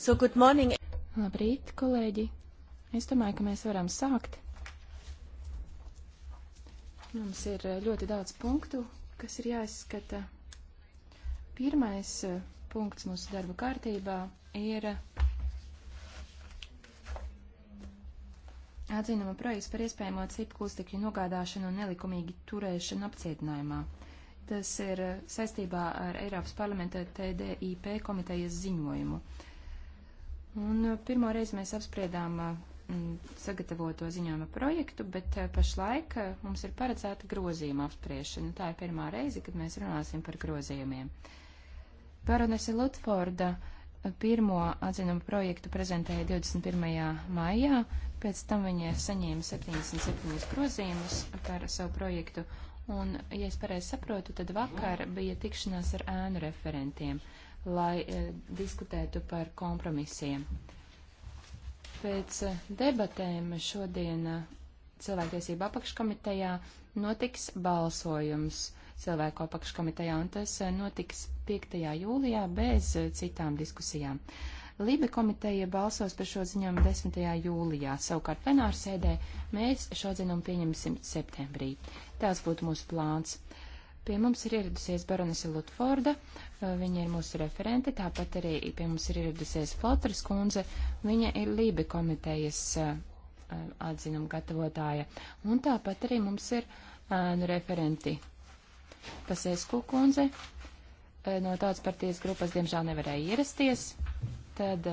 So, good morning. Labrīt, kolēģi. Es domāju, ka mēs varam sākt. Mums ir eh, ļoti daudz punktu, kas ir jāizskata. Pirmais eh, punkts mūsu darba kārtībā ir atzinuma projekts par iespējamo cipu kūstekļu nogādāšanu un nelikumīgi turēšanu apcietinājumā. Tas ir eh, saistībā ar Eiropas parlamenta TDIP komitejas ziņojumu. Uh, Un uh, pirmo reizi mēs apspriedām uh, sagatavoto ziņojuma projektu, bet uh, pašlaik mums ir paredzēta grozījuma apspriešana. Tā ir pirmā reize, kad mēs runāsim par grozījumiem. Baronese Lutforda pirmo atzinumu projektu prezentēja 21. maijā, pēc tam viņa saņēma 77 grozījumus par savu projektu, un, ja es pareizi saprotu, tad vakar bija tikšanās ar ēnu referentiem. Uh, lai e, diskutētu par kompromisiem. Pēc e, debatēm šodien e, cilvēktiesība apakškomitejā notiks balsojums cilvēku apakškomitejā, un tas notiks 5. jūlijā bez citām diskusijām. Lībe komiteja balsos par šo ziņojumu 10. jūlijā, savukārt plenārsēdē mēs šo ziņojumu pieņemsim septembrī. Tās būtu mūsu plāns. Pie mums ir ieradusies baronese Lutforda, Viņa ir mūsu referente, tāpat arī pie mums ir ieradusies Flotras kundze. Viņa ir Lībe komitejas atzinuma gatavotāja. Un tāpat arī mums ir ēnu referenti. Pasēsku kundze no tautas partijas grupas diemžēl nevarēja ierasties. Tad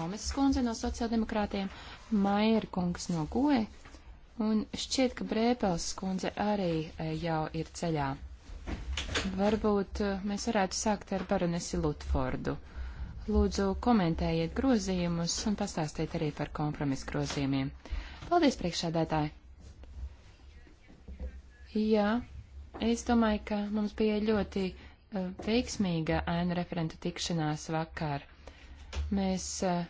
Gomes kundze no sociāldemokrātiem, Maier kungs no Goe, un šķiet, ka Brēpels kundze arī jau ir ceļā. Varbūt eh, mēs varētu sākt ar baronesi Lutfordu. Lūdzu, komentējiet grozījumus un pastāstiet arī par kompromisu grozījumiem. Paldies, priekšādātāji! Jā, es domāju, ka mums bija ļoti eh, veiksmīga ēnu referentu tikšanās vakar. Mēs eh,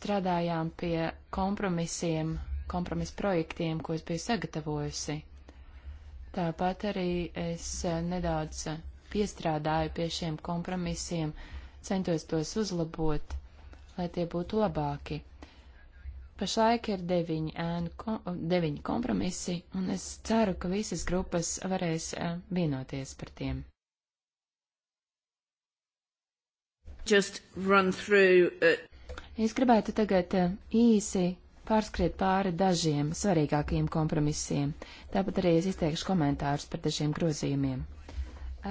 strādājām pie kompromisiem, kompromisu projektiem, ko es biju sagatavojusi. Tāpat arī es eh, nedaudz eh, piestrādāju pie šiem kompromisiem, centos tos uzlabot, lai tie būtu labāki. Pašlaik ir deviņi, ēnu, kom, eh, deviņi kompromisi, un es ceru, ka visas grupas varēs vienoties par tiem. Just run through. Uh... Es gribētu tagad īsi pārskriet pāri dažiem svarīgākajiem kompromisiem. Tāpat arī es izteikšu komentārus par dažiem grozījumiem.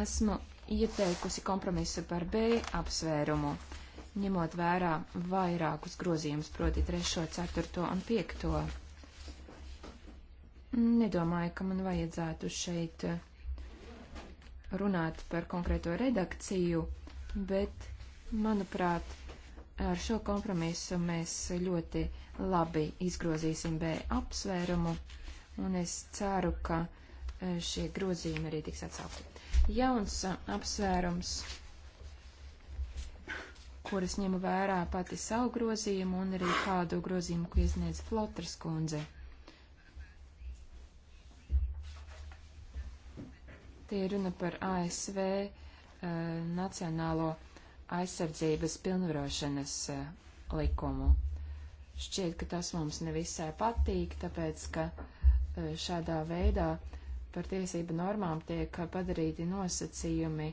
Esmu ieteikusi kompromisu par B apsvērumu, ņemot vērā vairākus grozījumus, proti 3, 4 un 5. Nedomāju, ka man vajadzētu šeit runāt par konkrēto redakciju, bet, manuprāt, Ar šo kompromisu mēs ļoti labi izgrozīsim B apsvērumu, un es ceru, ka e, šie grozījumi arī tiks atsaukti. Jauns e, apsvērums, kuras ņemu vērā pati savu grozījumu un arī kādu grozījumu, ko iesniedz Flotras kundze. Tie runa par ASV uh, e, nacionālo uh, aizsardzības pilnvarošanas e, likumu. Šķiet, ka tas mums nevisai patīk, tāpēc, ka e, šādā veidā par tiesību normām tiek padarīti nosacījumi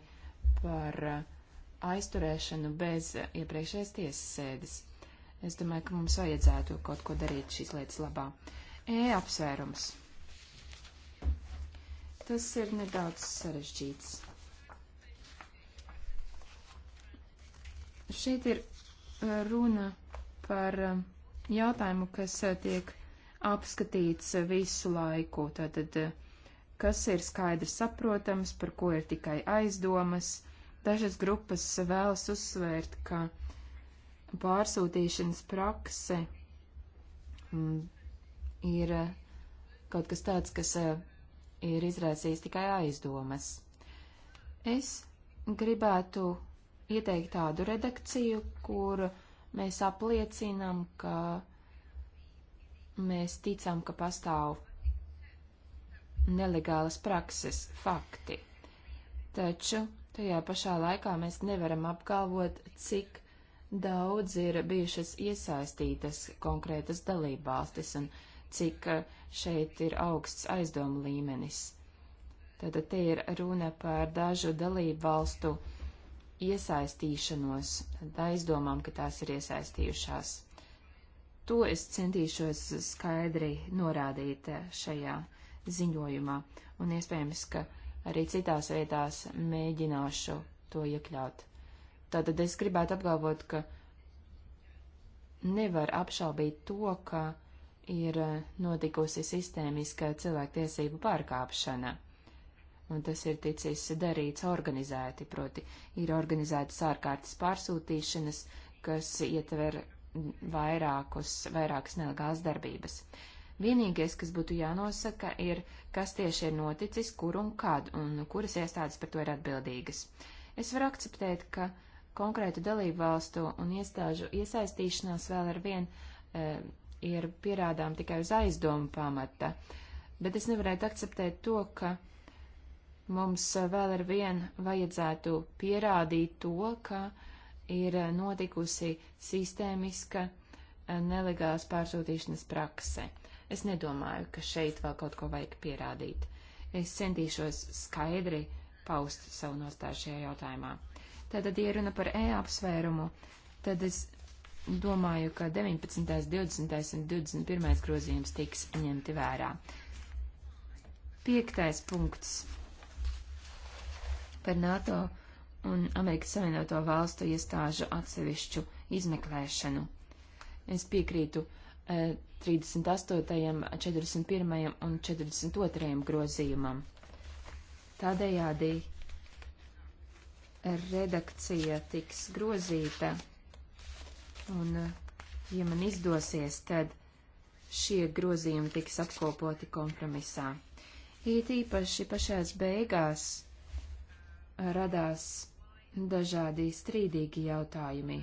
par e, aizturēšanu bez iepriekšējais tiesas sēdes. Es domāju, ka mums vajadzētu kaut ko darīt šīs lietas labā. E apsvērums. Tas ir nedaudz sarežģīts. Šeit ir uh, runa par um, jautājumu, kas uh, tiek apskatīts uh, visu laiku. Tātad, kas ir skaidrs saprotams, par ko ir tikai aizdomas. Dažas grupas vēlas uzsvērt, ka pārsūtīšanas prakse mm, ir kaut kas tāds, kas ir izraisījis tikai aizdomas. Es gribētu ieteikt tādu redakciju, kur mēs apliecinām, ka mēs ticam, ka pastāv nelegālas prakses fakti. Taču tajā pašā laikā mēs nevaram apgalvot, cik daudz ir bijušas iesaistītas konkrētas dalībvalstis un cik šeit ir augsts aizdomu līmenis. Tātad te ir runa par dažu dalībvalstu valstu iesaistīšanos, tā aizdomām, ka tās ir iesaistījušās. To es centīšos skaidri norādīt eh, šajā ziņojumā, un iespējams, ka arī citās vietās mēģināšu to iekļaut. Tātad es gribētu apgalvot, ka nevar apšaubīt to, ka ir eh, notikusi sistēmiska cilvēktiesību pārkāpšana un tas ir ticis darīts organizēti, proti ir organizētas ārkārtas pārsūtīšanas, kas ietver vairākus, vairākas nelegālas darbības. Vienīgais, kas būtu jānosaka, ir, kas tieši ir noticis, kur un kad, un kuras iestādes par to ir atbildīgas. Es varu akceptēt, ka konkrētu dalību valstu un iestāžu iesaistīšanās vēl ar vien e, ir pierādām tikai uz aizdomu pamata, bet es nevarētu akceptēt to, ka e, Mums eh, vēl ar vien vajadzētu pierādīt to, ka ir eh, notikusi sistēmiska eh, nelegālas pārsūtīšanas prakse. Es nedomāju, ka šeit vēl kaut ko vajag pierādīt. Es centīšos skaidri paust savu nostāju šajā jautājumā. Tātad, ja runa par e-apsvērumu, tad es domāju, ka 19., 20. un 21. grozījums tiks ņemti vērā. Piektais punkts par NATO un Amerikas Savienoto valstu iestāžu atsevišķu izmeklēšanu. Es piekrītu eh, 38., 41. un 42. grozījumam. Tādējādi redakcija tiks grozīta, un, eh, ja man izdosies, tad šie grozījumi tiks apkopoti kompromisā. It īpaši pašās beigās radās dažādi strīdīgi jautājumi.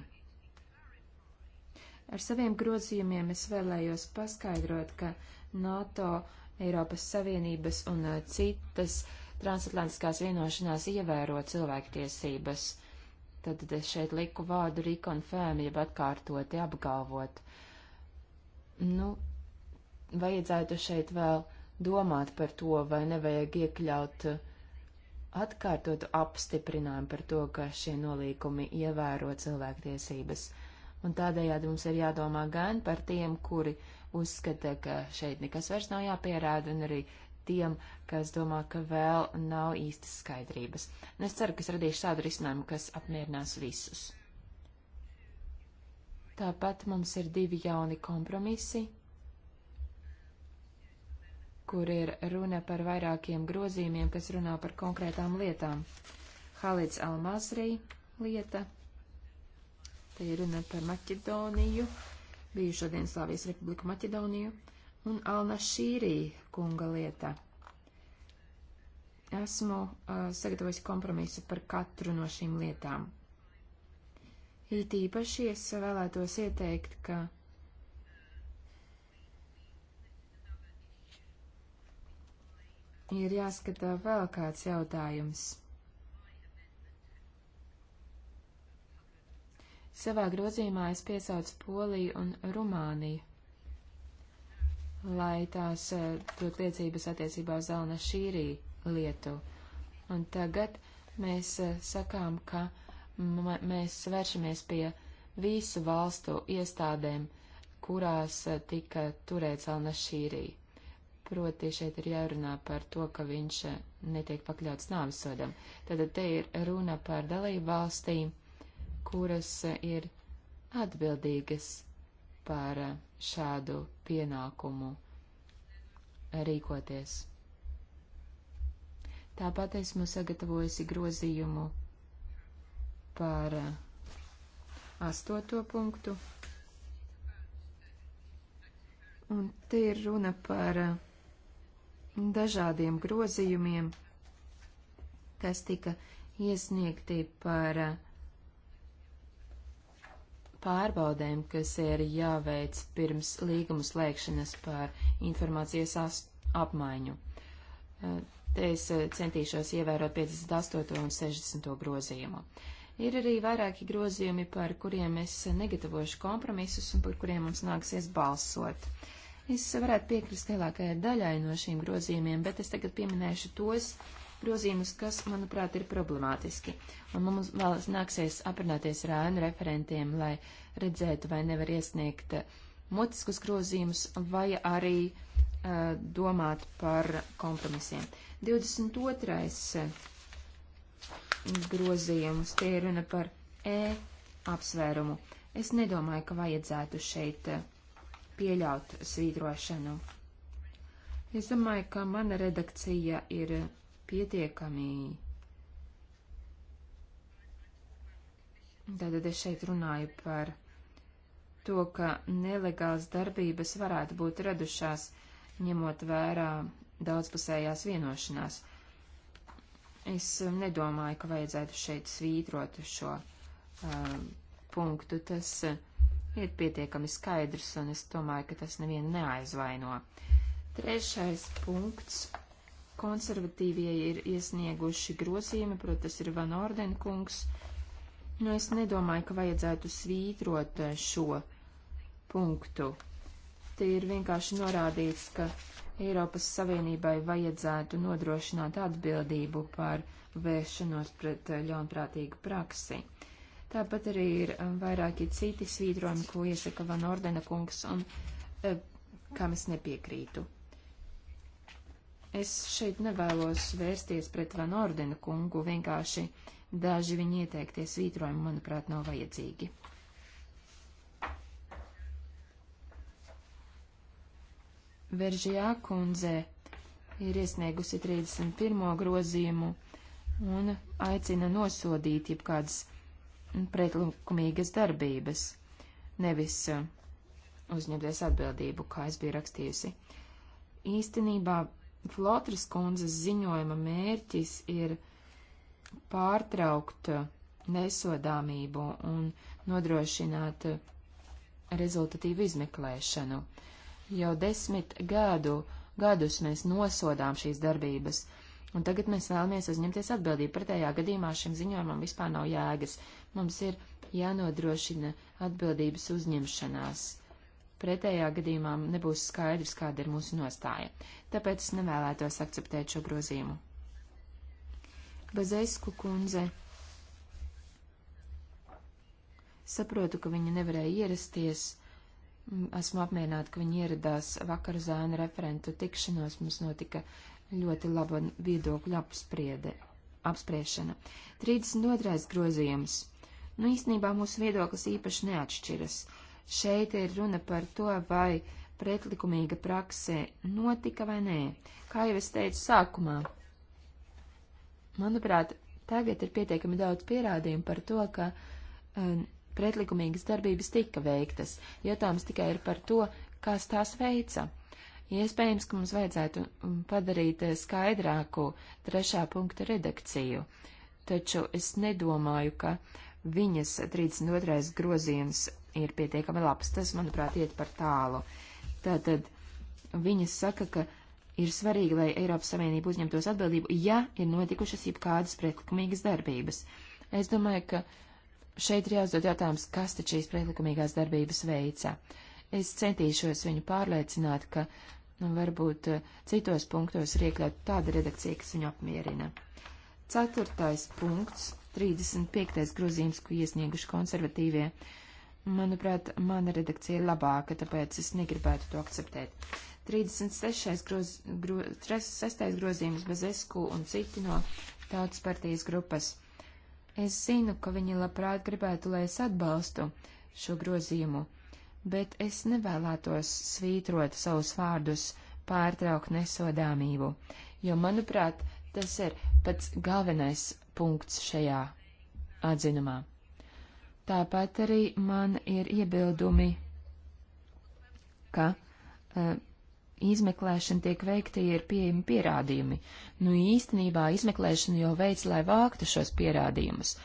Ar saviem grozījumiem es vēlējos paskaidrot, ka NATO, Eiropas Savienības un uh, citas transatlantiskās vienošanās ievēro cilvēktiesības. Tad es šeit liku vārdu reconfirm, jeb atkārtoti apgalvot. Nu, vajadzētu šeit vēl domāt par to, vai nevajag iekļaut uh, atkārtotu apstiprinājumu par to, ka šie nolīkumi ievēro cilvēktiesības. Un tādējādi mums ir jādomā gan par tiem, kuri uzskata, ka šeit nekas vairs nav jāpierāda, un arī tiem, kas domā, ka vēl nav īstas skaidrības. Un es ceru, ka es radīšu tādu risinājumu, kas apmierinās visus. Tāpat mums ir divi jauni kompromisi kur ir runa par vairākiem grozījumiem, kas runā par konkrētām lietām. Halids Almasrī lieta, te ir runa par Maķedoniju, bijušo Dienslāvijas republiku Maķedoniju, un Alna Šīrī kunga lieta. Esmu uh, sagatavojis kompromisu par katru no šīm lietām. It īpaši es vēlētos ieteikt, ka ir jāskatā vēl kāds jautājums. Savā grozījumā es piesaucu Poliju un Rumāniju, lai tās eh, dot liecības attiecībā uz Alna Šīrī lietu. Un tagad mēs eh, sakām, ka mēs vēršamies pie visu valstu iestādēm, kurās eh, tika turēts Alna Šīrī. Proti šeit ir jārunā par to, ka viņš eh, netiek pakļauts nāvisodam. Tad te ir runa par dalību valstīm, kuras eh, ir atbildīgas par eh, šādu pienākumu rīkoties. Tāpat esmu sagatavojusi grozījumu par astoto punktu. Un te ir runa par uh, dažādiem grozījumiem, kas tika iesniegti par eh, pārbaudēm, kas ir jāveic pirms līguma slēgšanas par informācijas apmaiņu. Eh, te es eh, centīšos ievērot 58. un 60. grozījumu. Ir arī vairāki grozījumi, par kuriem es negatavošu kompromisus un par kuriem mums nāksies balsot. Uh, Es varētu piekrist lielākajai daļai no šīm grozījumiem, bet es tagad pieminēšu tos grozījumus, kas, manuprāt, ir problemātiski. Un mums vēl nāksies aprunāties ar ēnu referentiem, lai redzētu, vai nevar iesniegt eh, mutiskus grozījumus, vai arī uh, domāt par kompromisiem. 22. Eh, grozījums, tie ir runa par E apsvērumu. Es nedomāju, ka vajadzētu šeit uh, pieļaut svītrošanu. Es domāju, ka mana redakcija ir pietiekami. Tātad es šeit runāju par to, ka nelegāls darbības varētu būt radušās, ņemot vērā daudzpusējās vienošanās. Es nedomāju, ka vajadzētu šeit svītrot šo uh, punktu. Tas uh, ir pietiekami skaidrs, un es domāju, ka tas nevienu neaizvaino. Trešais punkts. Konservatīvie ir iesnieguši grozījumi, protams, ir Van Ordenkungs. Nu, es nedomāju, ka vajadzētu svītrot eh, šo punktu. Te ir vienkārši norādīts, ka Eiropas Savienībai vajadzētu nodrošināt atbildību par vēršanos pret eh, ļaunprātīgu praksi. Uh, Tāpat arī ir um, vairāki citi svītrojumi, ko iesaka Van Ordena kungs un eh, kam es nepiekrītu. Es šeit nevēlos vērsties pret Van Ordena kungu, vienkārši daži viņa ieteiktie svītrojumi, manuprāt, nav vajadzīgi. Veržijā kundze ir iesniegusi 31. grozījumu un aicina nosodīt jebkādas pretlikumīgas darbības, nevis uh, uzņemties atbildību, kā es biju rakstījusi. Īstenībā Flotras kundzes ziņojuma mērķis ir pārtraukt uh, nesodāmību un nodrošināt uh, rezultatīvu izmeklēšanu. Jau desmit gadu, gadus mēs nosodām šīs darbības, Un tagad mēs vēlamies uzņemties atbildību. Pretējā gadījumā šim ziņojumam vispār nav jēgas. Mums ir jānodrošina atbildības uzņemšanās. Pretējā gadījumā nebūs skaidrs, kāda ir mūsu nostāja. Tāpēc es nevēlētos akceptēt šo grozījumu. Bazeisku kundze. Saprotu, ka viņa nevarēja ierasties. Mm, esmu apmierināta, ka viņa ieradās vakar uz ēnu referentu tikšanos. Mums notika uh, ļoti laba viedokļa apspriede, apspriešana. 32. grozījums. Nu, īstenībā mūsu viedoklis īpaši neatšķiras. Šeit ir runa par to, vai pretlikumīga praksē notika vai nē. Kā jau es teicu sākumā, manuprāt, tagad ir pietiekami daudz pierādījumu par to, ka um, pretlikumīgas darbības tika veiktas. Jautājums tikai ir par to, kas tās veica. Iespējams, ka mums vajadzētu mm, padarīt eh, skaidrāku trešā punkta redakciju, taču es nedomāju, ka viņas 32. grozījums ir pietiekami labs. Tas, manuprāt, iet par tālu. Tātad viņas saka, ka ir svarīgi, lai Eiropas Savienība uzņemtos atbildību, ja ir notikušas jebkādas pretlikumīgas darbības. Es domāju, ka šeit ir jāuzdod jautājums, kas tad šīs pretlikumīgās darbības veica. Uh, Es centīšos viņu pārliecināt, ka nu, varbūt eh, citos punktos ir iekļauta tāda redakcija, kas viņu apmierina. Ceturtais punkts, 35. grozījums, ko iesnieguši konservatīvie. Manuprāt, mana redakcija ir labāka, tāpēc es negribētu to akceptēt. 36. Groz, gro, 36. grozījums Bazesku un citi no tautas partijas grupas. Es zinu, ka viņi labprāt gribētu, lai es atbalstu šo grozījumu, bet es nevēlētos svītrot savus vārdus pārtraukt nesodāmību, jo, manuprāt, tas ir pats galvenais punkts šajā atzinumā. Tāpat arī man ir iebildumi, ka uh, izmeklēšana tiek veikta, ja ir pieejami pierādījumi. Nu, īstenībā izmeklēšana jau veids, lai vāktu šos pierādījumus.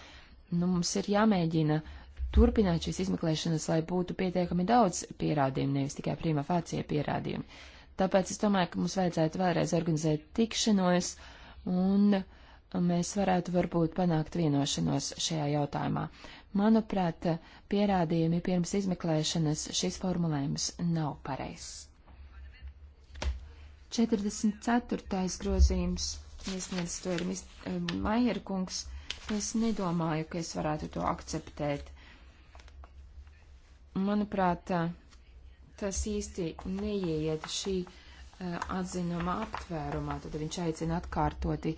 Nu, mums ir jāmēģina uh, turpināt šīs izmeklēšanas, lai būtu pietiekami daudz pierādījumu, nevis tikai prima facie pierādījumi. Tāpēc es domāju, ka mums vajadzētu vēlreiz organizēt tikšanos, un mēs varētu varbūt panākt vienošanos šajā jautājumā. Manuprāt, pierādījumi pirms izmeklēšanas šis formulējums nav pareizs. 44. grozījums iesniedz to ir eh, Maierkungs. Es nedomāju, ka es varētu to akceptēt manuprāt, tas īsti neieiet šī atzinuma aptvērumā, tad viņš aicina atkārtoti,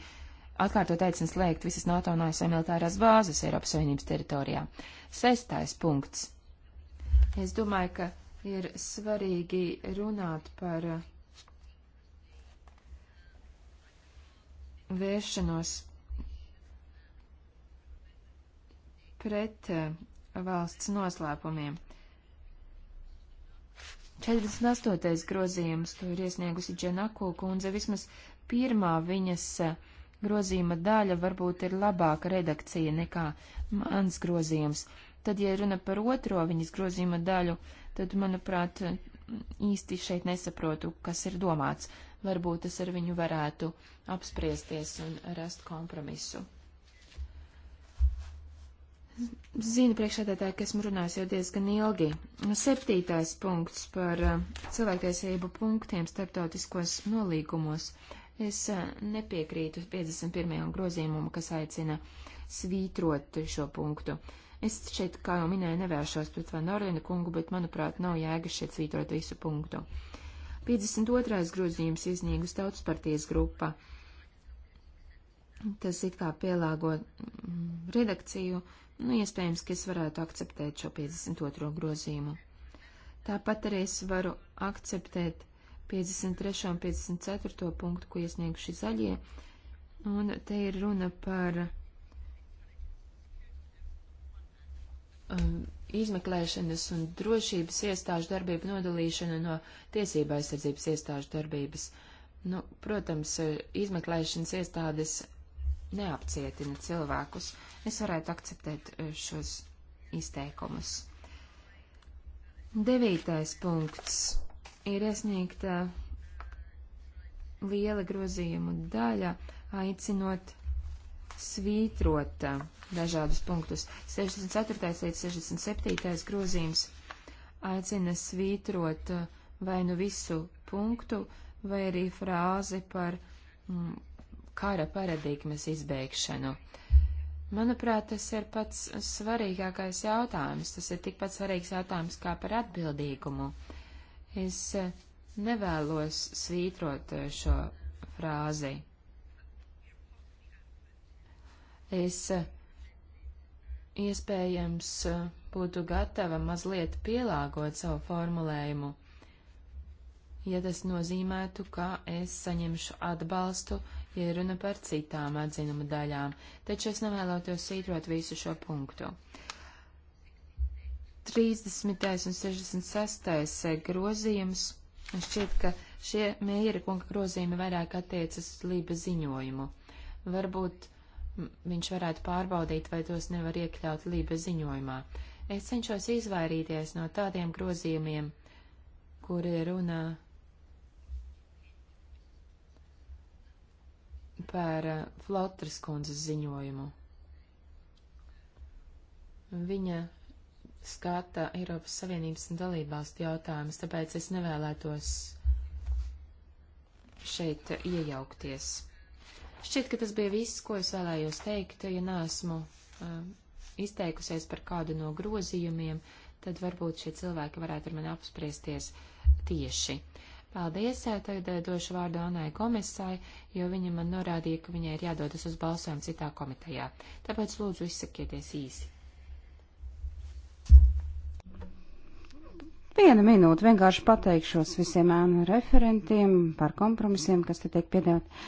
atkārtot aicina slēgt visas NATO un ASV militārās bāzes Eiropas Savienības teritorijā. Sestais punkts. Es domāju, ka ir svarīgi runāt par vēršanos pret valsts noslēpumiem. 48. grozījums, to ir iesniegusi Dženako kundze, vismaz pirmā viņas eh, grozījuma daļa varbūt ir labāka redakcija nekā mans grozījums. Tad, ja runa par otro viņas grozījuma daļu, tad, manuprāt, īsti šeit nesaprotu, kas ir domāts. Varbūt es ar viņu varētu apspriesties un rast kompromisu. Zinu priekšādātāji, ka esmu runājis jau diezgan ilgi. Nu, septītais punkts par uh, cilvēktiesību punktiem starptautiskos nolīgumos. Es uh, nepiekrītu 51. grozījumam, kas aicina svītrot šo punktu. Es šeit, kā jau minēju, nevēršos pret Van Orlina kungu, bet, manuprāt, nav jēga šeit svītrot visu punktu. 52. grozījums iesniegus tautas partijas grupa. Tas it kā pielāgo mm, redakciju Nu, iespējams, ka es varētu akceptēt šo 52. grozījumu. Tāpat arī es varu akceptēt 53. un 54. punktu, ko iesnieguši zaļie, un te ir runa par um, izmeklēšanas un drošības iestāžu darbību nodalīšanu no tiesībā aizsardzības iestāžu darbības. Nu, protams, eh, izmeklēšanas iestādes neapcietina cilvēkus. Es varētu akceptēt eh, šos izteikumus. Devītais punkts. Ir iesniegta liela grozījumu daļa, aicinot svītrot eh, dažādus punktus. 64. līdz 67. grozījums aicina svītrot eh, vai nu visu punktu, vai arī frāzi par mm, kara paradigmas izbeigšanu. Manuprāt, tas ir pats svarīgākais jautājums. Tas ir tikpat svarīgs jautājums kā par atbildīgumu. Es eh, nevēlos svītrot eh, šo frāzi. Es eh, iespējams būtu gatava mazliet pielāgot savu formulējumu, ja tas nozīmētu, ka es saņemšu atbalstu ja runa par citām atzinuma daļām, taču es nevēlētos sītrot visu šo punktu. 30. un 66. Eh, grozījums, un šķiet, ka šie mēra kunga grozījumi vairāk attiecas uz lība ziņojumu. Varbūt viņš varētu pārbaudīt, vai tos nevar iekļaut lība ziņojumā. Es cenšos izvairīties no tādiem grozījumiem, kuri runā par eh, Flotras kundzes ziņojumu. Viņa skata Eiropas Savienības un dalībvalstu jautājumus, tāpēc es nevēlētos šeit iejaukties. Šķiet, ka tas bija viss, ko es vēlējos teikt, ja neesmu um, izteikusies par kādu no grozījumiem, tad varbūt šie cilvēki varētu ar mani apspriesties tieši. Paldies, tagad došu vārdu Anai komisai, jo viņa man norādīja, ka viņai ir jādodas uz balsojumu citā komitejā. Tāpēc lūdzu izsakieties īsi. Viena minūte vienkārši pateikšos visiem ēnu referentiem par kompromisiem, kas te tiek piedāvāt.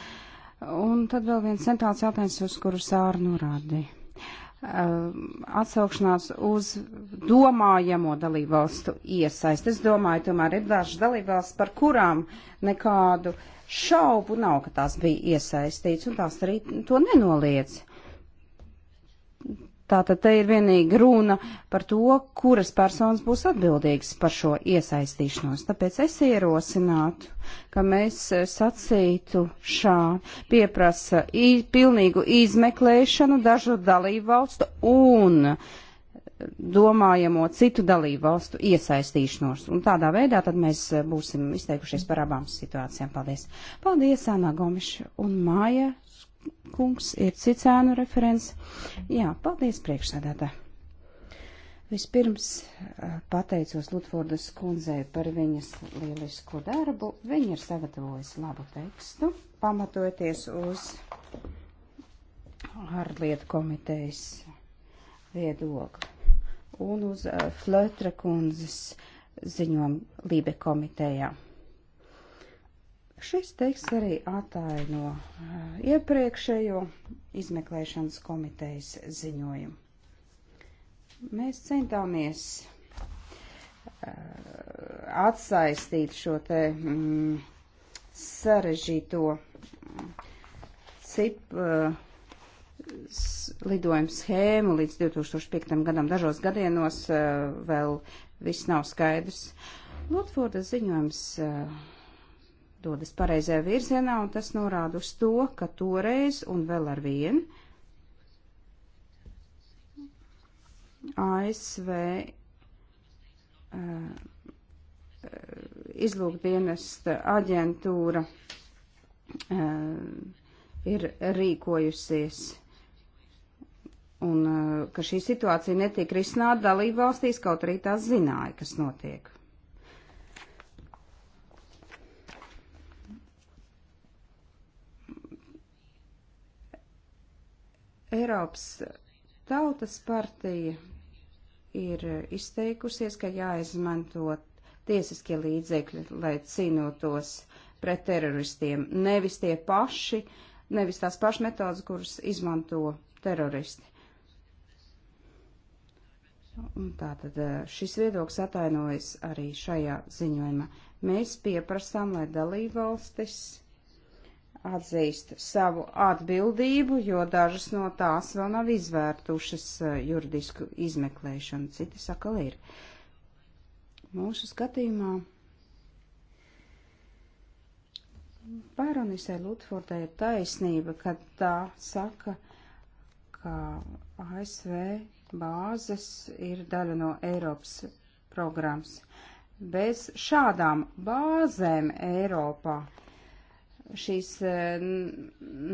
Un tad vēl viens centrāls jautājums, uz kuru sāru norādīja. Um, atsaukšanās uz domājamo dalībvalstu iesaisti. Es domāju, tomēr ir dažas dalībvalsts, par kurām nekādu šaubu nav, ka tās bija iesaistīts, un tās arī to nenoliedz. Tātad te ir vienīgi runa par to, kuras personas būs atbildīgas par šo iesaistīšanos. Tāpēc es ierosinātu, ka mēs eh, sacītu šā pieprasa pilnīgu izmeklēšanu dažu dalību valstu un eh, domājamo citu dalību valstu iesaistīšanos. Un tādā veidā tad mēs eh, būsim izteikušies par abām situācijām. Paldies. Paldies, Anā Gomiša un Māja kungs ir Cicēnu referents. Jā, paldies priekšsēdētā. Vispirms eh, pateicos Lutfordas kundzei par viņas lielisko darbu. Viņa ir sagatavojusi labu tekstu, pamatojoties uz ārlietu komitejas viedokli un uz eh, Flötra kundzes ziņojumu Lībe komitejā. Šis teiks arī ataino eh, iepriekšējo izmeklēšanas komitejas ziņojumu. Mēs centāmies eh, atsaistīt šo te mm, sarežģīto cip uh, lidojumu schēmu līdz 2005. gadam. Dažos gadienos uh, vēl viss nav skaidrs. Lutforda ziņojums uh, dodas pareizajā virzienā, un tas norāda uz to, ka toreiz un vēl ar vienu ASV uh, eh, izlūkdienesta aģentūra uh, ir rīkojusies un uh, ka šī situācija netiek risināta dalību valstīs, kaut arī tās zināja, kas notiek. Eiropas tautas partija ir izteikusies, ka jāizmanto tiesiskie līdzekļi, lai cīnotos pret teroristiem. Nevis tie paši, nevis tās pašas metodas, kuras izmanto teroristi. Un tātad eh, šis viedoklis atainojas arī šajā ziņojumā. Mēs pieprasām, lai dalībvalstis atzīst savu atbildību, jo dažas no tās vēl nav izvērtušas eh, juridisku izmeklēšanu, citi saka, ir. Mūsu skatījumā Baronisē Lutfordai ir taisnība, kad tā saka, ka ASV bāzes ir daļa no Eiropas programmas. Bez šādām bāzēm Eiropā šīs eh,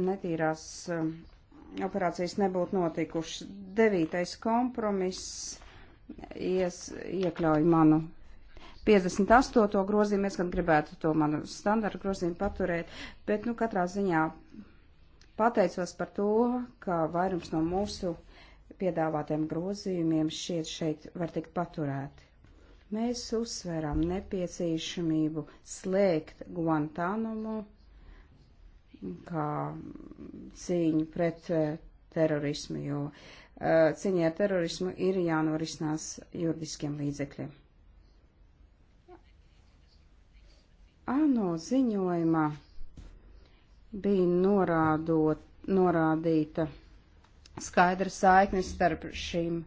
netīrās eh, operācijas nebūtu notikušas. Devītais kompromiss ies, iekļauj manu 58. grozījumu, es gan gribētu to manu standartu grozījumu paturēt, bet, nu, katrā ziņā pateicos par to, ka vairums no mūsu piedāvātiem grozījumiem šiet šeit var tikt paturēti. Mēs uzsverām nepieciešamību slēgt Guantanamo kā cīņu pret eh, terorismu, jo eh, cīņai ar terorismu ir jānorisinās juridiskiem līdzekļiem. ANO ziņojumā bija norādot, norādīta skaidra saiknis starp šīm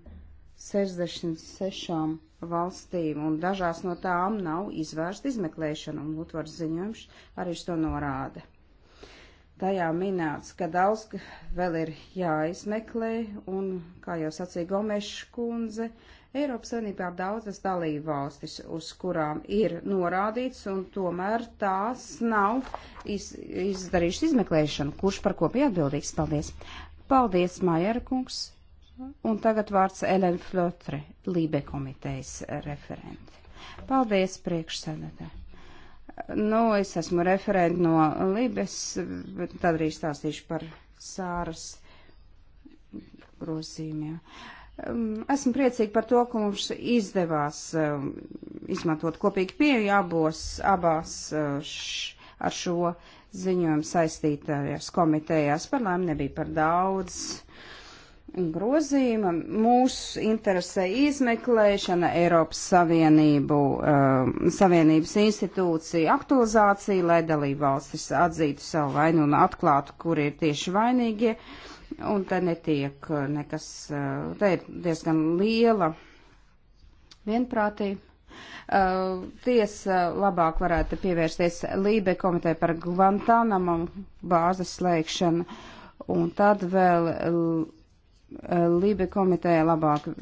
66 valstīm, un dažās no tām nav izvērsta izmeklēšana, un Lutvars ziņojums arī to norāda tajā minēts, ka daudz vēl ir jāizmeklē, un, kā jau sacīja Gomeša kundze, Eiropas Savienībā ir daudzas dalību valstis, uz kurām ir norādīts, un tomēr tās nav iz, izdarījušas izmeklēšanu, kurš par ko bija atbildīgs. Paldies! Paldies, Mājera kungs! Un tagad vārds Elen Flotre, Lībe komitejas referente. Paldies, priekšsēdētāji! Nu, es esmu referenti no Libes, bet tad arī stāstīšu par sāras grozījumiem. Um, esmu priecīgi par to, ka mums izdevās um, izmantot kopīgi pieeju abos, abās uh, š, ar šo ziņojumu saistītajās komitejās. Par lēm nebija par daudz grozījuma. Mūs interesē izmeklēšana, Eiropas Savienību, um, Savienības institūcija aktualizācija, lai dalība valstis atzītu savu vainu un atklātu, kur ir tieši vainīgie. Un te netiek uh, nekas, uh, te ir diezgan liela vienprātība. Uh, tiesa labāk varētu pievērsties Lībe komiteja par Guantanamo bāzes slēgšanu. Un tad vēl Eh, Lībe komiteja labāk eh,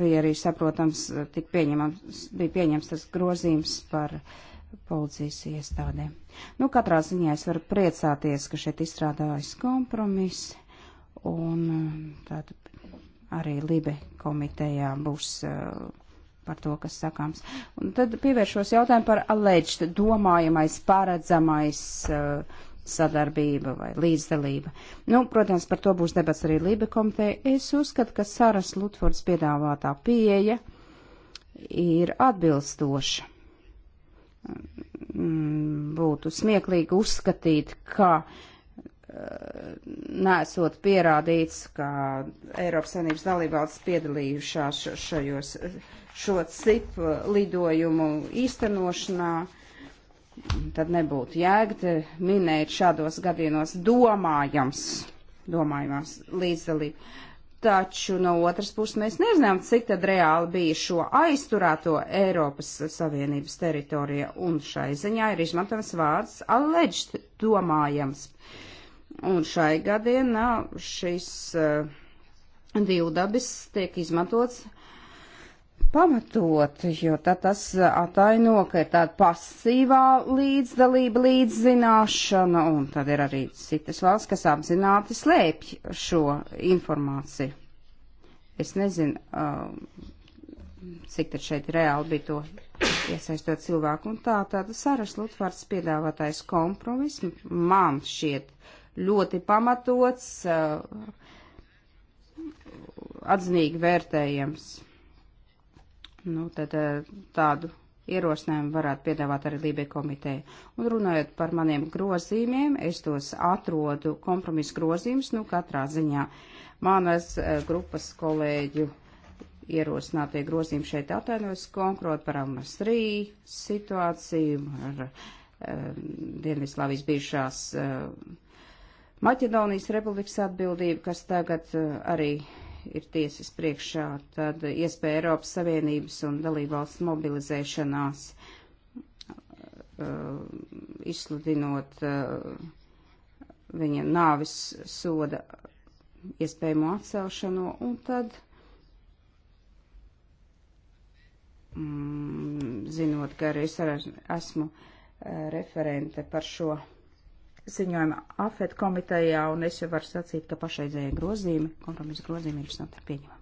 bija arī saprotams, tik pieņemams, bija pieņems tas grozījums par policijas iestādēm. Nu, katrā ziņā es varu priecāties, ka šeit izstrādājas kompromiss, un eh, tad arī Lībe komitejā būs par to, kas sakāms. Un tad pievēršos jautājumu par alleged, domājamais, paredzamais. Uh, sadarbība vai līdzdalība. Nu, protams, par to būs debats arī Lība komiteja. Es uzskatu, ka Saras Lutfords piedāvātā pieeja ir atbilstoša. Mm, būtu smieklīgi uzskatīt, ka eh, nesot pierādīts, ka Eiropas Savienības dalībvalsts piedalījušās šajos šo cipu lidojumu īstenošanā. Uh, tad nebūtu jēgta minēt šādos gadījumos domājams, domājumās līdzdalību. Taču no otras puses mēs nezinām, cik tad reāli bija šo aizturēto Eiropas Savienības teritorija, un šai ziņā ir izmantojams vārds alleged domājams. Un šai gadienā šis uh, divdabis tiek izmantots uh, pamatot, jo tad tas uh, ataino, ka ir tāda pasīvā līdzdalība, līdzzināšana, un tad ir arī citas valsts, kas apzināti slēpj šo informāciju. Es nezinu, uh, cik tad šeit reāli bija to iesaistot cilvēku, un tā tāda saras Lutvārds piedāvātais kompromiss man šķiet ļoti pamatots, uh, atzinīgi vērtējams. Nu, tad eh, tādu ierosinājumu varētu piedāvāt arī Lībija komiteja. Un runājot par maniem grozījumiem, es tos atrodu kompromisu grozījumus, nu katrā ziņā manas eh, grupas kolēģu ierosinātie grozījumi šeit atainojas konkrēt par Almas Rī situāciju, ar um, Dienvidslāvijas bijušās um, Maķedonijas republikas atbildību, kas tagad uh, arī ir tiesas priekšā, tad iespēja Eiropas Savienības un dalībvalsts mobilizēšanās, uh, izsludinot uh, viņa nāvis soda iespējamo atcelšanu, un tad, mm, zinot, ka arī es esmu uh, referente par šo ziņojuma afet komitejā, un es jau varu sacīt, ka pašreizējie grozījumi, kompromisa grozījumi ir sanāk pieņemami.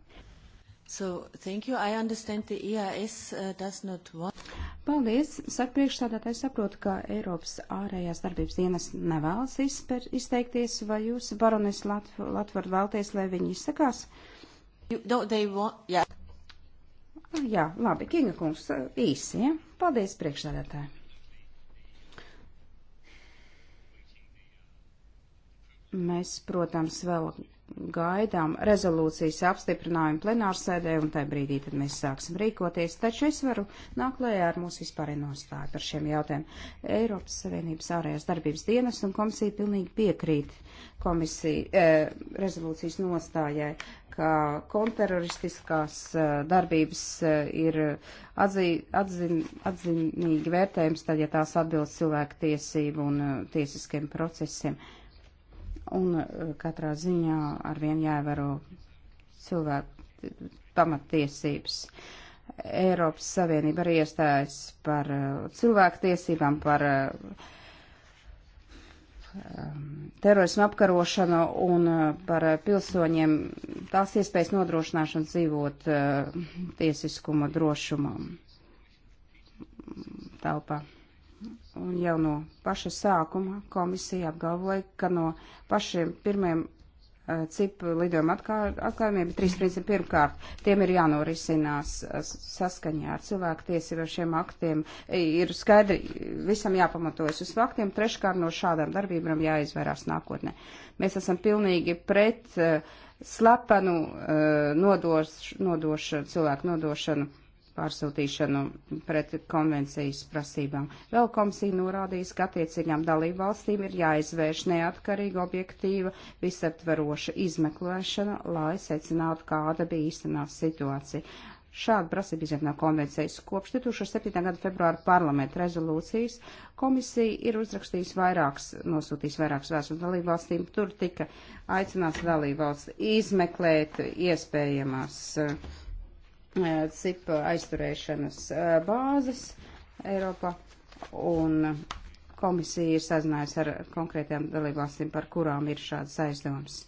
So, thank you. I understand the EAS uh, does not want. Paldies. Saka priekšstādātājs saprot, ka Eiropas ārējās darbības dienas nevēlas izper, izteikties, vai jūs, baronis Latv Latvard, vēlties, lai viņi izsakās? You, no, they want, yeah. Jā, labi, Kinga kungs, īsi, ja? Paldies priekšstādātājai. Mēs, protams, vēl gaidām rezolūcijas apstiprinājumu plenārsēdē, un tajā brīdī tad mēs sāksim rīkoties, taču es varu nākt lējā ar mūsu vispārēju nostāju par šiem jautājumiem. Eiropas Savienības ārējās darbības dienas un komisija pilnīgi piekrīt komisija, eh, rezolūcijas nostājai, ka konterroristiskās eh, darbības eh, ir atzī, atzin, atzinīgi vērtējums, tad, ja tās atbilst cilvēku tiesību un eh, tiesiskiem procesiem. Eh, un eh, katrā ziņā arvien jāievēro cilvēku pamatiesības. Eiropas Savienība arī iestājas par eh, cilvēku tiesībām, par eh, um, terorismu apkarošanu un par pilsoņiem tās iespējas nodrošināšanu dzīvot tiesiskuma drošumam telpā. Un jau no paša sākuma komisija apgalvoja, ka no pašiem pirmiem uh, eh, cipu lidojuma atklājumiem ir trīs principi. Pirmkārt, tiem ir jānorisinās eh, saskaņā ar cilvēku tiesībiem aktiem, ir skaidri visam jāpamatojas uz faktiem, treškārt no šādām darbībām jāizvairās nākotnē. Mēs esam pilnīgi pret uh, slepenu uh, nodoš, nodoš, cilvēku nodošanu pārsūtīšanu pret konvencijas prasībām. Vēl komisija norādījis, ka attiecīgām dalību valstīm ir jāizvērš neatkarīga objektīva visaptveroša izmeklēšana, lai secinātu, kāda bija īstenā situācija. Šāda prasība izriet no konvencijas. Kopš 2007. gada februāra parlamenta rezolūcijas komisija ir uzrakstījis vairāks, nosūtījis vairākas vēstules dalību valstīm. Tur tika aicināts dalību valsts izmeklēt iespējamās uh, cipa aizturēšanas bāzes Eiropā, un komisija ir sazinājusi ar konkrētām dalībvalstīm, par kurām ir šāds aizdoms.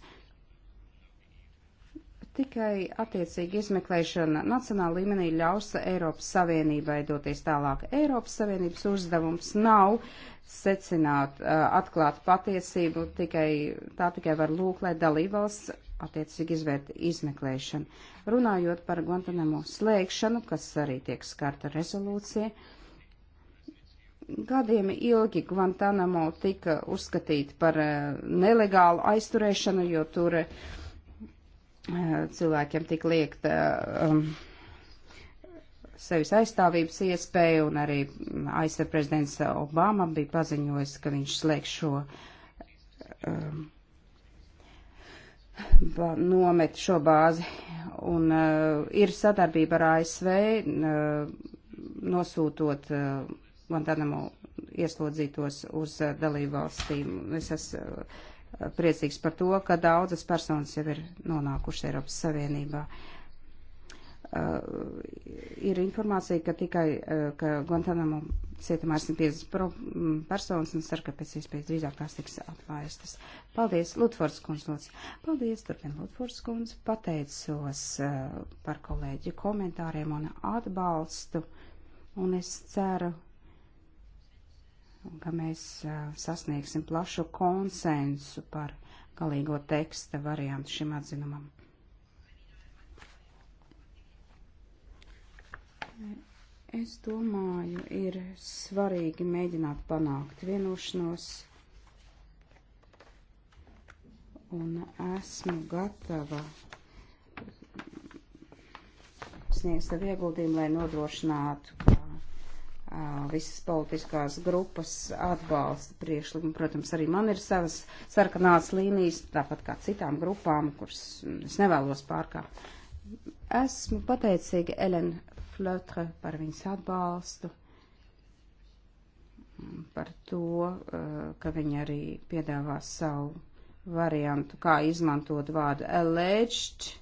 Tikai attiecīgi izmeklēšana nacionāla līmenī ļaus Eiropas Savienībai doties tālāk. Eiropas Savienības uzdevums nav secināt, atklāt patiesību, tikai, tā tikai var lūk, lai dalībvalsts attiecīgi izvērt izmeklēšanu. Runājot par Guantanamo slēgšanu, kas arī tiek skarta rezolūcija, gadiem ilgi Guantanamo tika uzskatīta par eh, nelegālu aizturēšanu, jo tur eh, cilvēkiem tika liekta um, sevis aizstāvības iespēja, un arī ASV prezidents Obama bija paziņojis, ka viņš slēgs šo um, nomet šo bāzi. Un uh, ir sadarbība ar ASV, uh, eh, nosūtot uh, Guantanamo ieslodzītos uz uh, dalību valstīm. Es esmu uh, priecīgs par to, ka daudzas personas jau ir nonākušas Eiropas Savienībā. Uh, Eh, ir informācija, ka tikai, eh, ka Guantanamo cietumā ir 150 mm, personas un cer, ka pēc iespējas drīzāk tās tiks atlaistas. Paldies, Lutfords kundz, lūdzu. Paldies, turpina Lutfords kundz. Pateicos uh, par kolēģi komentāriem un atbalstu. Un es ceru, ka mēs uh, sasniegsim plašu konsensu par galīgo teksta variantu šim atzinumam. Es domāju, ir svarīgi mēģināt panākt vienošanos, un esmu gatava sniegt savu ieguldījumu, lai nodrošinātu, ka a, visas politiskās grupas atbalsta priekšlikumu. Protams, arī man ir savas sarkanās līnijas, tāpat kā citām grupām, kuras es nevēlos pārkāpt. Esmu pateicīga Elen Flotra par viņas atbalstu, mm, par to, eh, ka viņa arī piedāvā savu variantu, kā izmantot vārdu alleged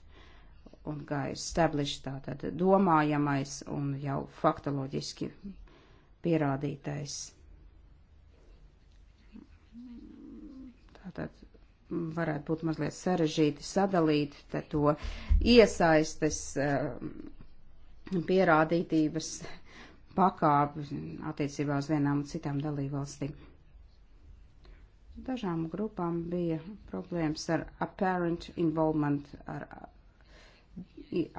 un kā established, tātad domājamais un jau faktoloģiski pierādītais. Tātad varētu būt mazliet sarežģīti sadalīt to iesaistes uh, pierādītības pakāpi attiecībā uz vienām un citām dalībvalstīm. Dažām grupām bija problēmas ar apparent involvement, ar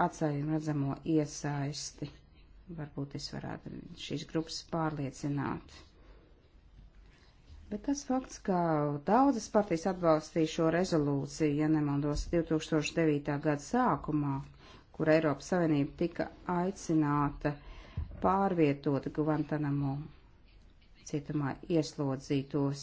acīm redzamo iesaisti. Varbūt es varētu šīs grupas pārliecināt. Bet tas fakts, ka daudzas partijas atbalstīja šo rezolūciju, ja nemaldos, 2009. gada sākumā, kur Eiropas Savienība tika aicināta pārvietot Guantanamo cietumā ieslodzītos,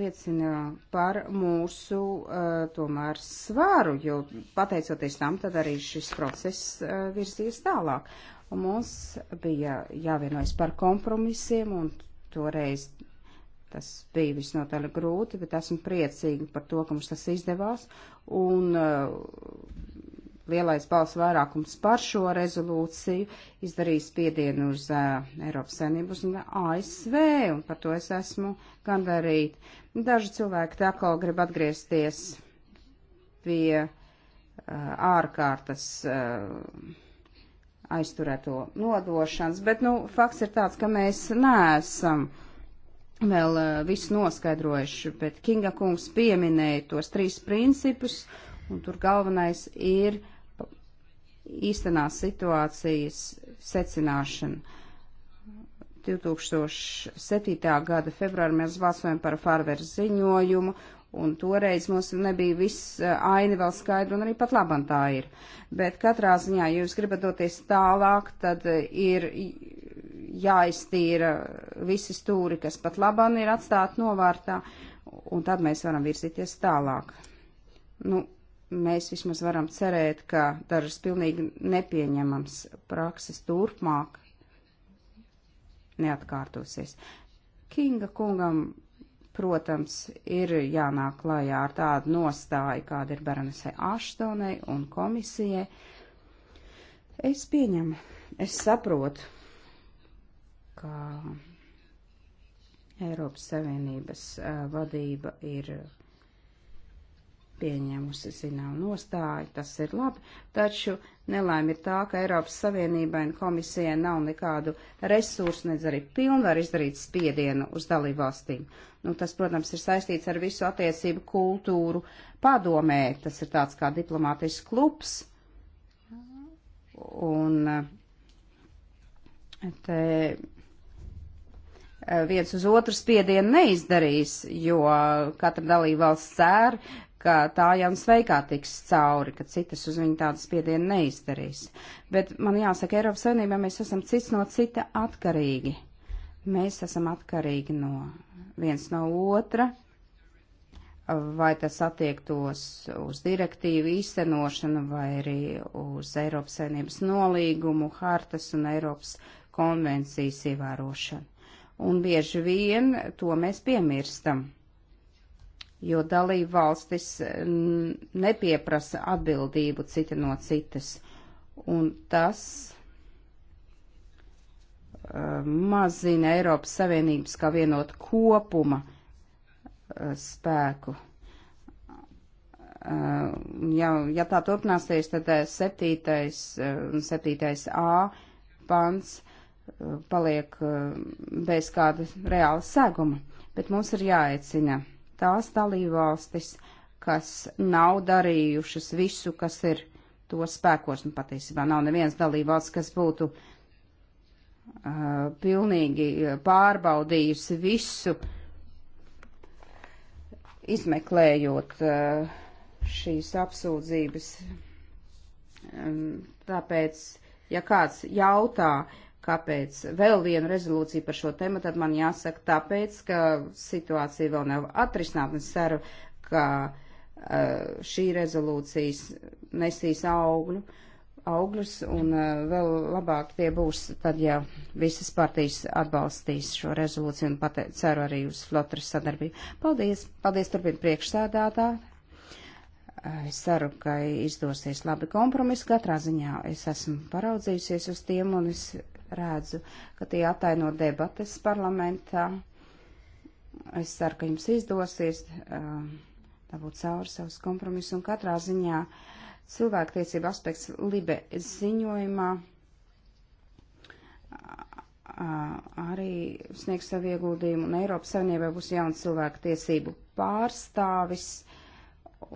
liecina par mūsu uh, tomēr svāru, jo pateicoties tam, tad arī šis process uh, virzies tālāk. Un mums bija jāvienojas par kompromisiem, un toreiz Tas bija visnotaļ grūti, bet esmu priecīga par to, ka mums tas izdevās. Un uh, lielais balss vairākums par šo rezolūciju izdarīs spiedienu uz uh, Eiropas saimnības un ASV, un par to es esmu gandarīt. Daži cilvēki tā kā grib atgriezties pie uh, ārkārtas. Uh, aizturēto nodošanas, bet, nu, fakts ir tāds, ka mēs neesam uh, vēl eh, visu noskaidrojuši, bet Kinga kungs pieminēja tos trīs principus, un tur galvenais ir īstenās situācijas secināšana. 2007. gada februāri mēs balsojam par Farveru ziņojumu, un toreiz mums nebija viss eh, aina vēl skaidra, un arī pat labam tā ir. Bet katrā ziņā, ja jūs gribat doties tālāk, tad eh, ir jāiztīra visi stūri, kas pat labam ir atstāti novārtā, un tad mēs varam virzīties tālāk. Nu, mēs vismaz varam cerēt, ka dažas pilnīgi nepieņemams prakses turpmāk neatkārtosies. Kinga kungam, protams, ir jānāk klājā ar tādu nostāju, kāda ir Beranesai Aštonai un komisijai. Es pieņemu, es saprotu, ka Eiropas Savienības vadība ir pieņēmusi zinām nostāju, tas ir labi, taču nelēma ir tā, ka Eiropas Savienībai un komisijai nav nekādu resursu, nedz arī pilnvar izdarīt spiedienu uz dalībvalstīm. Nu, tas, protams, ir saistīts ar visu attiecību kultūru padomē, tas ir tāds kā diplomātisks klubs, un te Eh, viens uz otru spiedienu neizdarīs, jo katra dalībvalsts cer, ka tā jau sveikā tiks cauri, ka citas uz viņu tādu spiedienu neizdarīs. Bet man jāsaka, Eiropas Savienībā mēs esam cits no cita atkarīgi. Mēs esam atkarīgi no viens no otra, vai tas attiektos uz direktīvu īstenošanu vai arī uz Eiropas Savienības nolīgumu, hartas un Eiropas konvencijas ievērošanu un bieži vien to mēs piemirstam, jo dalība valstis nepieprasa atbildību cita no citas, un tas e, mazina Eiropas Savienības kā vienot kopuma e, spēku. E, ja, ja tā turpināsies, tad 7. un 7. A pants paliek eh, bez kāda reāla seguma, bet mums ir jāaicina tās dalībvalstis, kas nav darījušas visu, kas ir to spēkos, un nu, patiesībā nav neviens dalībvalsts, kas būtu uh, pilnīgi pārbaudījusi visu, izmeklējot uh, šīs apsūdzības. Um, tāpēc, ja kāds jautā, uh, Kāpēc vēl vienu rezolūciju par šo tēmu, tad man jāsaka tāpēc, ka situācija vēl nav atrisināta. Es ceru, ka uh, šī rezolūcijas nesīs augļu, augļus un uh, vēl labāk tie būs tad, ja visas partijas atbalstīs šo rezolūciju un pate, ceru arī uz flotras sadarbību. Paldies! Paldies turpin priekšsēdētā! Eh, es ceru, ka izdosies labi kompromisi. Katrā ziņā es esmu paraudzījusies uz tiem un es redzu, ka tie ataino debates parlamentā. Es ceru, ka jums izdosies um, dabūt cauri savus kompromisus un katrā ziņā cilvēktiesība aspekts Libe ziņojumā arī sniegs savu ieguldījumu un Eiropas Savienībā būs jauns cilvēktiesību pārstāvis. Uh,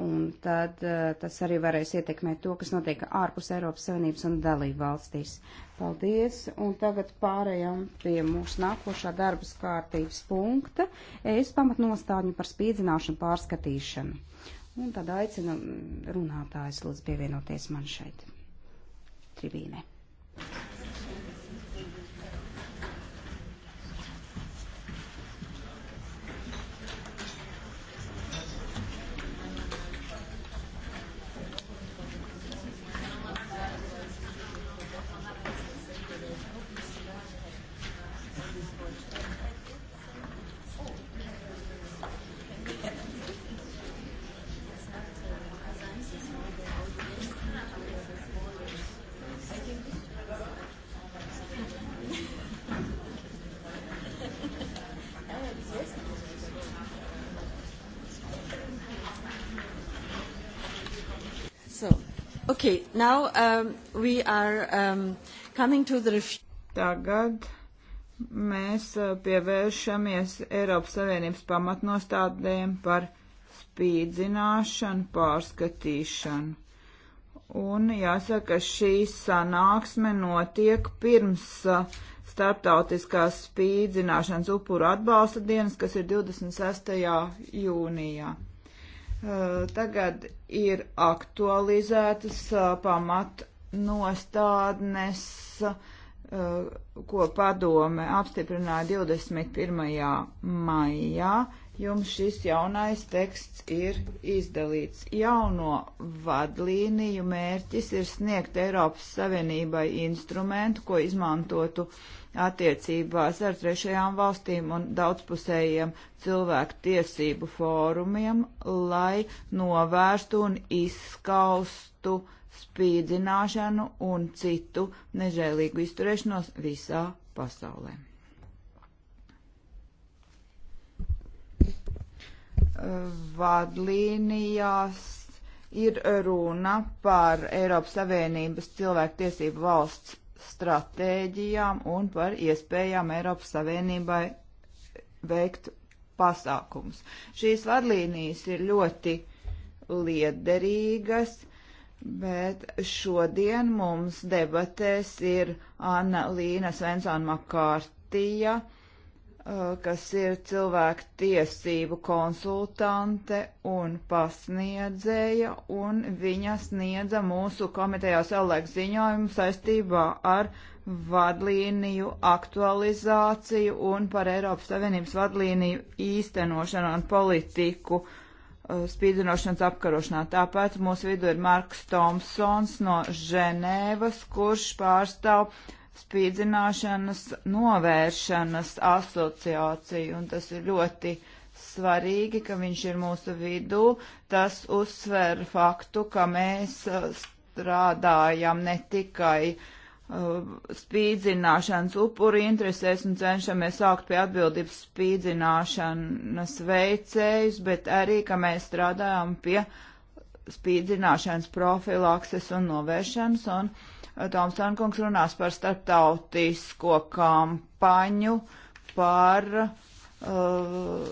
un tad eh, tas arī varēs ietekmēt to, kas notiek ārpus Eiropas Savienības un dalību valstīs. Paldies, un tagad pārējām pie mūsu nākošā darbas kārtības punkta. Es pamatnostāņu par spīdzināšanu pārskatīšanu. Un tad aicinu runātājs lūdzu pievienoties man šeit, tribīnē. Okay, now um, we are um, coming to the review. Tagad mēs uh, pievēršamies Eiropas Savienības pamatnostādēm par spīdzināšanu, pārskatīšanu. Un jāsaka, šī sanāksme notiek pirms uh, starptautiskās spīdzināšanas upuru atbalsta dienas, kas ir 26. jūnijā. Eh, tagad ir aktualizētas eh, pamatnostādnes, eh, ko padome apstiprināja 21. maijā. Jums šis jaunais teksts ir izdalīts. Jauno vadlīniju mērķis ir sniegt Eiropas Savienībai instrumentu, ko izmantotu uh, attiecībās ar trešajām valstīm un daudzpusējiem cilvēku tiesību fórumiem, lai novērstu un izskaustu spīdzināšanu un citu nežēlīgu izturēšanos visā pasaulē. Vadlīnijās ir runa par Eiropas Savienības cilvēku tiesību valsts stratēģijām un par iespējām Eiropas Savienībai veikt pasākumus. Šīs vadlīnijas ir ļoti liederīgas, bet šodien mums debatēs ir Anna Līna Svensona Makārtija, Uh, kas ir cilvēku tiesību konsultante un pasniedzēja, un viņa sniedza mūsu komitejā savulaik ziņojumu saistībā ar vadlīniju aktualizāciju un par Eiropas Savienības vadlīniju īstenošanu un politiku uh, spīdzināšanas apkarošanā. Tāpēc mūsu vidū ir Marks Tomsons no Ženēvas, kurš pārstāv spīdzināšanas novēršanas asociāciju, un tas ir ļoti svarīgi, ka viņš ir mūsu vidū. Tas uzsver faktu, ka mēs uh, strādājam ne tikai uh, spīdzināšanas upuri interesēs un cenšamies sākt pie atbildības spīdzināšanas veicējus, bet arī, ka mēs strādājam pie spīdzināšanas profilakses un novēršanas un uh, Tomsona kungs runās par starptautisko kampaņu par uh,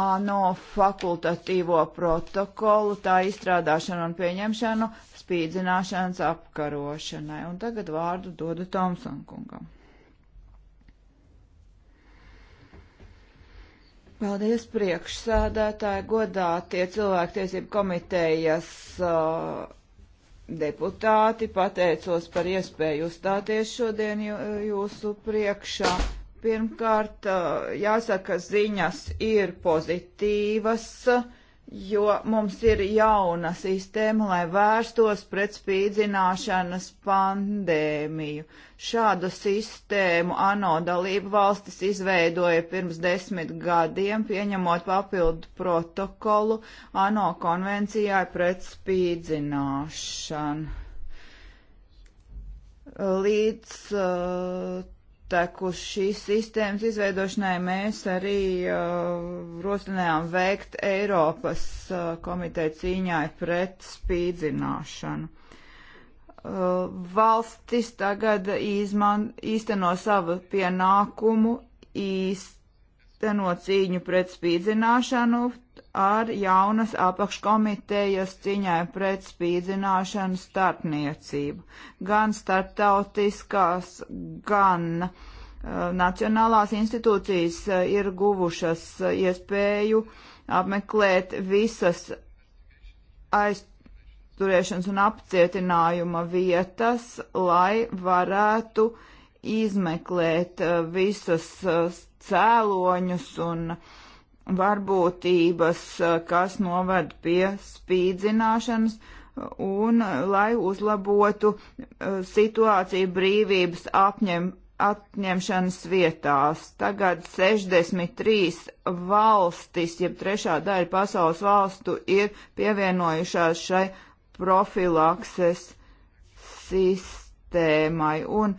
ANO fakultatīvo protokolu, tā izstrādāšanu un pieņemšanu spīdzināšanas apkarošanai. Un tagad vārdu dodu Tomsona kungam. Paldies priekšsādātāji, godā tie cilvēktiesību komitejas uh, deputāti, pateicos par iespēju uzstāties šodien jūsu priekšā. Pirmkārt, jāsaka, ziņas ir pozitīvas jo mums ir jauna sistēma, lai vērstos pret spīdzināšanas pandēmiju. Šādu sistēmu ANO dalību valstis izveidoja pirms desmit gadiem, pieņemot papildu protokolu ANO konvencijai pret spīdzināšanu. Līdz uh, līdztekus šīs sistēmas izveidošanai mēs arī uh, rosinājām veikt Eiropas uh, komiteju cīņai pret spīdzināšanu. Uh, valstis tagad izman, īsteno savu pienākumu īs, īstenot cīņu pret spīdzināšanu ar jaunas apakškomitejas ciņai pret spīdzināšanu starpniecību. Gan starptautiskās, gan uh, nacionālās institūcijas uh, ir guvušas uh, iespēju apmeklēt visas aizturēšanas un apcietinājuma vietas, lai varētu izmeklēt uh, visas uh, cēloņus un varbūtības, eh, kas noved pie spīdzināšanas, un eh, lai uzlabotu eh, situāciju brīvības apņem, atņemšanas vietās. Tagad 63 valstis, jeb trešā daļa pasaules valstu, ir pievienojušās šai profilakses sistēmai, un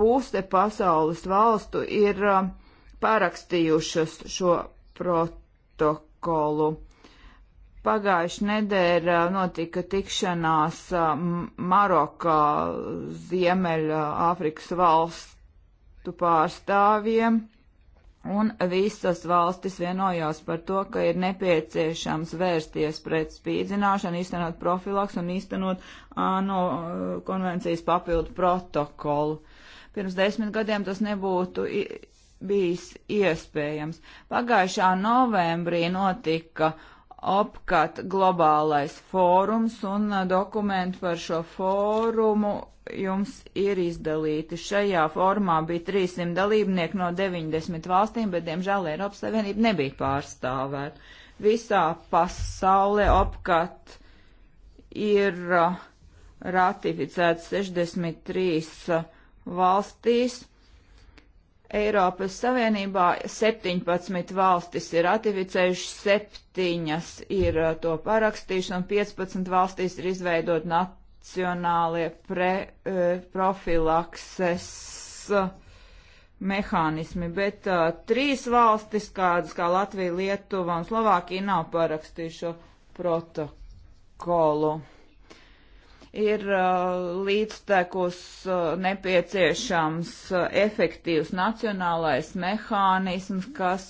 puse pasaules valstu ir uh, parakstījušas šo protokolu. Pagājuši nedēļa notika tikšanās Marokā Ziemeļa Āfrikas valstu pārstāvjiem, un visas valstis vienojās par to, ka ir nepieciešams vērsties pret spīdzināšanu, īstenot profilaks un īstenot ANO konvencijas papildu protokolu. Pirms desmit gadiem tas nebūtu bijis iespējams. Pagājušā novembrī notika apkat globālais fórums un uh, dokumenti par šo fórumu jums ir izdalīti. Šajā formā bija 300 dalībnieki no 90 valstīm, bet, diemžēl, Eiropas Savienība nebija pārstāvēta. Visā pasaulē apkat ir uh, ratificēts 63 uh, valstīs Eiropas Savienībā 17 valstis ir ratificējušas, 7 ir uh, to parakstījuši un 15 valstīs ir izveidot nacionālie pre, uh, profilakses uh, mehānismi, bet uh, trīs valstis, kādas kā Latvija, Lietuva un Slovākija, nav parakstījušo protokolu ir uh, līdztekus uh, nepieciešams uh, efektīvs nacionālais mehānisms, kas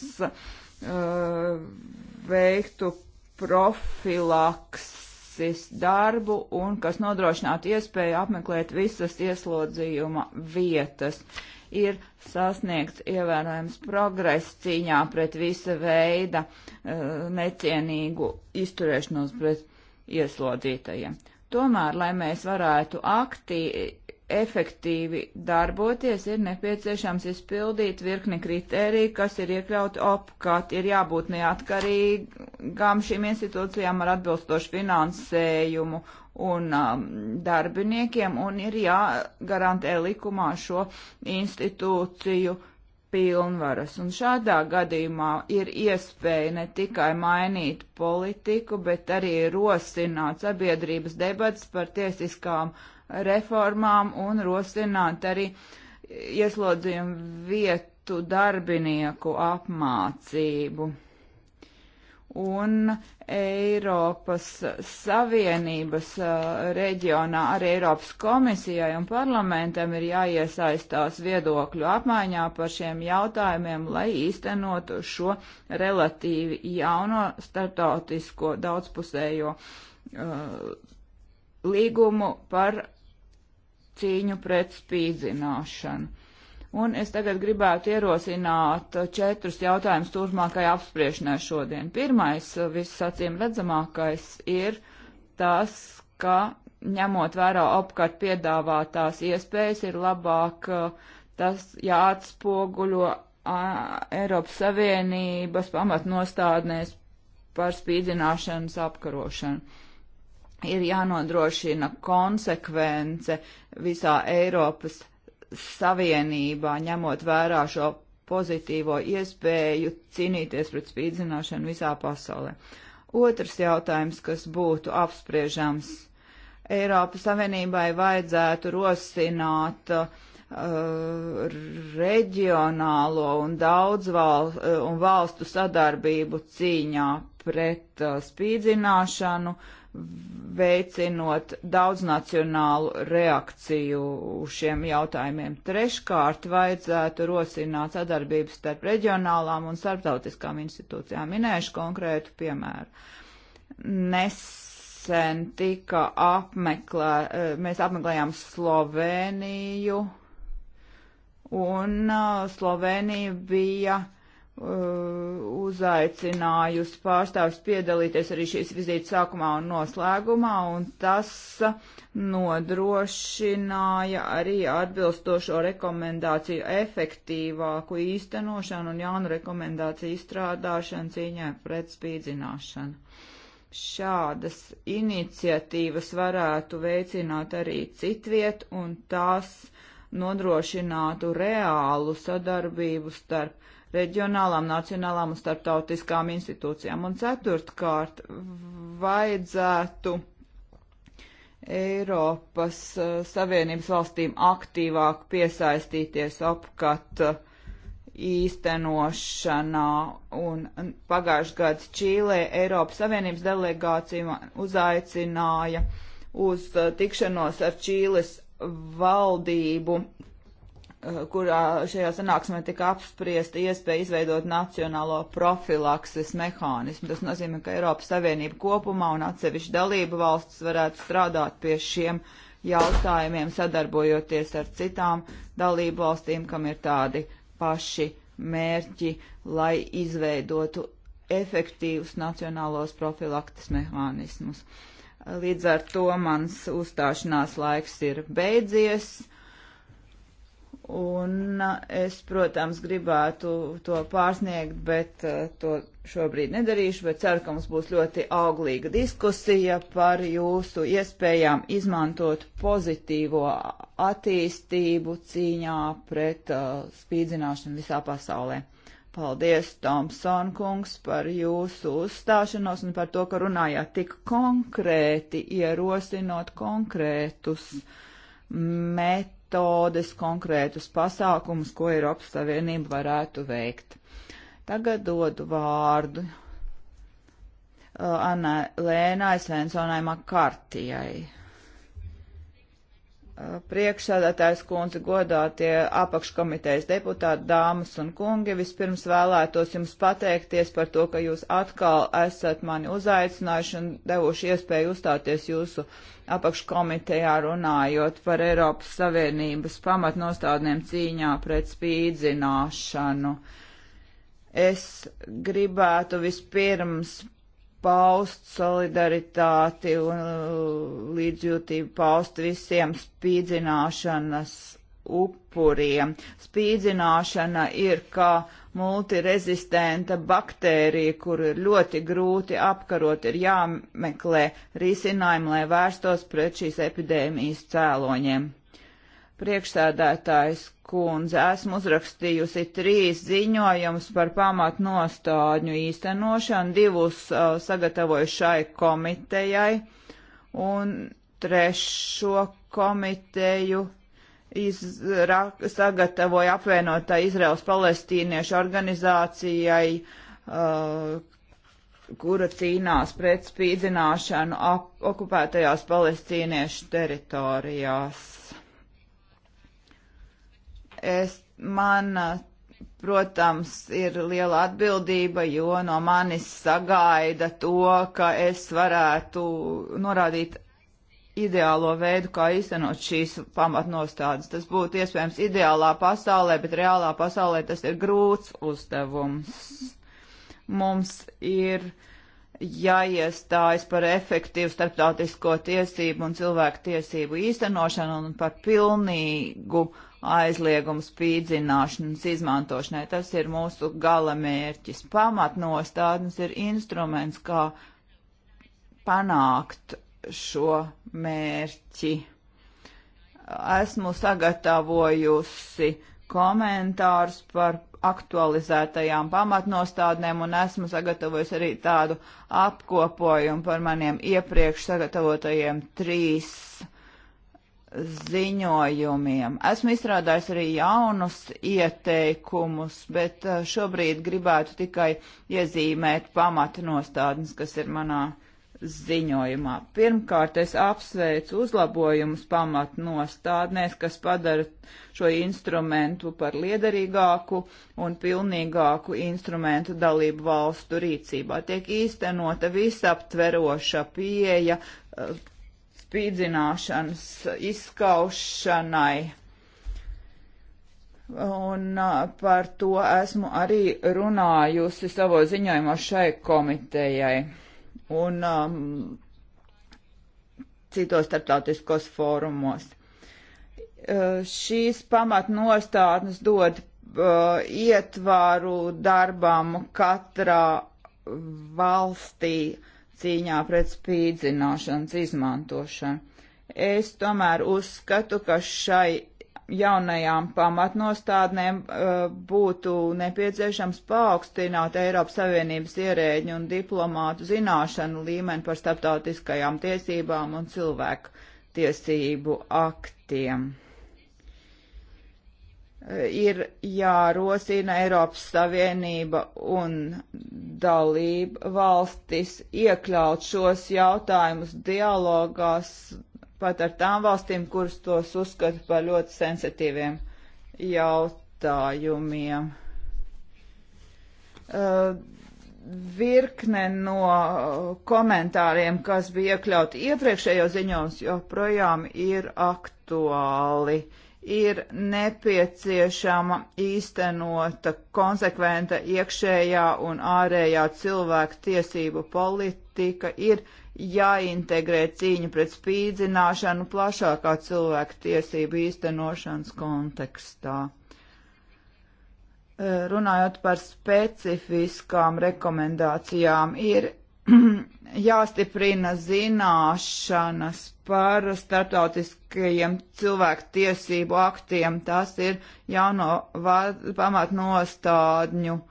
veiktu profilaksis darbu un kas nodrošinātu iespēju apmeklēt visas ieslodzījuma vietas. Ir sasniegts ievērojams progress cīņā pret visa veida uh, necienīgu izturēšanos pret ieslodzītajiem. Tomēr, lai mēs varētu aktīvi, efektīvi darboties, ir nepieciešams izpildīt virkni kritēriju, kas ir iekļauti opkat, ir jābūt neatkarīgām šīm institūcijām ar atbilstošu finansējumu un um, darbiniekiem, un ir jāgarantē likumā šo institūciju uh, pilnvaras. Un šādā gadījumā ir iespēja ne tikai mainīt politiku, bet arī rosināt sabiedrības debats par tiesiskām reformām un rosināt arī ieslodzījumu vietu darbinieku apmācību un Eiropas Savienības uh, reģionā arī Eiropas komisijai un parlamentam ir jāiesaistās viedokļu apmaiņā par šiem jautājumiem, lai īstenotu šo relatīvi jauno startautisko daudzpusējo uh, līgumu par cīņu pret spīdzināšanu. Un es tagad gribētu ierosināt četrus jautājumus turpmākai apspriešanai šodien. Pirmais, eh, visacīm redzamākais, ir tas, ka ņemot vērā apkārt piedāvātās iespējas, ir labāk eh, tas jāatspoguļo Eiropas Savienības pamatnostādnēs par spīdzināšanas apkarošanu ir jānodrošina konsekvence visā Eiropas Savienībā, ņemot vērā šo pozitīvo iespēju cīnīties pret spīdzināšanu visā pasaulē. Otrs jautājums, kas būtu apspriežams, Eiropas Savienībai vajadzētu rosināt uh, reģionālo un daudz val, uh, un valstu sadarbību cīņā pret uh, spīdzināšanu, uh, veicinot daudznacionālu reakciju uz šiem jautājumiem. Treškārt, vajadzētu rosināt sadarbības starp reģionālām un starptautiskām institūcijām. Minēšu konkrētu piemēru. Nesen tika apmeklē, mēs apmeklējām Sloveniju, un uh, Slovenija bija uh, Uh, uzaicinājusi pārstāvis piedalīties arī šīs vizītes sākumā un noslēgumā, un tas nodrošināja arī atbilstošo rekomendāciju efektīvāku īstenošanu un jaunu rekomendāciju izstrādāšanu cīņai pret spīdzināšanu. Šādas iniciatīvas varētu veicināt arī citviet, un tās nodrošinātu reālu sadarbību starp reģionālām, nacionālām un starptautiskām institūcijām. Un ceturtkārt, vajadzētu Eiropas eh, Savienības valstīm aktīvāk piesaistīties apkat eh, īstenošanā. Un pagājušajā gadā Čīlē Eiropas Savienības delegācija uzaicināja uz eh, tikšanos ar Čīles valdību Eh, kurā šajā sanāksmē tika apspriesta iespēja izveidot nacionālo profilakses mehānismu. Tas nozīmē, ka Eiropas Savienība kopumā un atsevišķi dalību valsts varētu strādāt pie šiem jautājumiem, sadarbojoties ar citām dalību valstīm, kam ir tādi paši mērķi, lai izveidotu efektīvus nacionālos profilaktes mehānismus. Līdz ar to mans uzstāšanās laiks ir beidzies. Un es, protams, gribētu to pārsniegt, bet to šobrīd nedarīšu, bet ceru, ka mums būs ļoti auglīga diskusija par jūsu iespējām izmantot pozitīvo attīstību cīņā pret uh, spīdzināšanu visā pasaulē. Paldies, Tomson kungs, par jūsu uzstāšanos un par to, ka runājāt tik konkrēti, ierosinot konkrētus metus metodes, konkrētus pasākumus, ko Eiropas Savienība varētu veikt. Tagad dodu vārdu uh, Anna Lēnai Svensonai Makartijai priekšsādātājs kundze godātie apakškomitejas deputāti, dāmas un kungi. Vispirms vēlētos jums pateikties par to, ka jūs atkal esat mani uzaicinājuši un devuši iespēju uzstāties jūsu apakškomitejā runājot par Eiropas Savienības pamatnostādniem cīņā pret spīdzināšanu. Es gribētu vispirms paust solidaritāti un uh, līdzjūtību paust visiem spīdzināšanas upuriem. Spīdzināšana ir kā multirezistenta baktērija, kur ir ļoti grūti apkarot, ir jāmeklē risinājumi, lai vērstos pret šīs epidēmijas cēloņiem. Priekšsēdētājs kundze, esmu uzrakstījusi trīs ziņojumus par pamatnostādņu īstenošanu, divus uh, sagatavoju šai komitejai un trešo komiteju izrak, sagatavoja apvienotā Izraels palestīniešu organizācijai, uh, kura cīnās pret spīdzināšanu okupētajās palestīniešu teritorijās. Es, man, protams, ir liela atbildība, jo no manis sagaida to, ka es varētu norādīt ideālo veidu, kā īstenot šīs pamatnostādes. Tas būtu iespējams ideālā pasaulē, bet reālā pasaulē tas ir grūts uzdevums. Mums ir jāiestājas par efektīvu starptautisko tiesību un cilvēku tiesību īstenošanu un par pilnīgu uh, aizliegums spīdzināšanas izmantošanai. Tas ir mūsu gala mērķis. Pamatnostādnes ir instruments, kā panākt šo mērķi. Esmu sagatavojusi komentārus par aktualizētajām pamatnostādnēm un esmu sagatavojis arī tādu apkopojumu par maniem iepriekš sagatavotajiem trīs uh, ziņojumiem. Esmu izstrādājis arī jaunus ieteikumus, bet eh, šobrīd gribētu tikai iezīmēt pamata nostādnes, kas ir manā ziņojumā. Pirmkārt, es apsveicu uzlabojumus pamata nostādnēs, kas padara šo instrumentu par liederīgāku un pilnīgāku instrumentu dalību valstu rīcībā. Tiek īstenota visaptveroša pieeja eh, spīdzināšanas izskaušanai. Un par to esmu arī runājusi savo ziņojumā šai komitejai un um, citos starptautiskos fórumos. Uh, šīs pamatnostādnes dod uh, ietvāru darbam katrā valstī cīņā pret spīdzināšanas izmantošanu. Es tomēr uzskatu, ka šai jaunajām pamatnostādnēm eh, būtu nepieciešams paaugstināt Eiropas Savienības ierēģi un diplomātu zināšanu līmeni par starptautiskajām tiesībām un cilvēku tiesību aktiem ir jārosina Eiropas Savienība un dalība valstis iekļaut šos jautājumus dialogās pat ar tām valstīm, kuras tos uzskata par ļoti sensitīviem jautājumiem. Uh, virkne no komentāriem, kas bija iekļauti iepriekšējo ziņojums, joprojām ir aktuāli. Uh, ir nepieciešama īstenota konsekventa iekšējā un ārējā cilvēku tiesību politika, ir jāintegrē cīņa pret spīdzināšanu plašākā cilvēku tiesību īstenošanas kontekstā. Runājot par specifiskām rekomendācijām, ir jāstiprina zināšanas par starptautiskajiem cilvēku tiesību aktiem. Tas ir jauno pamatnostādņu uh,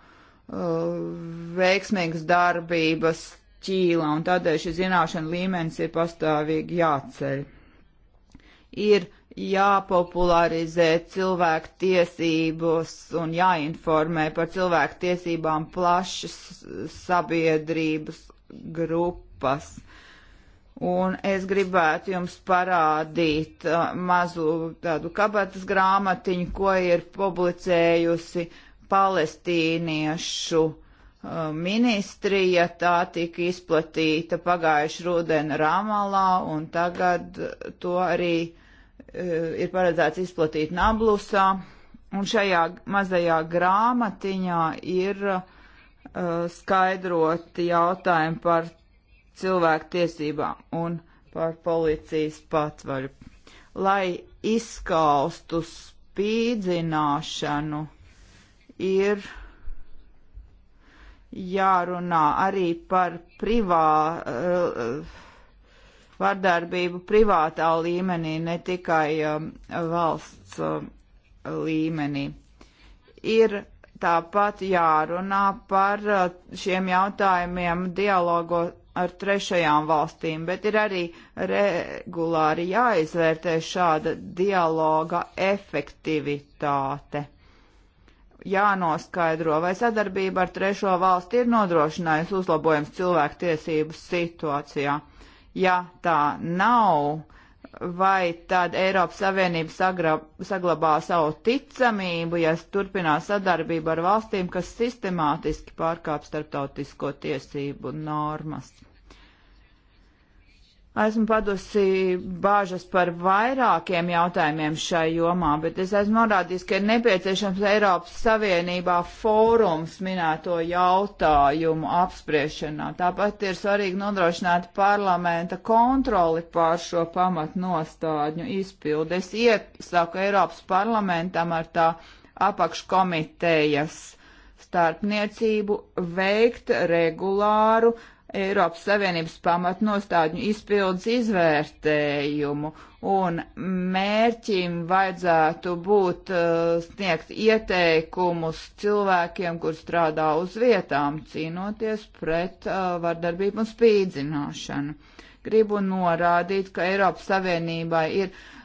veiksmīgas darbības ķīla, un tādēļ šī zināšana līmenis ir pastāvīgi jāceļ. Ir jāpopularizē cilvēku tiesības un jāinformē par cilvēku tiesībām plašas sabiedrības grupas. Un es gribētu jums parādīt uh, mazu tādu kabatas grāmatiņu, ko ir publicējusi palestīniešu uh, ministrija. Tā tika izplatīta pagājuši rudena Ramalā, un tagad to arī uh, ir paredzēts izplatīt Nablusā. Un šajā mazajā grāmatiņā ir uh, Uh, skaidrot jautājumu par cilvēku tiesībām un par policijas patvaru. Lai izskaustu spīdzināšanu, ir jārunā arī par privā, uh, vardarbību privātā līmenī, ne tikai uh, valsts uh, līmenī. Ir Tāpat jārunā par uh, šiem jautājumiem dialogo ar trešajām valstīm, bet ir arī regulāri jāizvērtē šāda dialoga efektivitāte. Jānoskaidro, vai sadarbība ar trešo valsti ir nodrošinājusi uzlabojums cilvēku tiesību situācijā. Ja tā nav, vai tad Eiropas Savienība sagra, saglabā savu ticamību, ja turpinās sadarbību ar valstīm, kas sistemātiski pārkāp starptautisko tiesību normas. Esmu padusi bāžas par vairākiem jautājumiem šai jomā, bet es esmu norādījis, ka ir nepieciešams Eiropas Savienībā fórums minēto jautājumu apspriešanā. Tāpat ir svarīgi nodrošināt parlamenta kontroli pār šo pamatnostādņu izpildu. Es iesaku Eiropas parlamentam ar tā apakškomitejas starpniecību veikt regulāru Eiropas Savienības pamatnostādņu izpildes izvērtējumu, un mērķim vajadzētu būt uh, sniegt ieteikumus cilvēkiem, kur strādā uz vietām, cīnoties pret uh, vardarbību un spīdzināšanu. Gribu norādīt, ka Eiropas Savienībai ir uh,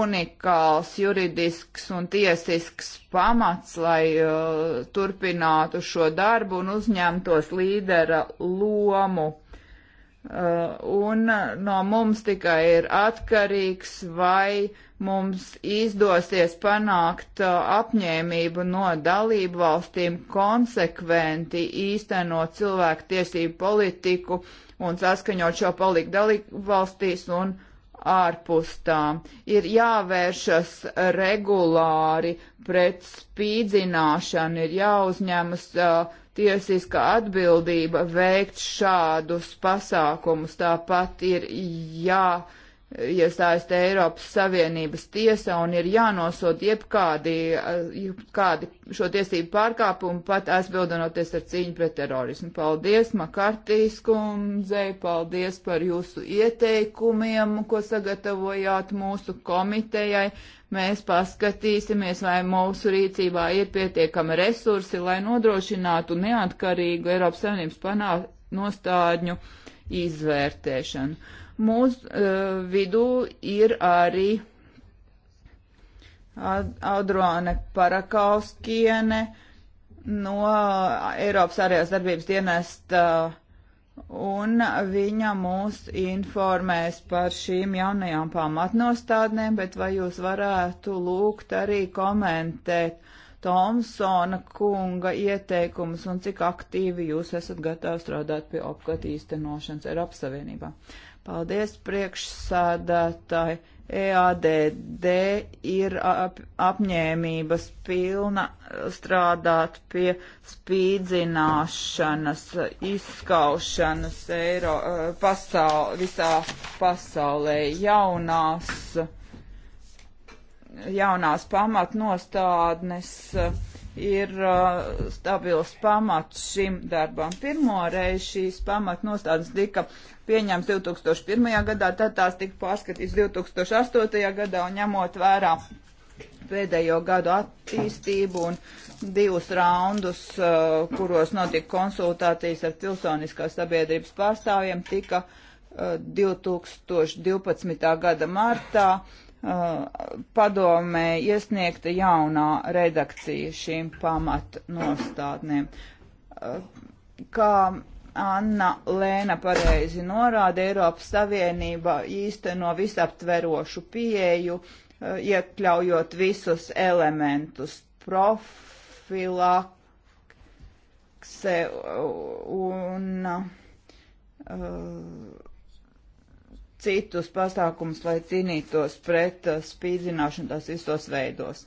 unikāls juridisks un tiesisks pamats, lai uh, turpinātu šo darbu un uzņemtos līdera lomu. Uh, un no mums tikai ir atkarīgs, vai mums izdosies panākt uh, apņēmību no dalību valstīm konsekventi īstenot cilvēku tiesību politiku un saskaņot šo paliku dalību valstīs un uh, ārpus tām. Ir jāvēršas regulāri pret spīdzināšanu, ir jāuzņemas uh, tiesiska atbildība veikt šādus pasākumus. Tāpat ir jā. Ja, iestājas ja Eiropas Savienības tiesa un ir jānosod jebkādi, eh, jebkādi šo tiesību pārkāpumu pat aizbildinoties ar cīņu pret terorismu. Paldies, Makartīs kundzei, paldies par jūsu ieteikumiem, ko sagatavojāt mūsu komitejai. Mēs paskatīsimies, vai mūsu rīcībā ir pietiekami resursi, lai nodrošinātu neatkarīgu Eiropas Savienības panā nostādņu izvērtēšanu Mūsu uh, eh, vidū ir arī Audrone Parakauskiene no Eiropas ārējās darbības dienesta, un viņa mūs informēs par šīm jaunajām pamatnostādnēm, bet vai jūs varētu lūgt arī komentēt Tomsona kunga ieteikumus un cik aktīvi jūs esat gatavi strādāt pie apkat īstenošanas Eiropas Savienībā? Uh, Paldies priekšsādātāji. EADD ir ap, apņēmības pilna strādāt pie spīdzināšanas, izskaušanas Eiro, pasaul, visā pasaulē jaunās, jaunās pamatnostādnes. Uh, ir uh, stabils pamats šim darbam. Pirmoreiz šīs pamatnostādnes tika pieņemts 2001. gadā, tad tās tika pārskatīts 2008. gadā un ņemot vērā pēdējo gadu attīstību un divus raundus, uh, kuros notika konsultācijas ar pilsoniskās sabiedrības pārstāvjiem, tika uh, 2012. gada martā Uh, padomē iesniegta jaunā redakcija šīm pamatnostādnēm. Uh, kā Anna Lēna pareizi norāda, Eiropas Savienība īsteno visaptverošu pieeju, uh, iekļaujot visus elementus profilakse un uh, citus pasākumus, lai cīnītos pret uh, spīdzināšanu tās visos veidos.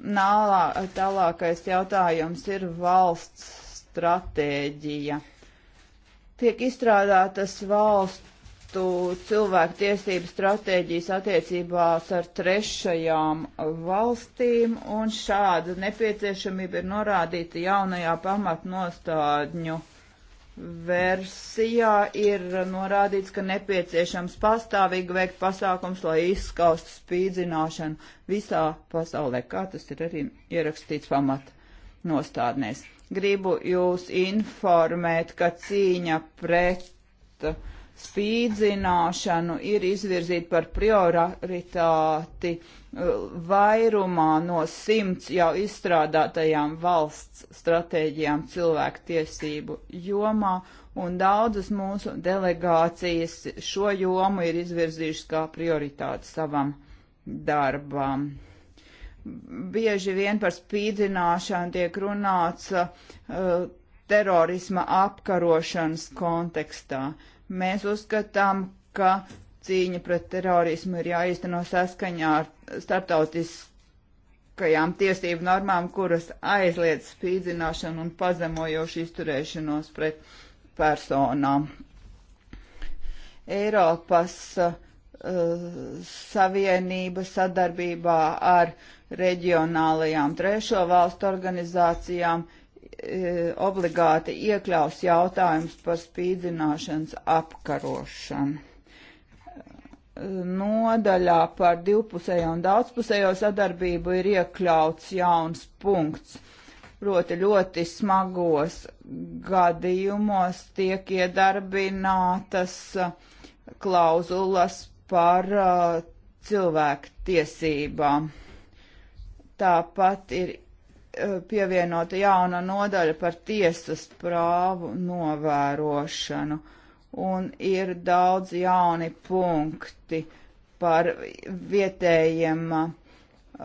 Nālā, tālākais jautājums ir valsts stratēģija. Tiek izstrādātas valstu cilvēku tiesību stratēģijas attiecībās ar trešajām valstīm, un šāda nepieciešamība ir norādīta jaunajā pamatnostādņu uh, versijā ir norādīts, ka nepieciešams pastāvīgi veikt pasākums, lai izskaustu spīdzināšanu visā pasaulē, kā tas ir arī ierakstīts pamat nostādnēs. Gribu jūs informēt, ka cīņa pret uh, spīdzināšanu ir izvirzīti par prioritāti uh, vairumā no simts jau izstrādātajām valsts stratēģijām cilvēktiesību jomā, un daudzas mūsu delegācijas šo jomu ir izvirzījušas kā prioritāti savam darbam. Bieži vien par spīdzināšanu tiek runāts uh, terorisma apkarošanas kontekstā. Uh, Mēs uzskatām, ka cīņa pret terorismu ir jāīsteno saskaņā ar starptautiskajām tiesību normām, kuras aizliedz spīdzināšanu un pazemojošu izturēšanos pret personām. Eiropas uh, Savienība sadarbībā ar reģionālajām trešo valstu organizācijām uh, E, obligāti iekļaus jautājums par spīdzināšanas apkarošanu. E, nodaļā par divpusējo un daudzpusējo sadarbību ir iekļauts jauns punkts. Proti ļoti smagos gadījumos tiek iedarbinātas klauzulas par e, cilvēku tiesībām. Tāpat ir E, pievienota jauna nodaļa par tiesas prāvu novērošanu, un ir daudz jauni punkti par vietējiem uh,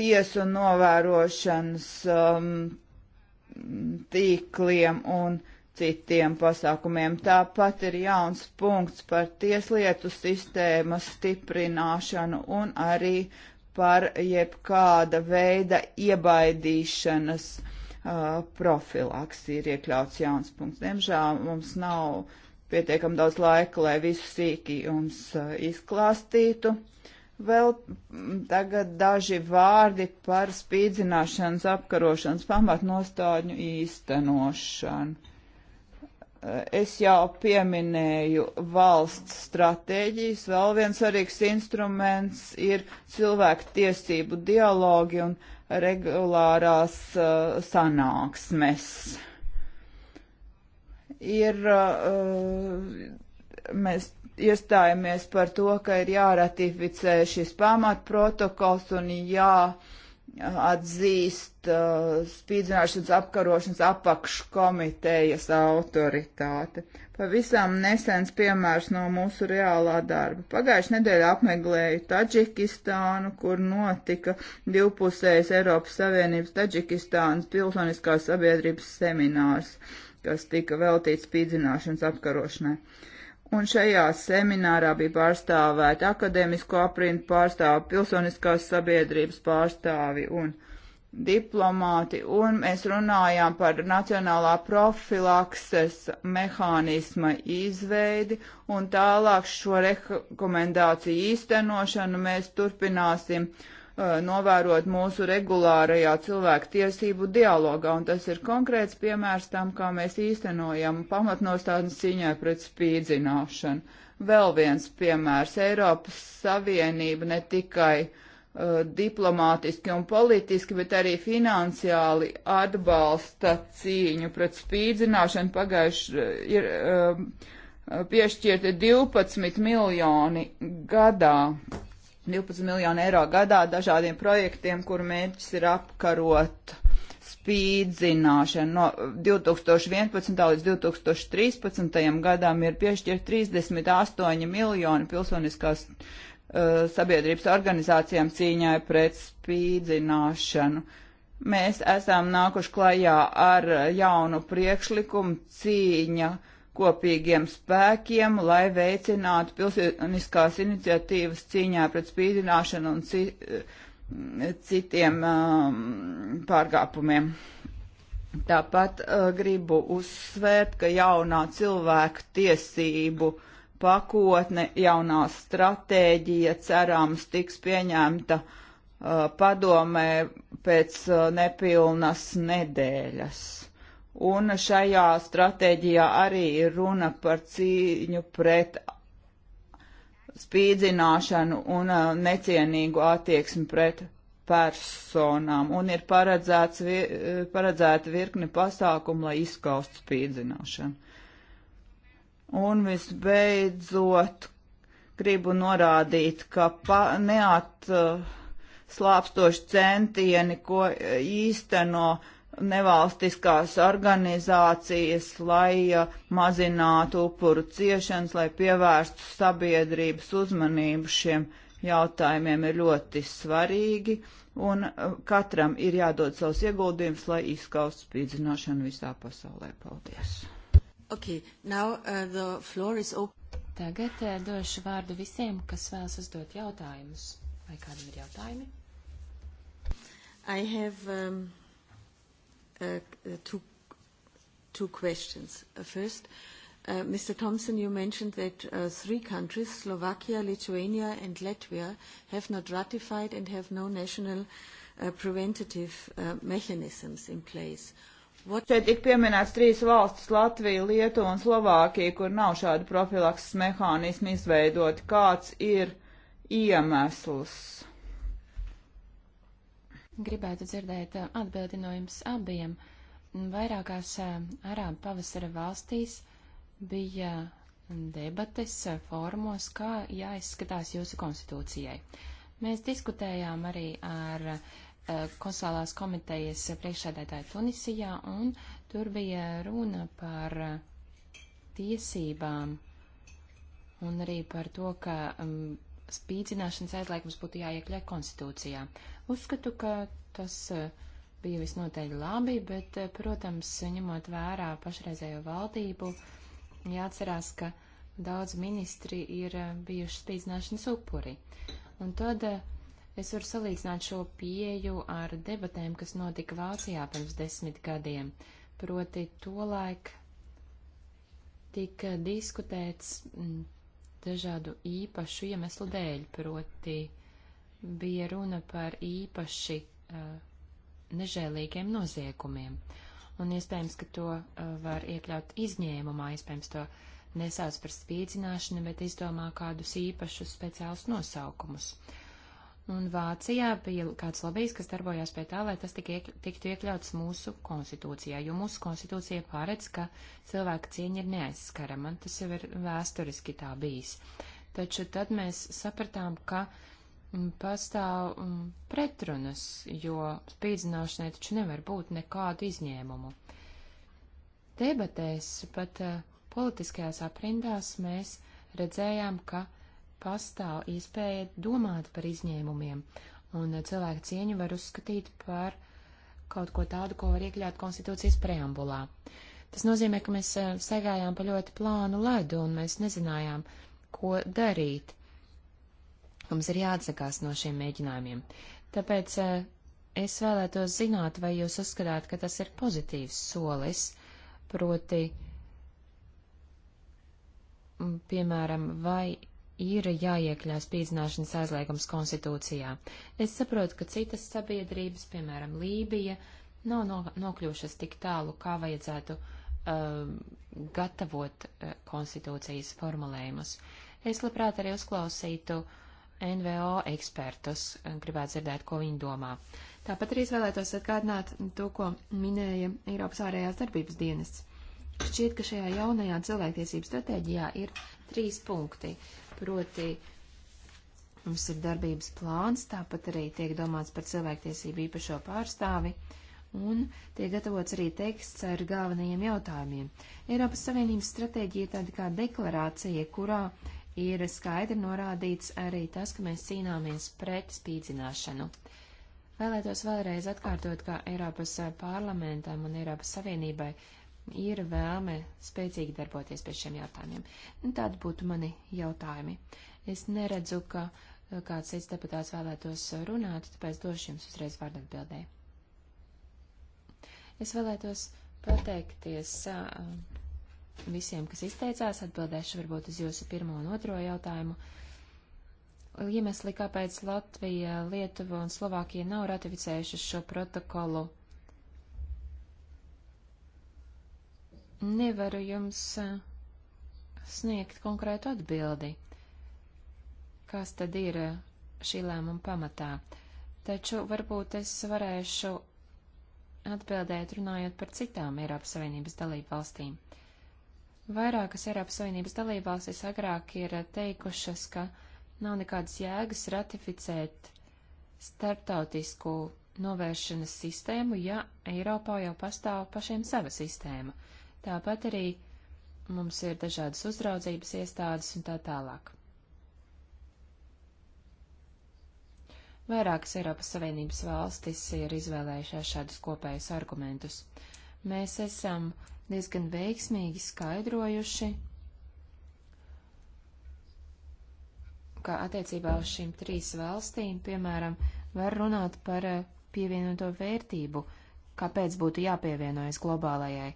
tiesu novērošanas um, tīkliem un citiem pasākumiem. Tāpat ir jauns punkts par tieslietu sistēmas stiprināšanu un arī par jebkāda veida iebaidīšanas uh, profilaksi ir iekļauts jauns punkts. Diemžēl mums nav pietiekam daudz laika, lai visu sīki jums uh, izklāstītu. Vēl mm, tagad daži vārdi par spīdzināšanas apkarošanas pamatnostādņu īstenošanu. Es jau pieminēju valsts stratēģijas, vēl viens svarīgs instruments ir cilvēku tiesību dialogi un regulārās uh, sanāksmes. Ir, uh, mēs iestājamies par to, ka ir jāratificē šis pamatprotokols un jā. Uh, atzīst uh, spīdzināšanas apkarošanas apakškomitejas autoritāte. Pavisam nesens piemērs no mūsu reālā darba. Pagājušajā nedēļā apmeklēju Taģikistānu, kur notika divpusējs Eiropas Savienības Taģikistānas pilsoniskās sabiedrības seminārs, kas tika veltīts spīdzināšanas apkarošanai. Uh, Un šajā seminārā bija pārstāvēti akadēmisko aprindu pārstāvi, pilsoniskās sabiedrības pārstāvi un diplomāti, un mēs runājām par nacionālā profilakses mehānisma izveidi, un tālāk šo rekomendāciju īstenošanu mēs turpināsim uh, Uh, novērot mūsu regulārajā cilvēku tiesību dialogā, un tas ir konkrēts piemērs tam, kā mēs īstenojam pamatnostādnes cīņai pret spīdzināšanu. Vēl viens piemērs - Eiropas Savienība ne tikai uh, diplomātiski un politiski, bet arī finansiāli atbalsta cīņu pret spīdzināšanu. Pagājuši uh, ir uh, piešķirti 12 miljoni gadā 12 miljonu eiro gadā dažādiem projektiem, kur mērķis ir apkarot spīdzināšanu. No 2011. līdz 2013. gadam ir piešķirt 38 miljoni pilsoniskās uh, sabiedrības organizācijām cīņai pret spīdzināšanu. Mēs esam nākuši klajā ar jaunu priekšlikumu cīņa uh, kopīgiem spēkiem, lai veicinātu pilsoniskās iniciatīvas cīņā pret spīdināšanu un ci, eh, citiem um, pārkāpumiem. Tāpat uh, gribu uzsvērt, ka jaunā cilvēku tiesību pakotne, jaunā stratēģija cerams tiks pieņemta uh, padomē pēc uh, nepilnas nedēļas. Un šajā stratēģijā arī ir runa par cīņu pret spīdzināšanu un uh, necienīgu attieksmi pret personām. Un ir paredzēts, uh, paredzēta virkni pasākumu, lai izskaust spīdzināšanu. Un visbeidzot, gribu norādīt, ka neatslāpstoši centieni, ko īsteno, uh, nevalstiskās organizācijas, lai uh, mazinātu upuru ciešanas, lai pievērstu sabiedrības uzmanību šiem jautājumiem ir ļoti svarīgi, un uh, katram ir jādod savs ieguldījums, lai izskaustu spīdzināšanu visā pasaulē. Paldies! Okay, now, uh, Tagad uh, došu vārdu visiem, kas vēlas uzdot jautājumus. Vai kādam ir jautājumi? I have um, uh, two, two questions. Uh, first, uh, Mr. Thompson, you mentioned that uh, three countries, Slovakia, Lithuania and Latvia, have not ratified and have no national uh, preventative uh, mechanisms in place. What... Šeit tik pieminēts trīs valstis - Latvija, Lietuva un Slovākija, kur nav šādi profilakses mehānismi izveidoti. Kāds ir iemesls? Gribētu dzirdēt eh, atbildi no jums abiem. Vairākās eh, arābu pavasara valstīs bija mm, debates eh, formos, kā jāizskatās jūsu konstitūcijai. Mēs diskutējām arī ar konsulārās komitejas priekšsēdētāju Tunisijā, un tur bija runa par tiesībām un arī par to, ka mm, spīdzināšanas aizliegums būtu jāiekļauj konstitūcijā. Uzskatu, ka tas eh, bija visnotaļ labi, bet, eh, protams, ņemot vērā pašreizējo valdību, jāatcerās, ka daudz ministri ir eh, bijuši spīdzināšanas upuri. Un tad es varu salīdzināt šo pieju ar debatēm, kas notika Vācijā pirms desmit gadiem. Proti, tolaik tika diskutēts mm, dažādu īpašu iemeslu dēļ, proti bija runa par īpaši uh, nežēlīgiem noziegumiem. Un iespējams, ka to uh, var iekļaut izņēmumā, iespējams, to nesauc par spīdzināšanu, bet izdomā kādus īpašus speciālus nosaukumus. Uh, Un Vācijā bija kāds lobijs, kas darbojās pie tā, lai tas tik iek, tiktu iekļauts mūsu konstitūcijā, jo mūsu konstitūcija paredz, ka cilvēka cieņa ir neaizskarama. Tas jau ir vēsturiski tā bijis. Taču tad mēs sapratām, ka mm, pastāv mm, pretrunas, jo spīdzināšanai taču nevar būt nekādu izņēmumu. Debatēs, pat eh, politiskajās aprindās, mēs redzējām, ka pastāv iespēja domāt par izņēmumiem, un cilvēku cieņu var uzskatīt par kaut ko tādu, ko var iekļaut konstitūcijas preambulā. Tas nozīmē, ka mēs eh, segājām pa ļoti plānu ledu, un mēs nezinājām, ko darīt. Mums ir jāatsakās no šiem mēģinājumiem. Tāpēc eh, es vēlētos zināt, vai jūs uzskatāt, ka tas ir pozitīvs solis, proti, piemēram, vai ir jāiekļās spīdzināšanas aizliegums konstitūcijā. Es saprotu, ka citas sabiedrības, piemēram, Lībija, nav no, nokļuvušas tik tālu, kā vajadzētu uh, gatavot uh, konstitūcijas formulējumus. Es labprāt arī uzklausītu uh, NVO ekspertus, gribētu dzirdēt, ko viņi domā. Tāpat arī es vēlētos atgādināt to, ko minēja Eiropas ārējās darbības dienests. Šķiet, ka šajā jaunajā cilvēktiesību stratēģijā ir trīs punkti proti mums ir darbības plāns, tāpat arī tiek domāts par cilvēktiesību īpašo pārstāvi, un tiek gatavots arī teksts ar galvenajiem jautājumiem. Eiropas Savienības stratēģija ir tāda kā deklarācija, kurā ir skaidri norādīts arī tas, ka mēs cīnāmies pret spīdzināšanu. Vēlētos vēlreiz atkārtot, ka Eiropas eh, parlamentam un Eiropas Savienībai ir vēlme spēcīgi darboties pie šiem jautājumiem. Un nu, tādi būtu mani jautājumi. Es neredzu, ka eh, kāds cits deputāts vēlētos runāt, tāpēc došu jums uzreiz vārdu atbildēji. Es vēlētos pateikties eh, visiem, kas izteicās, atbildēšu varbūt uz jūsu pirmo un otro jautājumu. Iemesli, kāpēc Latvija, Lietuva un Slovākija nav ratificējušas šo protokolu, Nevaru jums sniegt konkrētu atbildi, kas tad ir šī lēmuma pamatā, taču varbūt es varēšu atbildēt runājot par citām Eiropas Savienības dalību valstīm. Vairākas Eiropas Savienības dalībvalstis agrāk ir teikušas, ka nav nekādas jēgas ratificēt starptautisku novēršanas sistēmu, ja Eiropā jau pastāv pašiem sava sistēma tāpat arī mums ir dažādas uzraudzības iestādes un tā tālāk. Vairākas Eiropas Savienības valstis ir izvēlējušās šādus kopējus argumentus. Mēs esam diezgan veiksmīgi skaidrojuši, ka attiecībā uz šīm trīs valstīm, piemēram, var runāt par eh, pievienoto vērtību, kāpēc būtu jāpievienojas globālajai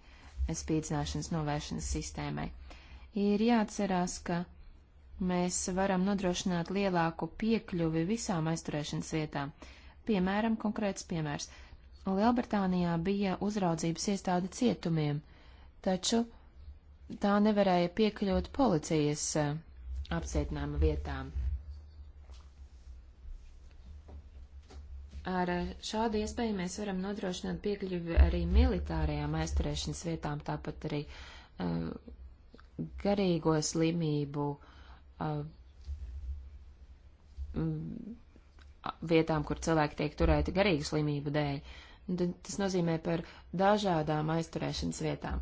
spīdzināšanas novēršanas sistēmai. Ir jāatcerās, ka mēs varam nodrošināt lielāku piekļuvi visām aizturēšanas vietām. Piemēram, konkrēts piemērs. Lielbritānijā bija uzraudzības iestāde cietumiem, taču tā nevarēja piekļūt policijas eh, apcietinājuma vietām. Ar šādu iespēju mēs varam nodrošināt piekļuvi arī militārajām aizturēšanas vietām, tāpat arī uh, garīgo slimību uh, vietām, kur cilvēki tiek turēti garīgu slimību dēļ. Tas nozīmē par dažādām aizturēšanas vietām.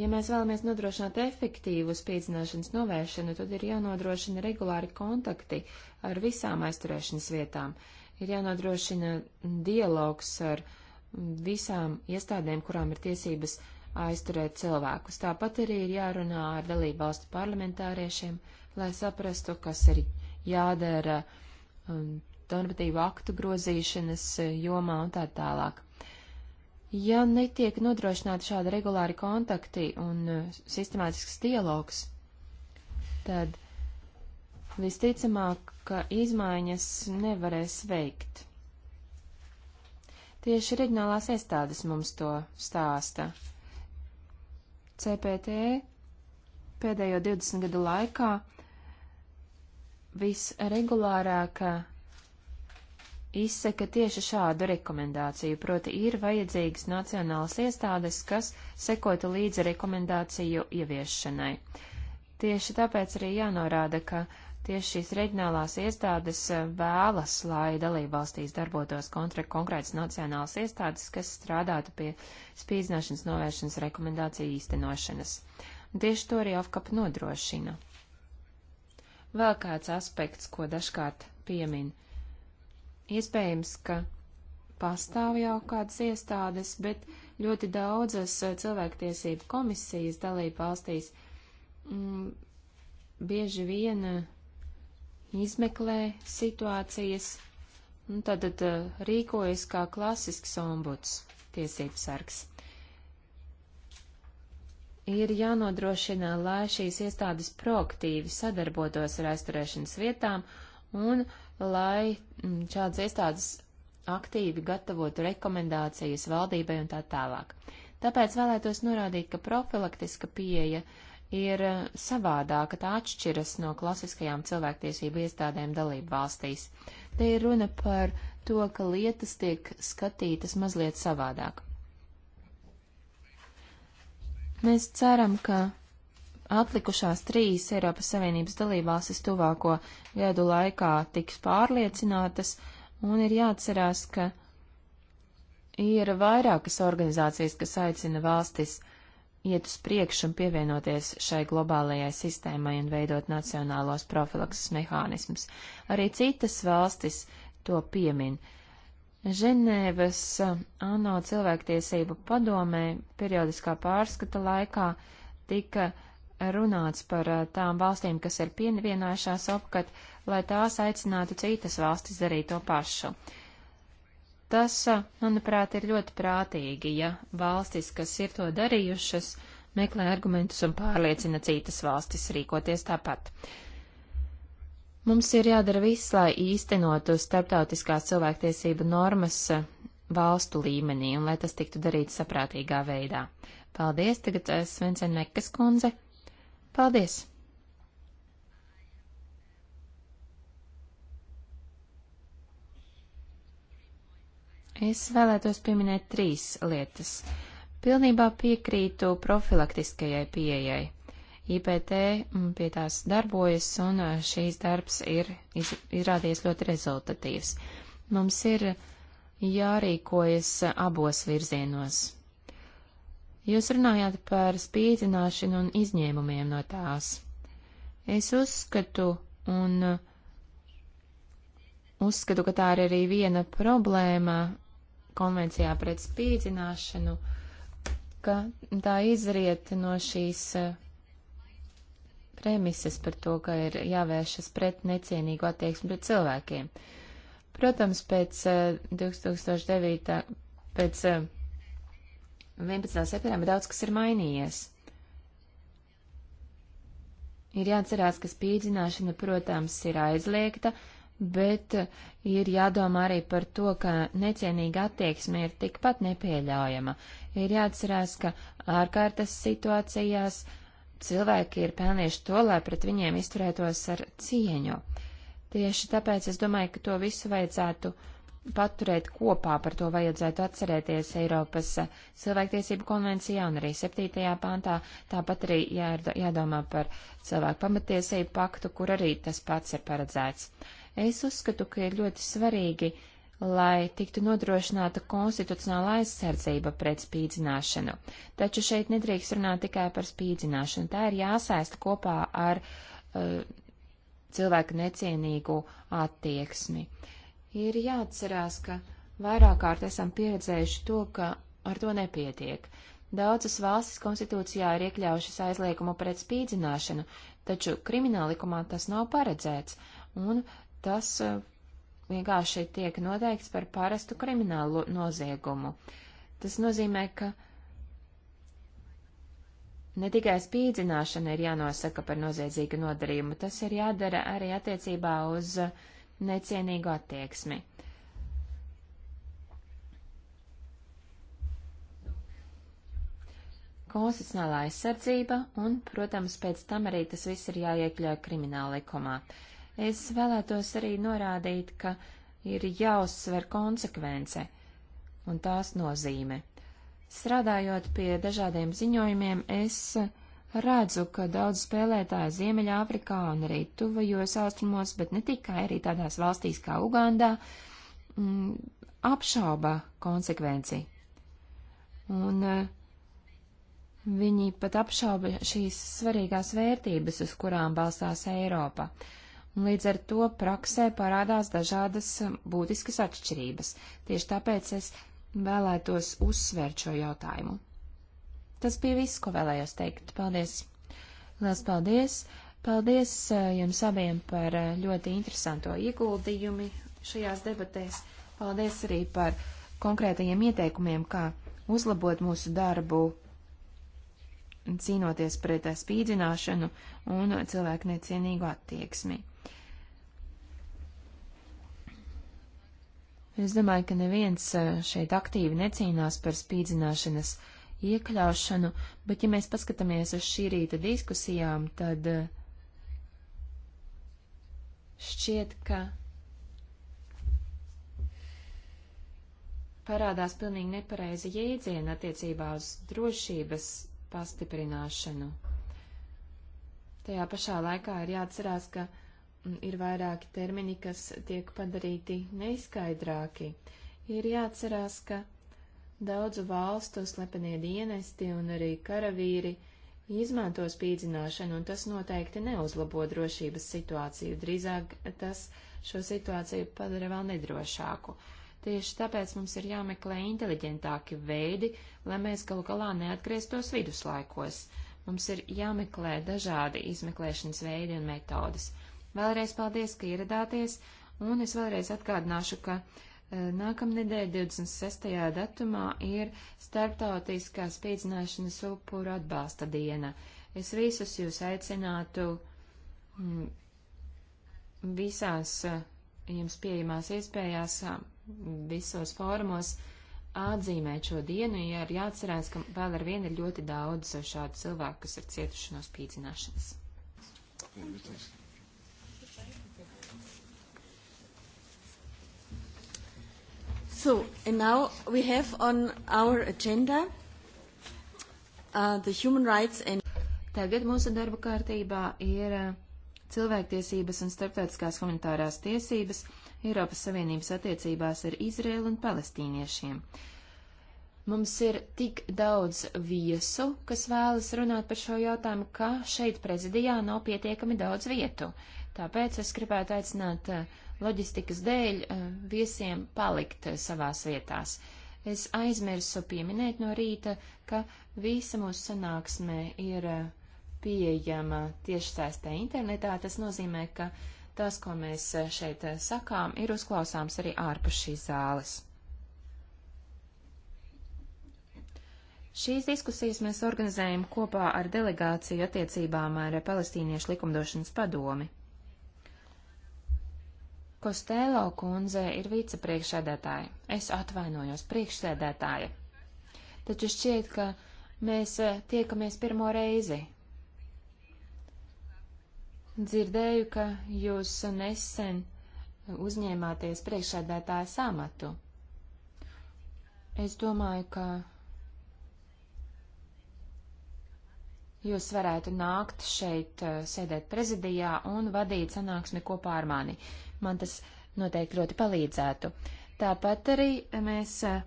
Ja mēs vēlamies nodrošināt efektīvu spīdzināšanas novēršanu, tad ir jānodrošina regulāri kontakti ar visām aizturēšanas vietām. Uh, ir jānodrošina dialogs ar visām iestādēm, kurām ir tiesības aizturēt cilvēkus. Tāpat arī ir jārunā ar dalību valstu parlamentāriešiem, lai saprastu, kas ir jādara um, normatīvu aktu grozīšanas uh, jomā un tā tālāk. Ja netiek nodrošināti šādi regulāri kontakti un uh, sistemātisks dialogs, tad visticamāk, ka izmaiņas nevarēs veikt. Tieši reģionālās iestādes mums to stāsta. CPT pēdējo 20 gadu laikā visregulārāk izsaka tieši šādu rekomendāciju, proti ir vajadzīgas nacionālas iestādes, kas sekotu līdzi rekomendāciju ieviešanai. Tieši tāpēc arī jānorāda, ka Tieši šīs reģionālās iestādes eh, vēlas, lai dalībvalstīs darbotos konkrētas nacionālas iestādes, kas strādātu pie spīdzināšanas novēršanas rekomendāciju īstenošanas. Un tieši to arī AFKAP nodrošina. Vēl kāds aspekts, ko dažkārt piemin. Iespējams, ka pastāv jau kādas iestādes, bet ļoti daudzas eh, cilvēktiesību komisijas dalība valstīs mm, bieži vien eh, izmeklē situācijas, un tad, tad eh, rīkojas kā klasisks ombuds tiesības sargs. Ir jānodrošina, lai šīs iestādes proaktīvi sadarbotos ar aizturēšanas vietām un lai mm, šādas iestādes aktīvi gatavotu rekomendācijas valdībai un tā tālāk. Tāpēc vēlētos norādīt, ka profilaktiska pieeja uh, ir eh, savādāka, tā atšķiras no klasiskajām cilvēktiesību iestādēm dalību valstīs. Te ir runa par to, ka lietas tiek skatītas mazliet savādāk. Mēs ceram, ka atlikušās trīs Eiropas Savienības dalībvalstis tuvāko gadu laikā tiks pārliecinātas, un ir jāatcerās, ka ir vairākas organizācijas, kas aicina valstis iet uz priekšu un pievienoties šai globālajai sistēmai un veidot nacionālos profilakses mehānismus. Arī citas valstis to piemin. Ženēvas ANO cilvēktiesību padomē periodiskā pārskata laikā tika runāts par eh, tām valstīm, kas ir pievienojušās apkat, lai tās aicinātu citas valstis darīt to pašu. Uh, Tas, manuprāt, ir ļoti prātīgi, ja valstis, kas ir to darījušas, meklē argumentus un pārliecina citas valstis rīkoties tāpat. Mums ir jādara viss, lai īstenotu starptautiskās cilvēktiesību normas valstu līmenī un lai tas tiktu darīts saprātīgā veidā. Paldies, tagad Svensen Mekas kundze. Paldies! Es vēlētos pieminēt trīs lietas. Pilnībā piekrītu profilaktiskajai pieejai. IPT mm, pie tās darbojas, un eh, šīs darbs ir izrādījies ļoti rezultatīvs. Mums ir jārīkojas eh, abos virzienos. Jūs runājāt par spīdzināšanu un izņēmumiem no tās. Es uzskatu un eh, uzskatu, ka tā ir arī viena problēma, konvencijā pret spīdzināšanu, ka tā izriet no šīs eh, premises par to, ka ir jāvēršas pret necienīgu attieksmi pret cilvēkiem. Protams, pēc 2009. Eh, pēc 11. Eh, septembra daudz kas ir mainījies. Ir jāatcerās, ka spīdzināšana, protams, ir aizliegta, bet eh, ir jādomā arī par to, ka necienīga attieksme ir tikpat nepieļaujama. Ir jāatcerās, ka ārkārtas situācijās cilvēki ir pelnījuši to, lai pret viņiem izturētos ar cieņu. Tieši tāpēc es domāju, ka to visu vajadzētu paturēt kopā, par to vajadzētu atcerēties Eiropas eh, cilvēktiesību konvencijā un arī 7. pāntā. Tāpat arī jā, jādomā par cilvēku pamatiesību paktu, kur arī tas pats ir paredzēts. Es uzskatu, ka ir ļoti svarīgi, lai tiktu nodrošināta konstitucionāla aizsardzība pret spīdzināšanu. Taču šeit nedrīkst runāt tikai par spīdzināšanu. Tā ir jāsaista kopā ar uh, cilvēku necienīgu attieksmi. Ir jāatcerās, ka vairāk kārt esam pieredzējuši to, ka ar to nepietiek. Daudzas valstis konstitūcijā ir iekļaujušas aizliegumu pret spīdzināšanu, taču krimināllikumā tas nav paredzēts, un tas eh, vienkārši tiek noteikts par parastu kriminālu noziegumu. Tas nozīmē, ka ne tikai spīdzināšana ir jānosaka par noziedzīgu nodarījumu, tas ir jādara arī attiecībā uz eh, necienīgu attieksmi. Konstitucionālā aizsardzība un, protams, pēc tam arī tas viss ir jāiekļauj krimināla likumā. Uh, Es vēlētos arī norādīt, ka ir jāuzsver konsekvence un tās nozīme. Strādājot pie dažādiem ziņojumiem, es redzu, ka daudz spēlētāju Ziemeļāfrikā un arī tuvajos austrumos, bet ne tikai arī tādās valstīs kā Ugandā, m, mm, apšauba konsekvenci. Un eh, viņi pat apšauba šīs svarīgās vērtības, uz kurām balstās Eiropa. Uh, un līdz ar to praksē parādās dažādas um, būtiskas atšķirības. Tieši tāpēc es vēlētos uzsvērt šo jautājumu. Tas bija viss, ko vēlējos teikt. Paldies! Lielas paldies! Paldies uh, jums abiem par uh, ļoti interesanto ieguldījumi šajās debatēs. Paldies arī par konkrētajiem ieteikumiem, kā uzlabot mūsu darbu, cīnoties pret uh, spīdzināšanu un cilvēku necienīgu attieksmi. Es domāju, ka neviens eh, šeit aktīvi necīnās par spīdzināšanas iekļaušanu, bet ja mēs paskatāmies uz šī rīta diskusijām, tad eh, šķiet, ka parādās pilnīgi nepareiza jēdziena attiecībā uz drošības pastiprināšanu. Tajā pašā laikā ir jāatcerās, ka ir vairāki termini, kas tiek padarīti neizskaidrāki. Ir jāatcerās, ka daudzu valstu slepenie dienesti un arī karavīri izmanto spīdzināšanu, un tas noteikti neuzlabo drošības situāciju. Drīzāk tas šo situāciju padara vēl nedrošāku. Tieši tāpēc mums ir jāmeklē inteliģentāki veidi, lai mēs galu galā neatgrieztos viduslaikos. Mums ir jāmeklē dažādi izmeklēšanas veidi un metodas. Vēlreiz paldies, ka ieradāties, un es vēlreiz atgādināšu, ka eh, nākamnedēļ 26. datumā ir starptautiskā spīdzināšanas upuru atbalsta diena. Es visus jūs aicinātu mm, visās eh, jums pieejamās iespējās, eh, visos fórumos atzīmēt šo dienu, ja ir jāatcerās, ka vēl ar vienu ir ļoti daudz šādu cilvēku, kas ir cietuši no spīdzināšanas. Paldies. So, and now we have on our agenda uh, the human rights and. Tagad mūsu darba kārtībā ir uh, cilvēktiesības un starptautiskās humanitārās tiesības Eiropas Savienības attiecībās ar Izrēlu un palestīniešiem. Mums ir tik daudz viesu, kas vēlas runāt par šo jautājumu, ka šeit prezidijā nav pietiekami daudz vietu. Tāpēc es gribētu aicināt uh, loģistikas dēļ eh, viesiem palikt eh, savās vietās. Es aizmirsu pieminēt no rīta, ka visa mūsu sanāksme ir eh, pieejama tiešsaistē internetā. Tas nozīmē, ka tas, ko mēs šeit sakām, ir uzklausāms arī ārpus šīs zāles. Šīs diskusijas mēs organizējam kopā ar delegāciju attiecībām ar Palestīniešu likumdošanas padomi. Kostēlo kundze ir vicepriekšsēdētāja. Es atvainojos priekšsēdētāja. Taču šķiet, ka mēs eh, tiekamies pirmo reizi. Dzirdēju, ka jūs nesen uzņēmāties priekšsēdētāja samatu. Es domāju, ka jūs varētu nākt šeit, eh, sēdēt prezidijā un vadīt sanāksmi kopā ar mani. Uh, Man tas noteikti ļoti palīdzētu. Tāpat arī mēs eh,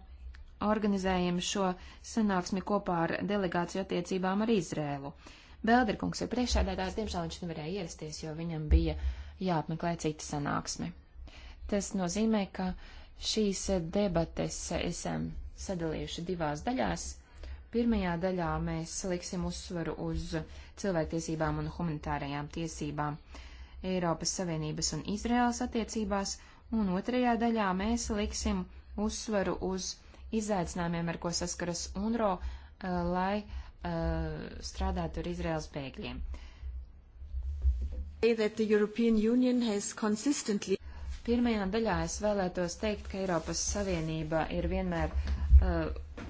organizējam šo sanāksmi kopā ar delegāciju attiecībām ar Izrēlu. Belderkungs ir priekšādētājs, diemžēl viņš nevarēja ierasties, jo viņam bija jāapmeklē cita sanāksme. Tas nozīmē, ka šīs debates esam sadalījuši divās daļās. Pirmajā daļā mēs liksim uzsvaru uz cilvēktiesībām un humanitārajām tiesībām. Uh, Eiropas Savienības un Izraēlas attiecībās, un otrajā daļā mēs liksim uzsvaru uz izaicinājumiem, ar ko saskaras UNRO, eh, lai eh, strādātu ar Izraēlas bēgļiem. Consistently... Pirmajā daļā es vēlētos teikt, ka Eiropas Savienība ir vienmēr uh, eh,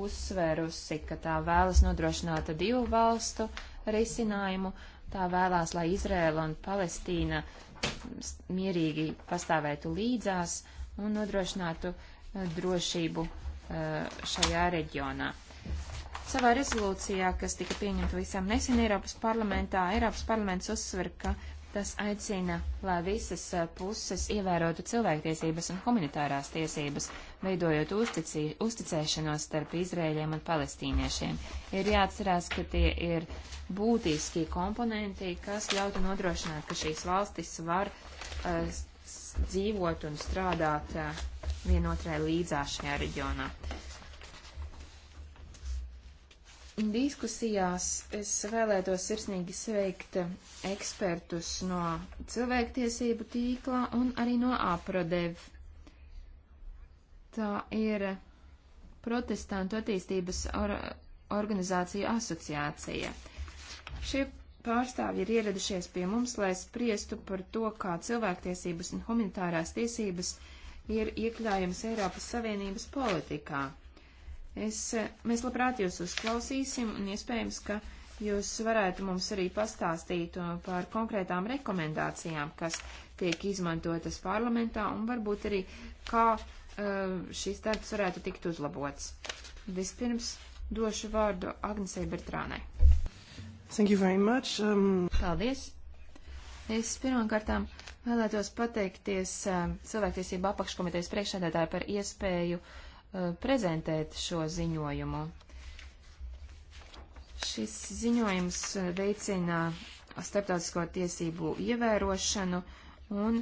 uzsvērusi, ka tā vēlas nodrošināt divu valstu risinājumu, tā vēlās, lai Izrēla un Palestīna mierīgi pastāvētu līdzās un nodrošinātu eh, drošību eh, šajā reģionā. Savā rezolūcijā, kas tika pieņemta visam nesen Eiropas parlamentā, Eiropas parlaments uzsver, ka Tas aicina, lai visas puses ievērotu cilvēktiesības un humanitārās tiesības, veidojot uzticī, uzticēšanos starp Izrēļiem un palestīniešiem. Ir jāatcerās, ka tie ir būtiski komponenti, kas ļautu nodrošināt, ka šīs valstis var uh, dzīvot un strādāt uh, vienotrai līdzā šajā reģionā. Uh, Diskusijās es vēlētos sirsnīgi sveikt ekspertus no cilvēktiesību tīklā un arī no APRODEV. Tā ir Protestantu attīstības or organizāciju asociācija. Šie pārstāvji ir ieradušies pie mums, lai spriestu par to, kā cilvēktiesības un humanitārās tiesības ir iekļaujams Eiropas Savienības politikā. Es, mēs labprāt jūs uzklausīsim un iespējams, ka jūs varētu mums arī pastāstīt par konkrētām rekomendācijām, kas tiek izmantotas parlamentā un varbūt arī kā eh, šis darbs varētu tikt uzlabots. Vispirms došu vārdu Agnesei Bertrānai. Thank you very much. Um... Paldies. Es pirmkārtām vēlētos pateikties eh, cilvēktiesību apakškomitejas priekšsēdētāju par iespēju uh, Uh, prezentēt šo ziņojumu. Šis ziņojums uh, veicina starptautisko tiesību ievērošanu, un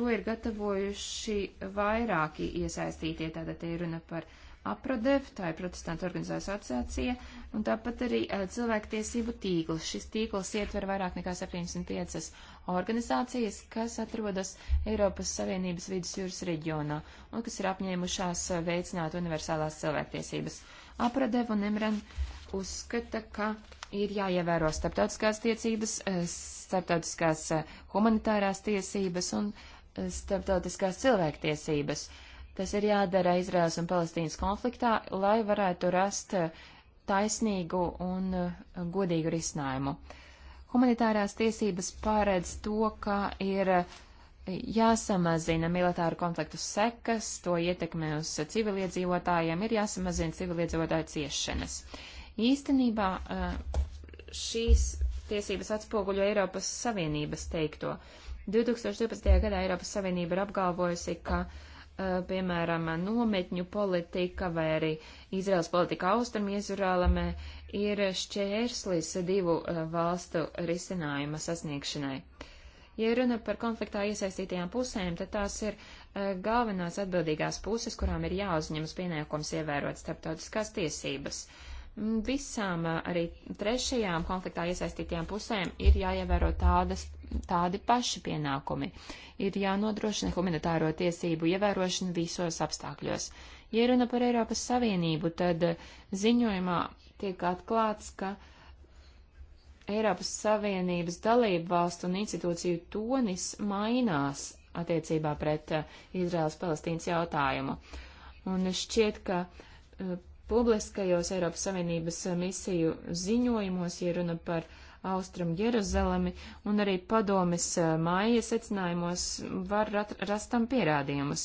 to ir gatavojuši vairāki iesaistītie, tātad te ir runa par uh, APRODEV, tā ir protestantu organizācija asociācija, un tāpat arī uh, cilvēktiesību tīkls. Šis tīkls ietver vairāk nekā 705 organizācijas, kas atrodas Eiropas Savienības vidusjūras reģionā un kas ir apņēmušās eh, veicināt universālās cilvēktiesības. APRODEV un EMRAN uzskata, ka ir jāievēro starptautiskās tiesības, eh, starptautiskās humanitārās tiesības un starptautiskās cilvēktiesības. Uh, Tas ir jādara Izraels un Palestīnas konfliktā, lai varētu rast eh, taisnīgu un eh, godīgu risinājumu. Humanitārās tiesības pārēdz to, ka ir eh, jāsamazina militāru konfliktu sekas, to ietekme uz civiliedzīvotājiem, ir jāsamazina civiliedzīvotāju ciešanas. Īstenībā šīs tiesības atspoguļo Eiropas Savienības teikto. 2012. gadā Eiropas Savienība ir apgalvojusi, ka uh, Eh, piemēram, nometņu politika vai arī Izraels politika austram Izrēlamē ir šķērslis divu eh, valstu risinājuma sasniegšanai. Ja runa par konfliktā iesaistītajām pusēm, tad tās ir eh, galvenās atbildīgās puses, kurām ir jāuzņemas pienākums ievērot starptautiskās tiesības. Mm, visām arī trešajām konfliktā iesaistītajām pusēm ir jāievēro tādas tādi paši pienākumi. Ir jānodrošina humanitāro tiesību ievērošana visos apstākļos. Ja runa par Eiropas Savienību, tad ziņojumā tiek atklāts, ka Eiropas Savienības dalību valstu un institūciju tonis mainās attiecībā pret uh, Izraels-Palestīnas jautājumu. Un šķiet, ka uh, publiskajos Eiropas Savienības uh, misiju ziņojumos, ja runa par Austrum Jeruzalemi, un arī padomis eh, māja secinājumos var rastam pierādījumus.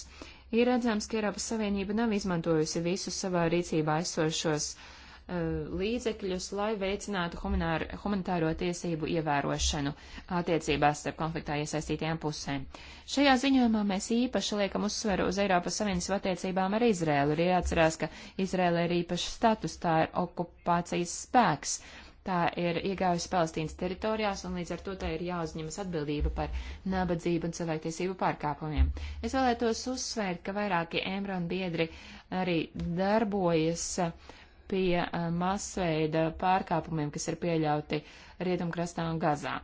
Ir redzams, ka Eiropas Savienība nav izmantojusi visus savā rīcībā esošos uh, līdzekļus, lai veicinātu humanitāro tiesību ievērošanu attiecībās starp konfliktā iesaistītajām pusēm. Šajā ziņojumā mēs īpaši liekam uzsveru uz Eiropas Savienības attiecībām ar Izrēlu. Ir jāatcerās, ka Izrēla ir īpašs status, tā ir okupācijas spēks. Uh, tā ir iegājusi Palestīnas teritorijās, un līdz ar to tā ir jāuzņemas atbildība par nabadzību un cilvēktiesību pārkāpumiem. Es vēlētos uzsvērt, ka vairāki Emron biedri arī darbojas pie eh, masveida pārkāpumiem, kas ir pieļauti Rietumkrastā un Gazā.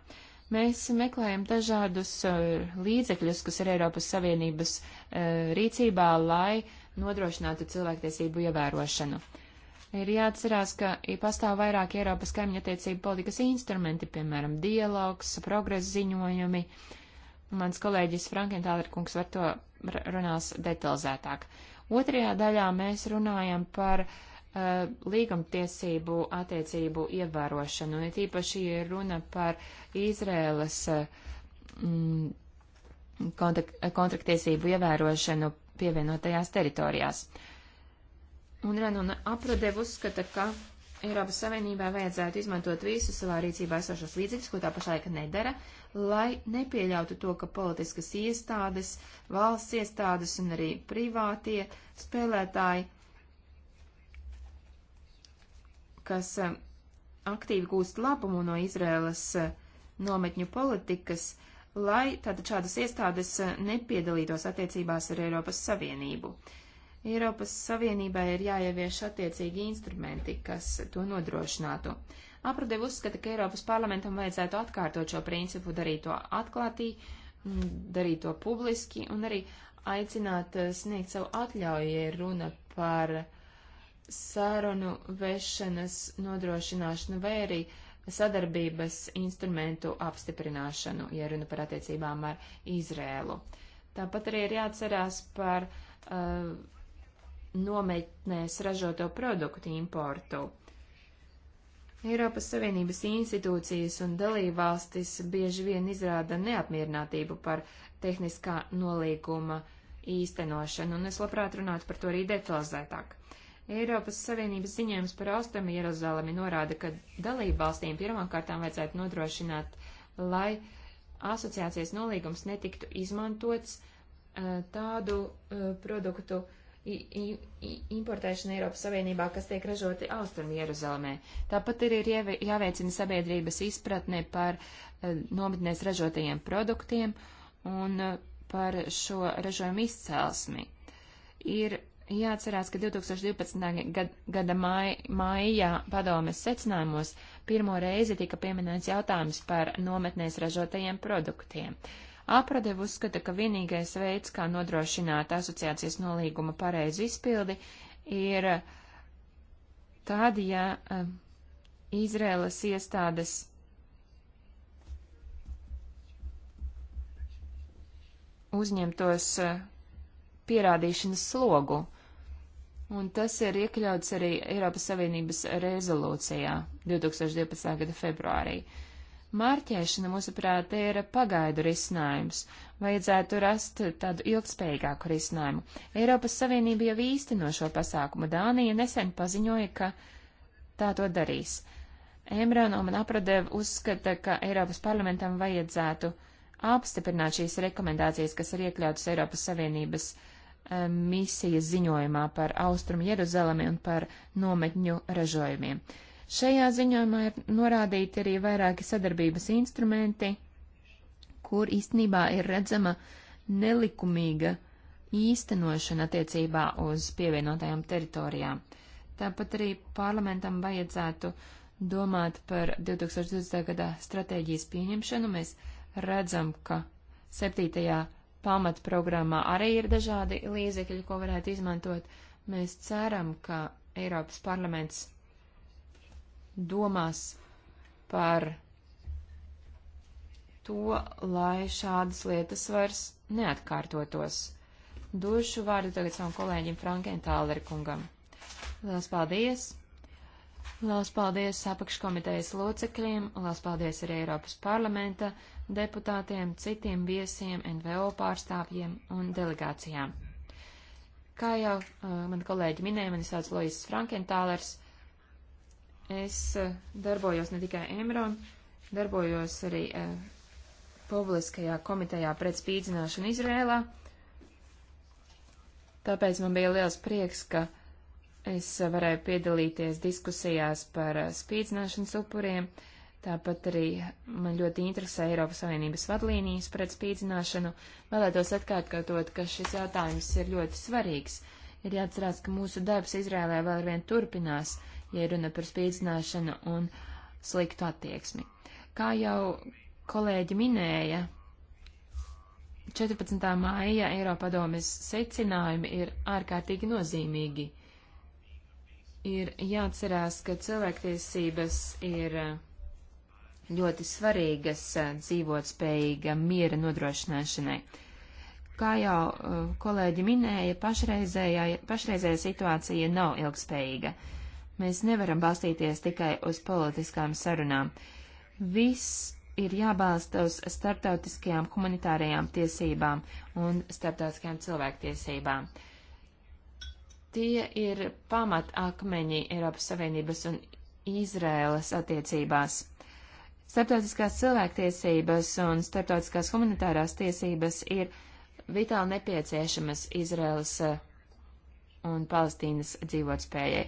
Mēs meklējam dažādus eh, līdzekļus, kas ir Eiropas Savienības eh, rīcībā, lai nodrošinātu cilvēktiesību ievērošanu. Ir jāatcerās, ka pastāv vairāk Eiropas kaimiņa attiecību politikas instrumenti, piemēram, dialogs, progresa ziņojumi. Mans kolēģis Frankentālerkungs var to runās detalizētāk. Otrajā daļā mēs runājam par uh, līgumtiesību attiecību ievērošanu, un tīpaši ir runa par Izrēlas eh, mm, kontraktiesību ievērošanu pievienotajās teritorijās. Uh, Un Renona Apradev uzskata, ka Eiropas Savienībā vajadzētu izmantot visus savā rīcībā esošos līdzekļus, ko tā pašlaika nedara, lai nepieļautu to, ka politiskas iestādes, valsts iestādes un arī privātie spēlētāji, kas eh, aktīvi gūst labumu no Izrēlas eh, nometņu politikas, lai tātad šādas iestādes eh, nepiedalītos attiecībās ar Eiropas Savienību. Uh, Eiropas Savienībai ir jāievieš attiecīgi instrumenti, kas to nodrošinātu. Apradev uzskata, ka Eiropas parlamentam vajadzētu atkārtot šo principu, darīt to atklātī, darīt to publiski un arī aicināt eh, sniegt savu atļauju, ja runa par sarunu vešanas nodrošināšanu vai arī sadarbības instrumentu apstiprināšanu, ja runa par attiecībām ar Izrēlu. Tāpat arī ir jāatcerās par uh, nometnēs ražoto produktu importu. Eiropas Savienības institūcijas un dalībvalstis bieži vien izrāda neapmierinātību par tehniskā nolīguma īstenošanu, un es labprāt runātu par to arī detalizētāk. Eiropas Savienības ziņojums par Austrumu Jeruzalemi norāda, ka dalībvalstīm pirmkārtām vajadzētu nodrošināt, lai asociācijas nolīgums netiktu izmantots eh, tādu eh, produktu uh, importēšana Eiropas Savienībā, kas tiek ražoti Austrum Jeruzalemē. Tāpat ir, ir jāveicina sabiedrības izpratne par eh, nometnēs ražotajiem produktiem un eh, par šo ražojumu izcelsmi. Ir jāatcerās, ka 2012. Gada, gada maijā padomes secinājumos pirmo reizi tika pieminēts jautājums par nometnēs ražotajiem produktiem. Uh, Apradev uzskata, ka vienīgais veids, kā nodrošināt asociācijas nolīguma pareizu izpildi, ir tādi, ja uh, eh, Izrēlas iestādes uzņemtos uh, pierādīšanas slogu, un tas ir iekļauts arī Eiropas Savienības rezolūcijā 2012. gada februārī. Uh, Mārķēšana, mūsuprāt, ir pagaidu risinājums. Vajadzētu rast tādu ilgspējīgāku risinājumu. Eiropas Savienība jau īsteno šo pasākumu. Dānija nesen paziņoja, ka tā to darīs. Emran un Apradev uzskata, ka Eiropas parlamentam vajadzētu apstiprināt šīs rekomendācijas, kas ir iekļautas Eiropas Savienības um, misijas ziņojumā par Austrumu Jeruzalemi un par nometņu ražojumiem. Uh, Šajā ziņojumā ir norādīti arī vairāki sadarbības instrumenti, kur īstenībā ir redzama nelikumīga īstenošana attiecībā uz pievienotajām teritorijām. Tāpat arī parlamentam vajadzētu domāt par 2020. gadā stratēģijas pieņemšanu. Mēs redzam, ka 7. pamatprogrammā arī ir dažādi līdzekļi, ko varētu izmantot. Mēs ceram, ka Eiropas parlaments domās par to, lai šādas lietas vairs neatkārtotos. Došu vārdu tagad savam kolēģim Frankiem Tālerkungam. Lielas paldies! Lielas paldies apakškomitejas locekļiem, lielas paldies arī Eiropas parlamenta deputātiem, citiem viesiem, NVO pārstāvjiem un delegācijām. Kā jau uh, man kolēģi minēja, mani sauc Lojas Frankentālers. Es eh, darbojos ne tikai Emron, darbojos arī eh, publiskajā komitejā pret spīdzināšanu Izrēlā. Tāpēc man bija liels prieks, ka es eh, varēju piedalīties diskusijās par eh, spīdzināšanas upuriem. Tāpat arī man ļoti interesē Eiropas Savienības vadlīnijas pret spīdzināšanu. Vēlētos atkārtot, ka šis jautājums ir ļoti svarīgs. Ir jāatcerās, ka mūsu darbs Izrēlē vēl ar vien turpinās. Uh, ja runa par spīdzināšanu un sliktu attieksmi. Kā jau kolēģi minēja, 14. māja Eiropadomes secinājumi ir ārkārtīgi nozīmīgi. Ir jāatcerās, ka cilvēktiesības ir uh, ļoti svarīgas uh, dzīvotspējīga miera nodrošināšanai. Kā jau uh, kolēģi minēja, pašreizējā, pašreizējā situācija nav ilgspējīga. Mēs nevaram balstīties tikai uz politiskām sarunām. Viss ir jābalsta uz starptautiskajām humanitārajām tiesībām un starptautiskajām cilvēktiesībām. Tie ir pamat akmeņi Eiropas Savienības un Izrēlas attiecībās. Starptautiskās cilvēktiesības un starptautiskās humanitārās tiesības ir vitāli nepieciešamas Izraels eh, un Palestīnas dzīvotspējai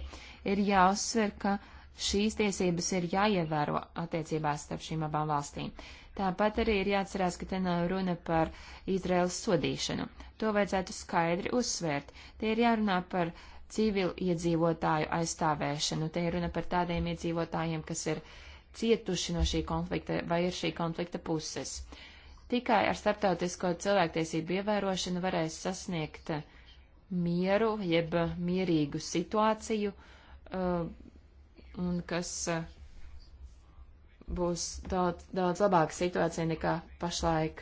ir jāuzsver, ka šīs tiesības ir jāievēro attiecībās starp šīm abām valstīm. Tāpat arī ir jāatcerās, ka te nav runa par Izraels sodīšanu. To vajadzētu skaidri uzsvērt. Te ir jārunā par civilu iedzīvotāju aizstāvēšanu. Te ir runa par tādiem iedzīvotājiem, kas ir cietuši no šī konflikta vai ir šī konflikta puses. Tikai ar starptautisko cilvēktiesību ievērošanu varēs sasniegt mieru, jeb mierīgu situāciju, uh, Uh, un kas uh, būs daudz, daudz labāka situācija nekā pašlaik.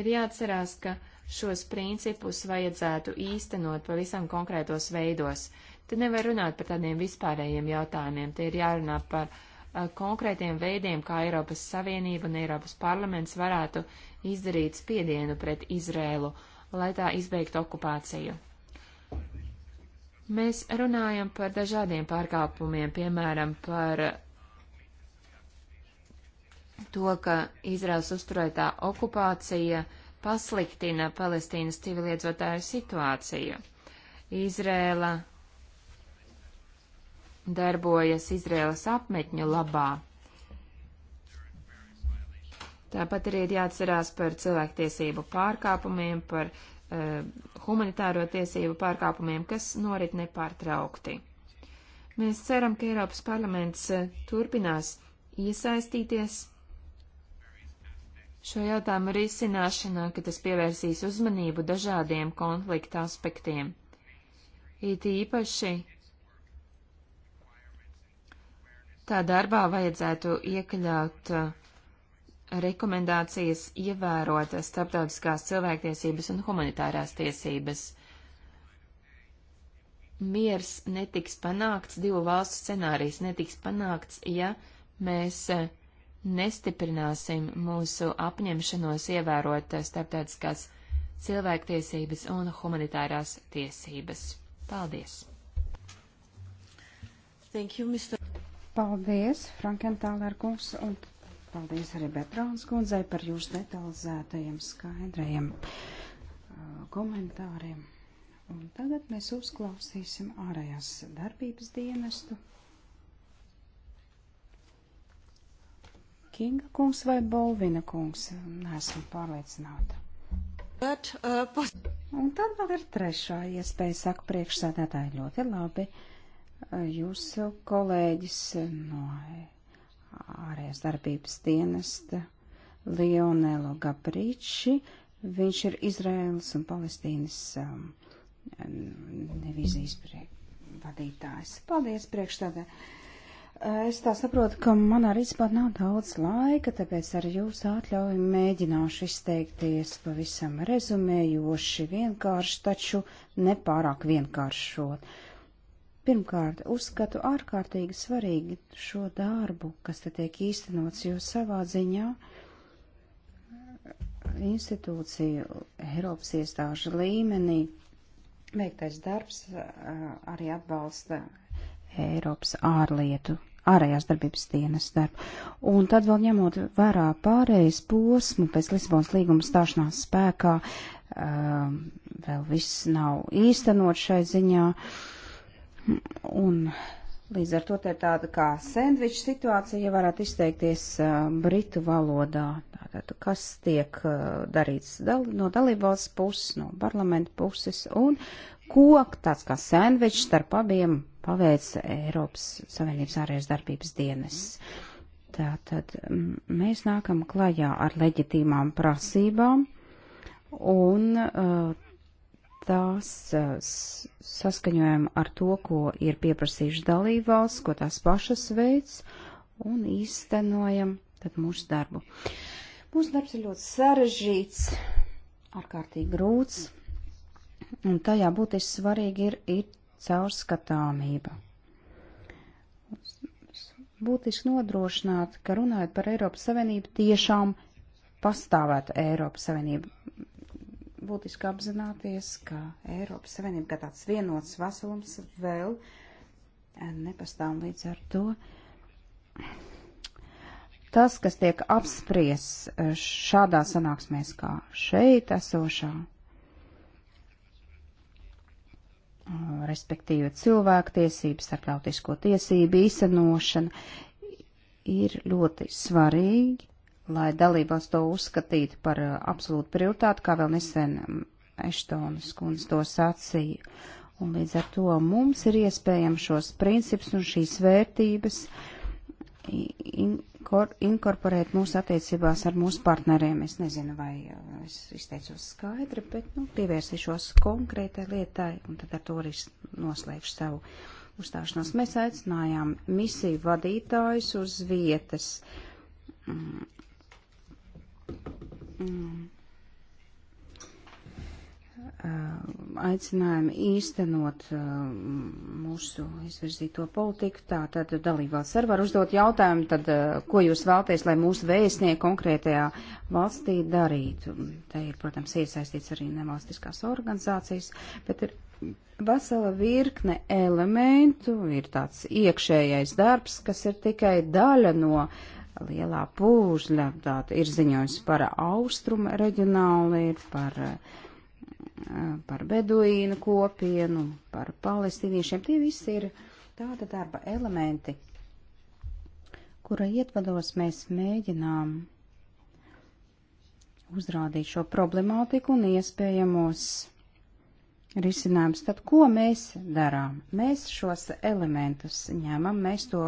Ir jāatcerās, ka šos principus vajadzētu īstenot pavisam konkrētos veidos. Te nevar runāt par tādiem vispārējiem jautājumiem, te ir jārunā par a, uh, konkrētiem veidiem, kā Eiropas Savienība un Eiropas parlaments varētu izdarīt spiedienu pret Izrēlu, lai tā izbeigtu okupāciju. Mēs runājam par dažādiem pārkāpumiem, piemēram, par to, ka Izraels uzturētā okupācija pasliktina Palestīnas civiliedzotāju situāciju. Izrēla darbojas Izrēlas apmetņu labā. Tāpat arī ir jāatcerās par cilvēktiesību pārkāpumiem, par Eh, humanitāro tiesību pārkāpumiem, kas norit nepārtraukti. Mēs ceram, ka Eiropas parlaments eh, turpinās iesaistīties šo jautājumu risināšanā, ka tas pievērsīs uzmanību dažādiem konflikta aspektiem. It īpaši tā darbā vajadzētu iekļaut uh, rekomendācijas ievērot starptautiskās cilvēktiesības un humanitārās tiesības. Miers netiks panākts, divu valstu scenārijs netiks panākts, ja mēs eh, nestiprināsim mūsu apņemšanos ievērot eh, starptautiskās cilvēktiesības un humanitārās tiesības. Paldies! Thank you, Mr. Paldies, Frankentālērkungs, un Paldies arī Betrāns kundzei par jūsu detalizētajiem skaidrajiem uh, komentāriem. Un tagad mēs uzklausīsim ārējās darbības dienestu. Kinga kungs vai Bolvina kungs? Nesmu pārliecināta. Bet, uh, pos... Un tad vēl ir trešā iespēja, saka priekšsēdētāji ļoti labi. Uh, jūsu kolēģis uh, no ārējās darbības dienesta Lionelu Gabriči. Viņš ir Izraels un Palestīnas um, divīzijas vadītājs. Paldies priekšstādē. Uh, es tā saprotu, ka manā rīcībā nav daudz laika, tāpēc ar jūsu atļauju mēģināšu izteikties pavisam rezumējoši, vienkārši, taču nepārāk vienkāršot. Uh, Pirmkārt, uzskatu ārkārtīgi svarīgi šo darbu, kas te tiek īstenots, jo savā ziņā institūcija Eiropas iestāžu līmenī veiktais darbs arī atbalsta Eiropas ārlietu, ārējās darbības dienas darbu. Un tad vēl ņemot vērā pārējais posmu pēc Lisbonas līguma stāšanās spēkā, vēl viss nav īstenot šai ziņā. Uh, Un līdz ar to te ir tāda kā sandviča situācija, ja varētu izteikties uh, britu valodā. Tātad, kas tiek uh, darīts dal no dalībvalsts puses, no parlamenta puses, un ko tāds kā sandvičs starp abiem paveic Eiropas Savienības ārējās darbības dienas. Tātad mēs nākam klajā ar leģitīmām prasībām, un uh, tās saskaņojam ar to, ko ir pieprasījuši dalībvalsts, ko tās pašas veids, un īstenojam tad mūsu darbu. Mūsu darbs ir ļoti sarežģīts, ārkārtīgi grūts, un tajā būtiski svarīgi ir, ir caurskatāmība. Būtiski nodrošināt, ka runājot par Eiropas Savienību, tiešām pastāvētu Eiropas Savienību būtiski apzināties, ka Eiropas Savienība, kā tāds vienots veselums, vēl eh, nepastāv līdz ar to. Tas, kas tiek apspries eh, šādā sanāksmēs kā šeit esošā, eh, respektīvi cilvēktiesības, starptautisko tiesību īstenošana, ir ļoti svarīgi lai dalībās to uzskatītu par uh, absolūtu prioritāti, kā vēl nesen um, Eštonas kundze to sacīja. Un līdz ar to mums ir iespējams šos principus un šīs vērtības inkor, inkorporēt mūsu attiecībās ar mūsu partneriem. Es nezinu, vai uh, es izteicos skaidri, bet nu, pievērsīšos konkrētai lietai un tad ar to arī noslēgšu savu uzstāšanos. Mēs aicinājām misiju vadītājus uz vietas mm, Mm. Uh, aicinājumi īstenot uh, mūsu izvirzīto politiku. Tā tad dalībvalsts arī var uzdot jautājumu, tad, uh, ko jūs vēlties, lai mūsu vēstnieki konkrētajā valstī darītu. Te ir, protams, iesaistīts arī nevalstiskās organizācijas, bet ir vesela virkne elementu, ir tāds iekšējais darbs, kas ir tikai daļa no uh, lielā pūžļa, tāda ir ziņojums par austrumu reģionāli, par, eh, par beduīnu kopienu, par palestīniešiem. Tie visi ir tāda darba elementi, kura ietvados mēs mēģinām uzrādīt šo problemātiku un iespējamos risinājums. Tad ko mēs darām? Mēs šos elementus ņemam, mēs to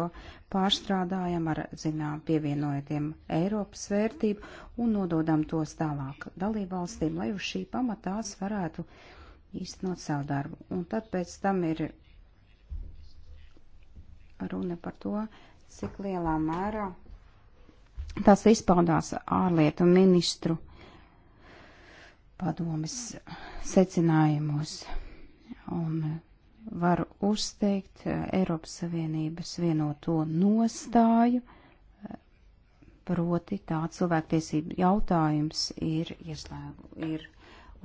pārstrādājam ar, zinām, pievienojotiem Eiropas vērtību un nododam tos tālāk dalībvalstīm, lai uz šī pamatās varētu īstenot savu darbu. Un tad pēc tam ir runa par to, cik lielā mērā tas izpaudās ārlietu ministru padomis secinājumus. Un varu uzteikt eh, Eiropas Savienības vienoto nostāju, proti tā cilvēktiesība jautājums ir, ieslēgu, ir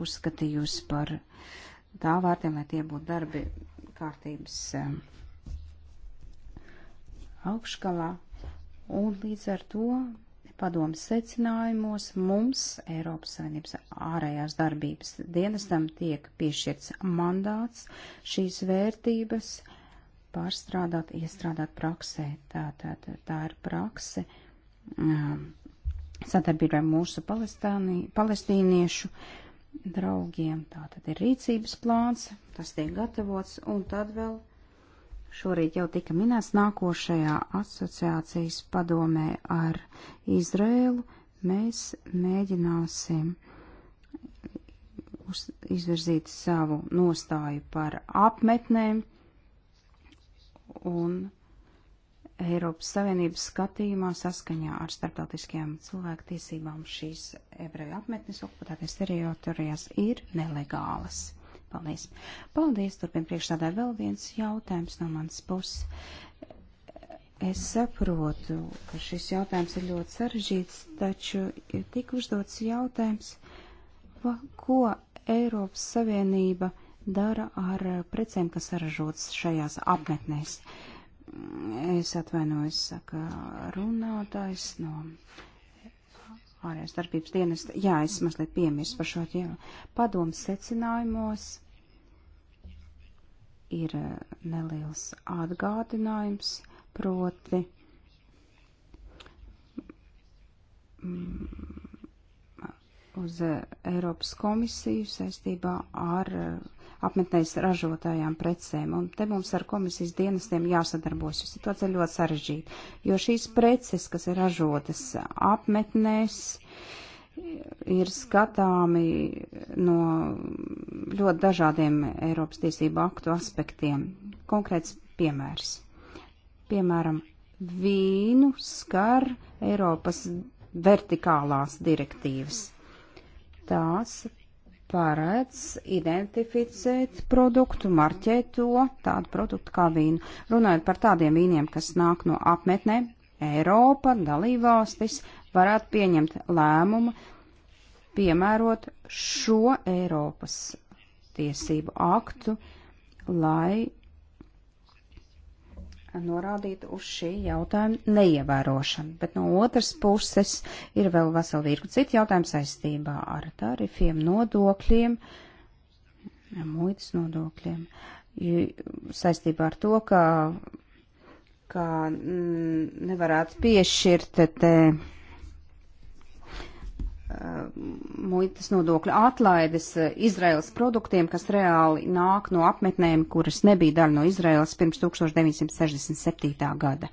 uzskatījusi par tā vērtiem, lai tie būtu darbi kārtības eh, augškalā. Un līdz ar to padomas secinājumos mums Eiropas Savienības ārējās darbības dienestam tiek piešķirts mandāts šīs vērtības pārstrādāt, iestrādāt praksē. Tā, tā, tā, tā ir prakse um, sadarbībā ar mūsu palestīniešu draugiem. Tā tad ir rīcības plāns, tas tiek gatavots un tad vēl šorīt jau tika minēts nākošajā asociācijas padomē ar Izrēlu, mēs mēģināsim uz, izvirzīt savu nostāju par apmetnēm un Eiropas Savienības skatījumā saskaņā ar starptautiskajām cilvēku tiesībām šīs ebreju apmetnes okupētēties teritorijās ir nelegālas. Paldies. Paldies. Turpin priekšstādā vēl viens jautājums no manas puses. Es saprotu, ka šis jautājums ir ļoti sarežģīts, taču ir tik uzdots jautājums, ko Eiropas Savienība dara ar precēm, kas saražotas šajās apmetnēs. Es atvainojos, saka runātājs no ārējās darbības dienas. Jā, es mazliet piemirstu par šo tēmu. Padomu secinājumos ir eh, neliels atgādinājums, proti mm, uz eh, Eiropas komisiju saistībā ar eh, apmetnēs ražotājām precēm. Un te mums ar komisijas dienestiem jāsadarbos, jo situācija ļoti sarežģīta. Jo šīs preces, kas ir ražotas apmetnēs, uh, ir skatāmi no ļoti dažādiem Eiropas tiesību aktu aspektiem. Konkrēts piemērs. Piemēram, vīnu skar Eiropas vertikālās direktīvas. Tās paredz identificēt produktu, marķēt to, tādu produktu kā vīnu. Runājot par tādiem vīniem, kas nāk no apmetnēm, Eiropa, dalībvalstis varētu pieņemt lēmumu piemērot šo Eiropas tiesību aktu, lai norādītu uz šī jautājuma neievērošanu. Bet no otras puses ir vēl vesela virkni citu jautājumu saistībā ar tarifiem, nodokļiem, muitas nodokļiem, saistībā ar to, ka, ka nevarētu piešķirt te. te Eh, muitas nodokļa atlaides eh, Izraels produktiem, kas reāli nāk no apmetnēm, kuras nebija daļa no Izraels pirms 1967. gada.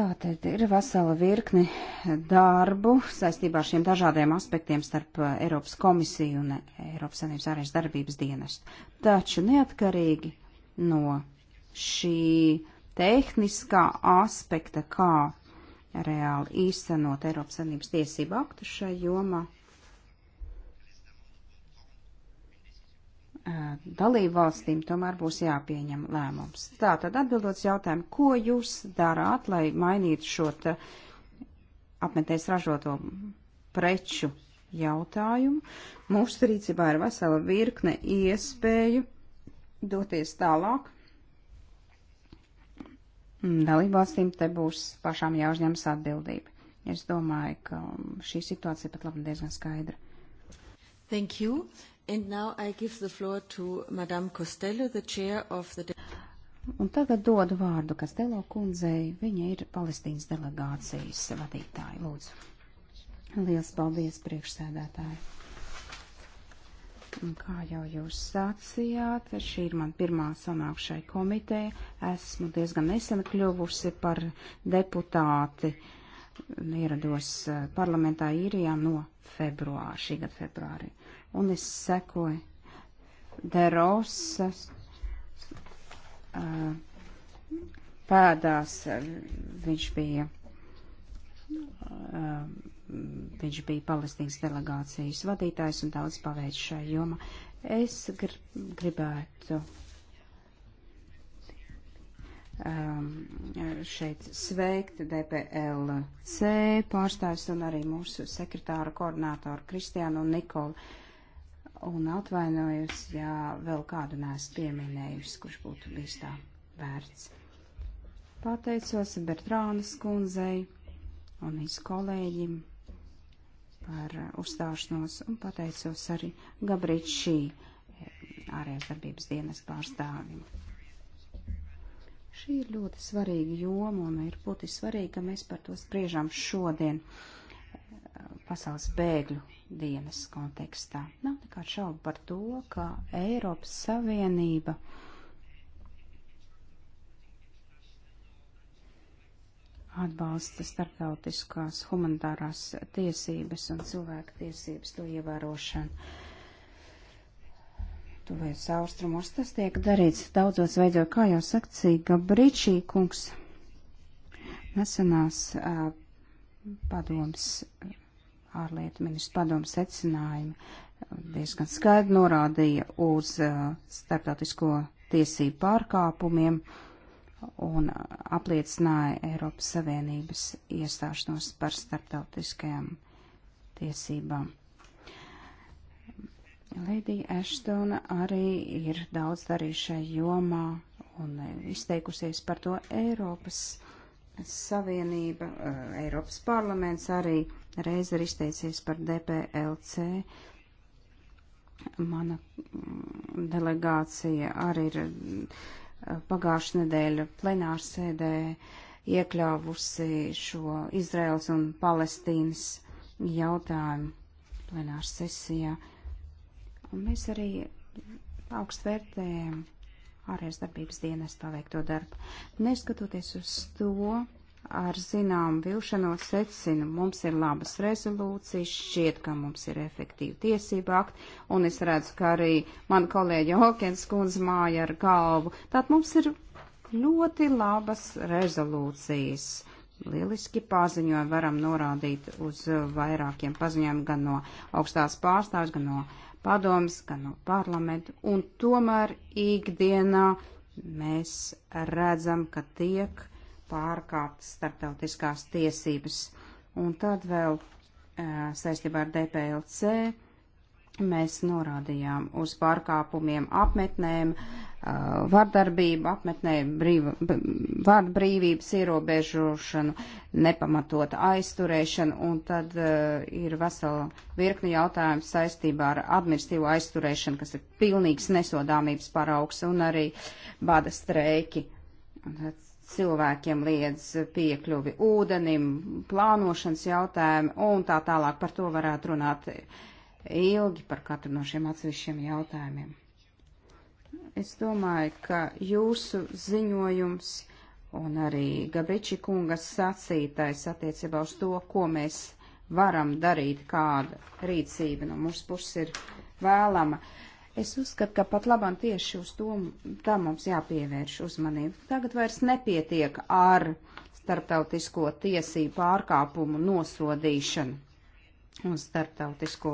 Tātad ir vesela virkne darbu saistībā ar šiem dažādiem aspektiem starp eh, Eiropas komisiju un Eiropas Savienības ārējas darbības dienestu. Taču neatkarīgi no šī tehniskā aspekta, kā reāli īstenot Eiropas Savienības tiesību aktu šai jomā. Dalību valstīm tomēr būs jāpieņem lēmums. Tātad atbildot jautājumu, ko jūs darāt, lai mainītu šo apmetēs ražoto preču jautājumu? Mūsu rīcībā ir vesela virkne iespēju doties tālāk Mm, dalībvalstīm te būs pašām jāuzņemas atbildība. Es domāju, ka mm, šī situācija pat labi diezgan skaidra. Thank you. And now I give the floor to Madame Costello, the chair of the... Un tagad dodu vārdu Kastelo kundzei. Viņa ir Palestīnas delegācijas vadītāja. Lūdzu. Liels paldies priekšsēdētāji. Un kā jau jūs sacījāt, šī ir man pirmā sanākšai komiteja. Esmu diezgan nesen kļuvusi par deputāti un ierados eh, parlamentā īrijā no februāra, šī gada februārī. Un es sekoju Derosas eh, pēdās. Eh, viņš bija Viņš bija Palestīnas delegācijas vadītājs un daudz paveic šai jomā. Es gr gribētu um, šeit sveikt DPLC pārstāvis un arī mūsu sekretāru koordinātoru Kristiānu un Nikolu. Un atvainojos, ja vēl kādu neesmu pieminējusi, kurš būtu bijis tā vērts. Pateicos Bertrānas kundzei un viņas kolēģim par uzstāšanos un pateicos arī Gabriet šī eh, ārējās darbības dienas pārstāvim. Šī ir ļoti svarīga joma un ir būtiski svarīgi, ka mēs par to spriežam šodien eh, pasaules bēgļu dienas kontekstā. Nav nekāds šaubu par to, ka Eiropas Savienība uh, atbalsta starptautiskās humanitārās tiesības un cilvēku tiesības to ievērošanu. Tuvies austrumos tas tiek darīts daudzos veidos, kā jau sakcīja Gabričī kungs, nesenās uh, padoms, ārlietu ministru padoms secinājumi diezgan skaidri norādīja uz uh, starptautisko tiesību pārkāpumiem. Uh, un apliecināja Eiropas Savienības iestāšanos par starptautiskajām tiesībām. Lēdija Ashtona arī ir daudz darījušai jomā un izteikusies par to Eiropas Savienība, eh, Eiropas parlaments arī reiz ir izteicies par DPLC. Mana mm, delegācija arī ir Eh, pagājušā nedēļa plenārsēdē iekļāvusi šo Izraels un Palestīnas jautājumu plenārs sesijā. Un mēs arī augstu vērtējam ārējās darbības dienas paveikto darbu. Neskatoties uz to, ar zinām vilšanos secinu, mums ir labas rezolūcijas, šķiet, ka mums ir efektīva tiesība akti, un es redzu, ka arī man kolēģi Hokens kundze māja ar galvu. Tātad mums ir ļoti labas rezolūcijas. Lieliski paziņojumi varam norādīt uz vairākiem paziņojumiem gan no augstās pārstāvs, gan no padomas, gan no parlamentu, un tomēr ikdienā mēs redzam, ka tiek pārkāpt starptautiskās tiesības. Un tad vēl saistībā ar DPLC mēs norādījām uz pārkāpumiem apmetnēm, vardarbību apmetnēm, brīva, vārdu brīvības ierobežošanu, nepamatota aizturēšanu, un tad uh, ir vesela virkni jautājumu saistībā ar administīvu aizturēšanu, kas ir pilnīgs nesodāmības paraugs, un arī bada streiki. Un tad cilvēkiem liedz piekļuvi ūdenim, plānošanas jautājumi un tā tālāk. Par to varētu runāt ilgi par katru no šiem atsevišķiem jautājumiem. Es domāju, ka jūsu ziņojums un arī Gabriči kungas sacītais attiecībā uz to, ko mēs varam darīt, kāda rīcība no mūsu puses ir vēlama. Uh, Es uzskatu, ka pat labam tieši uz to tā mums jāpievērš uzmanību. Tagad vairs nepietiek ar starptautisko tiesību pārkāpumu nosodīšanu un starptautisko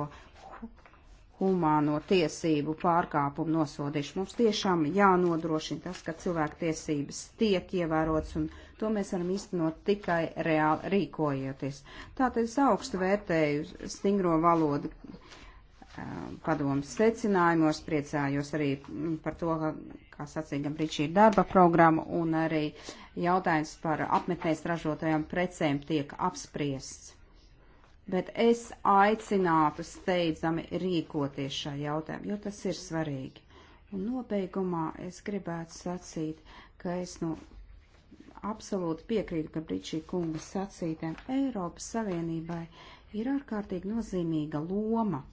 humāno tiesību pārkāpumu nosodīšanu. Mums tiešām jānodrošina tas, ka cilvēku tiesības tiek ievērotas, un to mēs varam iztenot tikai reāli rīkojoties. Tātad es augstu vērtēju stingro valodu padomas secinājumos, priecājos arī mm, par to, ka, kā sacīja Gambričī, ir darba programma un arī jautājums par apmetnēs ražotajām precēm tiek apspriests. Bet es aicinātu steidzami rīkoties šā jautājumā, jo tas ir svarīgi. Un nobeigumā es gribētu sacīt, ka es nu absolūti piekrītu Gambričī kunga sacītēm Eiropas Savienībai ir ārkārtīgi nozīmīga loma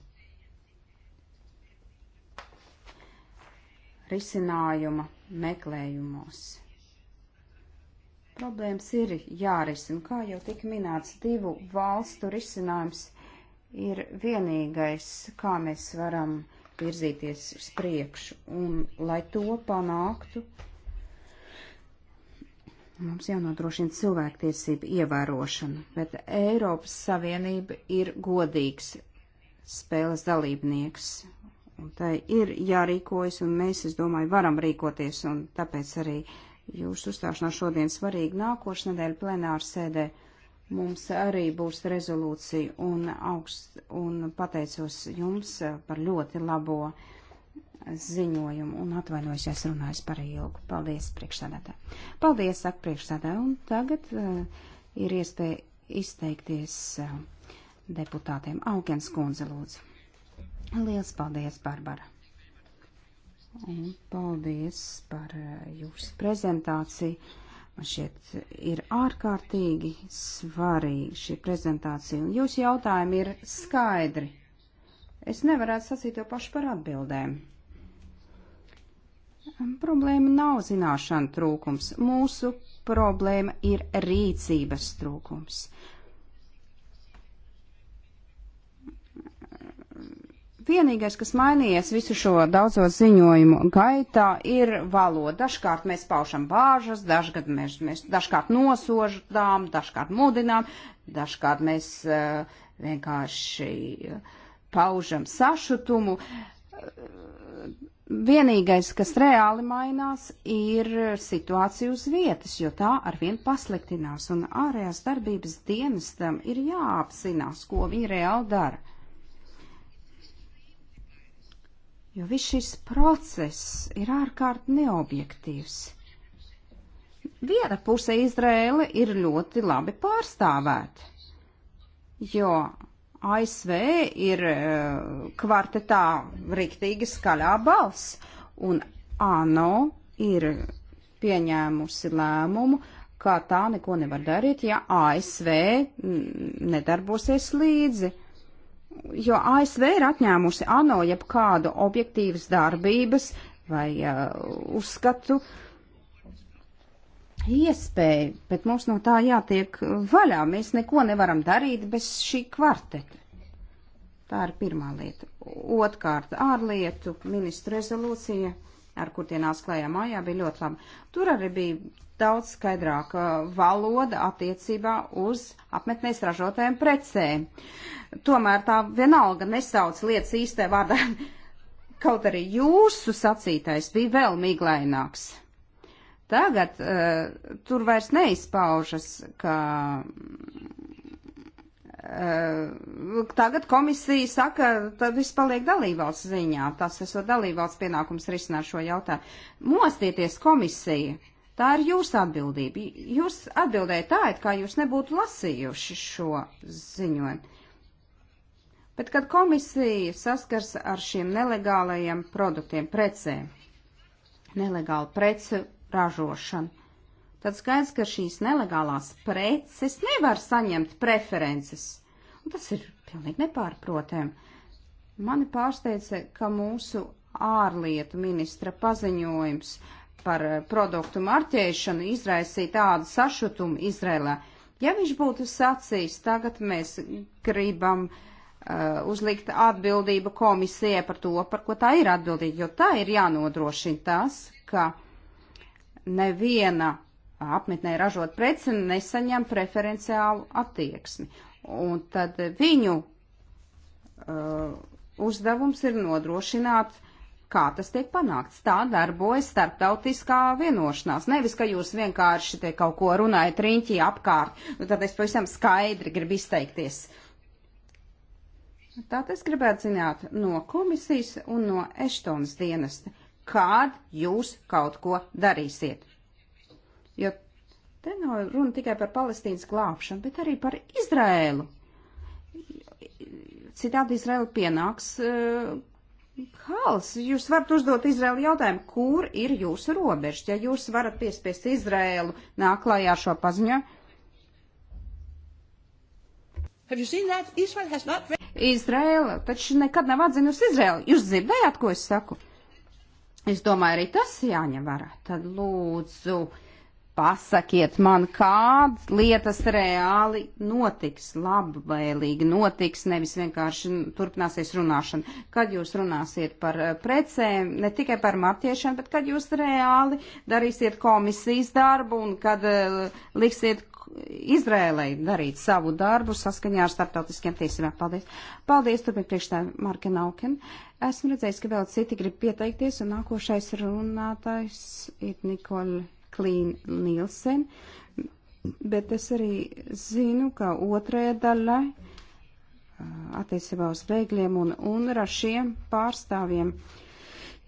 risinājuma meklējumos. Problēmas ir jārisina, kā jau tika minēts, divu valstu risinājums ir vienīgais, kā mēs varam virzīties uz priekšu, un lai to panāktu, Mums jānodrošina cilvēktiesība ievērošana, bet Eiropas Savienība ir godīgs spēles dalībnieks un tai ir jārīkojas, un mēs, es domāju, varam rīkoties, un tāpēc arī jūsu uzstāšanās šodien svarīgi nākošais nedēļa plenāra sēdē. Mums arī būs rezolūcija, un, augst, un pateicos jums par ļoti labo ziņojumu, un atvainojos, ja es runāju par ilgu. Paldies, priekšsādātā. Paldies, saka priekšsādā, un tagad uh, ir iespēja izteikties uh, deputātiem. Augens kundze, lūdzu. Liels paldies, Barbara! Un paldies par eh, jūsu prezentāciju. Man šķiet ir ārkārtīgi svarīga šī prezentācija, un jūsu jautājumi ir skaidri. Es nevarētu sacīt to pašu par atbildēm. Problēma nav zināšana trūkums. Mūsu problēma ir rīcības trūkums. Vienīgais, kas mainījies visu šo daudzo ziņojumu gaitā, ir valoda. Dažkārt mēs paušam bāžas, dažkārt mēs, mēs dažkārt nosoždām, dažkārt mudinām, dažkārt mēs uh, vienkārši eh, paužam sašutumu. Eh, vienīgais, kas reāli mainās, ir situācija uz vietas, jo tā arvien pasliktinās, un ārējās darbības dienestam ir jāapzinās, ko viņi reāli dara. jo viss šis process ir ārkārt neobjektīvs. Viena puse Izrēla ir ļoti labi pārstāvēta, jo ASV ir e, kvartetā riktīgi skaļā balss, un ANO ir pieņēmusi lēmumu, ka tā neko nevar darīt, ja ASV nedarbosies līdzi jo ASV ir atņēmusi ANO jeb kādu objektīvas darbības vai uh, uzskatu iespēju, bet mums no tā jātiek vaļā. Mēs neko nevaram darīt bez šī kvarteta. Tā ir pirmā lieta. Otkārt, ārlietu ministru rezolūcija, ar kur tie nāks klājā mājā, bija ļoti laba. Tur arī bija daudz skaidrāka valoda attiecībā uz apmetnēs ražotajiem precēm. Tomēr tā vienalga nesauc lietas īstē vārdā, kaut arī jūsu sacītais bija vēl miglaināks. Tagad uh, tur vairs neizpaužas, ka eh, tagad komisija saka, tad viss paliek dalībvalsts ziņā. Tas esot dalībvalsts pienākums risināt šo jautājumu. Mostieties komisija! Tā ir jūsu atbildība. Jūs atbildējat tā, it kā jūs nebūtu lasījuši šo ziņojumu. Bet kad komisija saskars ar šiem nelegālajiem produktiem, precēm, nelegālu preču ražošanu, tad skaidrs, ka šīs nelegālās preces nevar saņemt preferences. Un tas ir pilnīgi nepārprotami. Mani pārsteidza, ka mūsu ārlietu ministra paziņojums uh, par eh, produktu marķēšanu izraisīja tādu sašutumu Izrēlā. Ja viņš būtu sacījis, tagad mēs gribam uh, uzlikt atbildību komisijai par to, par ko tā ir atbildīga, jo tā ir jānodrošina tas, ka neviena apmetnē ražot preci nesaņem preferenciālu attieksmi. Un tad viņu uh, uzdevums ir nodrošināt uh, kā tas tiek panākts. Tā darbojas starptautiskā vienošanās. Nevis, ka jūs vienkārši te kaut ko runājat riņķī apkārt, nu, tad es pavisam skaidri gribu izteikties. Tātad es gribētu zināt no komisijas un no Eštons dienesta, kād jūs kaut ko darīsiet. Jo te nav runa tikai par Palestīnas glābšanu, bet arī par Izrēlu. Citādi Izraela pienāks uh, Hals, jūs varat uzdot Izraēlu jautājumu, kur ir jūsu robežas? Ja jūs varat piespiest Izraēlu nāklājā šo paziņo. Not... Izraēla taču nekad nav atzinusi Izraēlu. Jūs dzirdējāt, ko es saku? Es domāju, arī tas jāņem vērā. Tad lūdzu, uh, pasakiet man, kādas lietas reāli notiks, labvēlīgi notiks, nevis vienkārši turpināsies runāšana. Kad jūs runāsiet par eh, precēm, ne tikai par matiešanu, bet kad jūs reāli darīsiet komisijas darbu un kad uh, liksiet Izrēlai darīt savu darbu saskaņā ar starptautiskiem tiesībām. Paldies. Paldies, turpin priekšstādā Marka Nauken. Esmu redzējis, ka vēl citi grib pieteikties, un nākošais runātājs ir Nikola Klīn Nielsen, bet es arī zinu, ka otrajā daļā attiecībā uz bēgļiem un unrašiem pārstāvjiem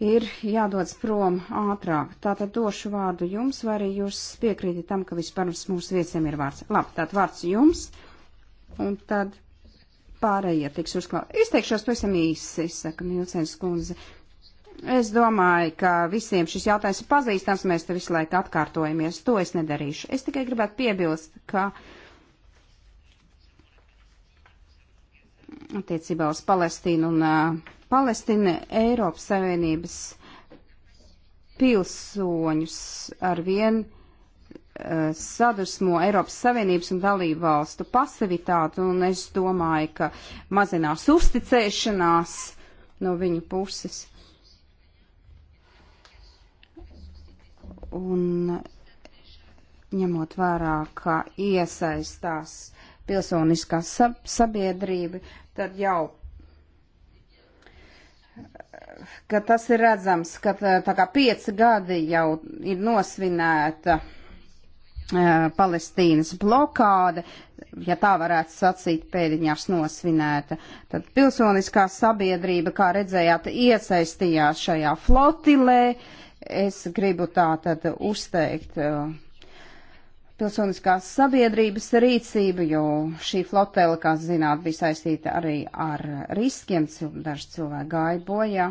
ir jādodas prom ātrāk. Tātad došu vārdu jums, vai arī jūs piekrītat tam, ka vispirms mūsu viesiem ir vārds. Labi, tātad vārds jums, un tad pārējie tiks uzklāt. Izteikšos pavisam īsi, saka Nilsēns kundze. Es domāju, ka visiem šis jautājums ir pazīstams, mēs te visu laiku atkārtojamies. To es nedarīšu. Es tikai gribētu piebilst, ka attiecībā uz Palestīnu un uh, Palestīna Eiropas Savienības pilsoņus ar vien uh, sadusmo Eiropas Savienības un dalību valstu pasivitāti, un es domāju, ka mazinās uzticēšanās no viņu puses. Un ņemot vērā, ka iesaistās pilsoniskā sabiedrība, tad jau, ka tas ir redzams, ka tā kā pieci gadi jau ir nosvinēta uh, Palestīnas blokāde, ja tā varētu sacīt, pēdiņās nosvinēta. Tad pilsoniskā sabiedrība, kā redzējāt, iesaistījās šajā flotilē, uh, Es gribu tā tad uzteikt uh, pilsoniskās sabiedrības rīcību, jo šī flotele, kā zināt, bija saistīta arī ar riskiem, daži cilvēki gāja bojā.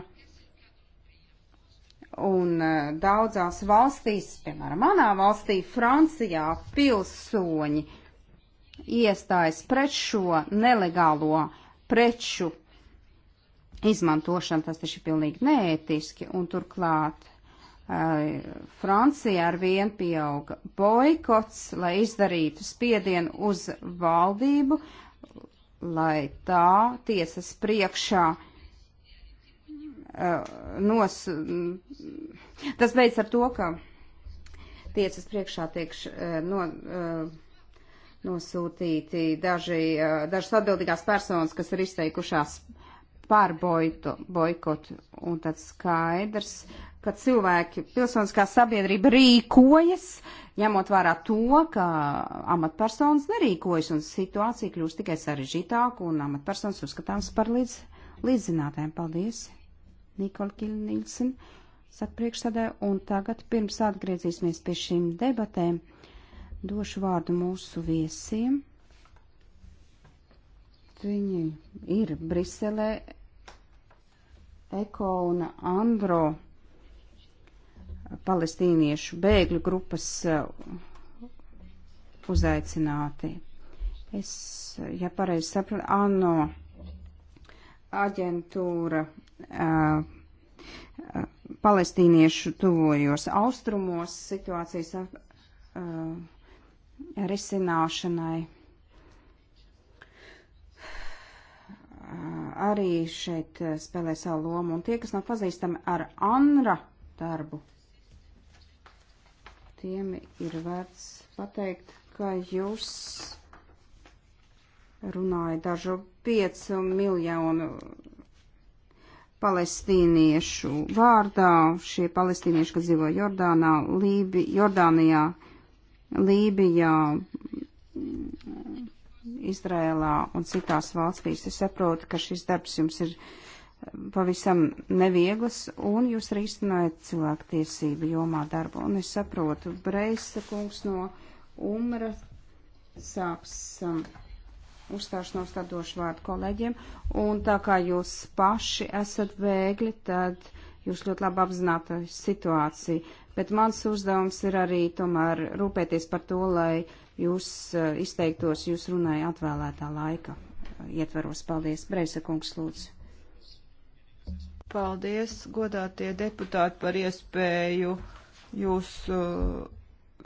Un uh, daudzās valstīs, piemēram, manā valstī, Francijā, pilsoņi iestājas pret šo nelegālo preču izmantošanu, tas taču ir pilnīgi neētiski, un turklāt Francijā ar vien pieauga boikots, lai izdarītu spiedienu uz valdību, lai tā tiesas priekšā eh, nos. Tas beidz ar to, ka tiesas priekšā tiek eh, no, eh, nosūtīti daži, dažas atbildīgās personas, kas ir izteikušās par boikotu, un tad skaidrs, uh, ka cilvēki, pilsoniskā sabiedrība rīkojas, ņemot vērā to, ka amatpersonas nerīkojas un situācija kļūst tikai sarežģītāka un amatpersonas uzskatāms par līdz, līdzzinātēm. Paldies, Nikola Kilnīlsen, saka priekšsādē, un tagad pirms atgriezīsimies pie šīm debatēm, došu vārdu mūsu viesiem. Viņi ir Briselē, Eko un Andro palestīniešu bēgļu grupas eh, uzaicināti. Es, ja pareizi sapratu, ANO aģentūra uh, palestīniešu tuvojos austrumos situācijas uh, risināšanai. Uh, arī šeit spēlē savu lomu, un tie, kas nav pazīstami ar ANRA darbu, tiem ir vērts pateikt, ka jūs runājat dažu piecu miljonu palestīniešu vārdā. Šie palestīnieši, kas dzīvo Jordānā, Lībi, Jordānijā, Lībijā, Izrēlā un citās valstīs, es saprotu, ka šis darbs jums ir pavisam nevieglas, un jūs arī izcinājat cilvēktiesību jomā darbu. Un es saprotu, Breisa kungs no Umra sāks um, uzstāšanos tad došu vārdu kolēģiem, un tā kā jūs paši esat bēgļi, tad jūs ļoti labi apzināta eh, situāciju. Bet mans uzdevums ir arī tomēr rūpēties par to, lai jūs uh, izteiktos, jūs runāja atvēlētā laika eh, ietvaros. Paldies, Breisa kungs, lūdzu. Paldies, godātie deputāti, par iespēju jūs uh,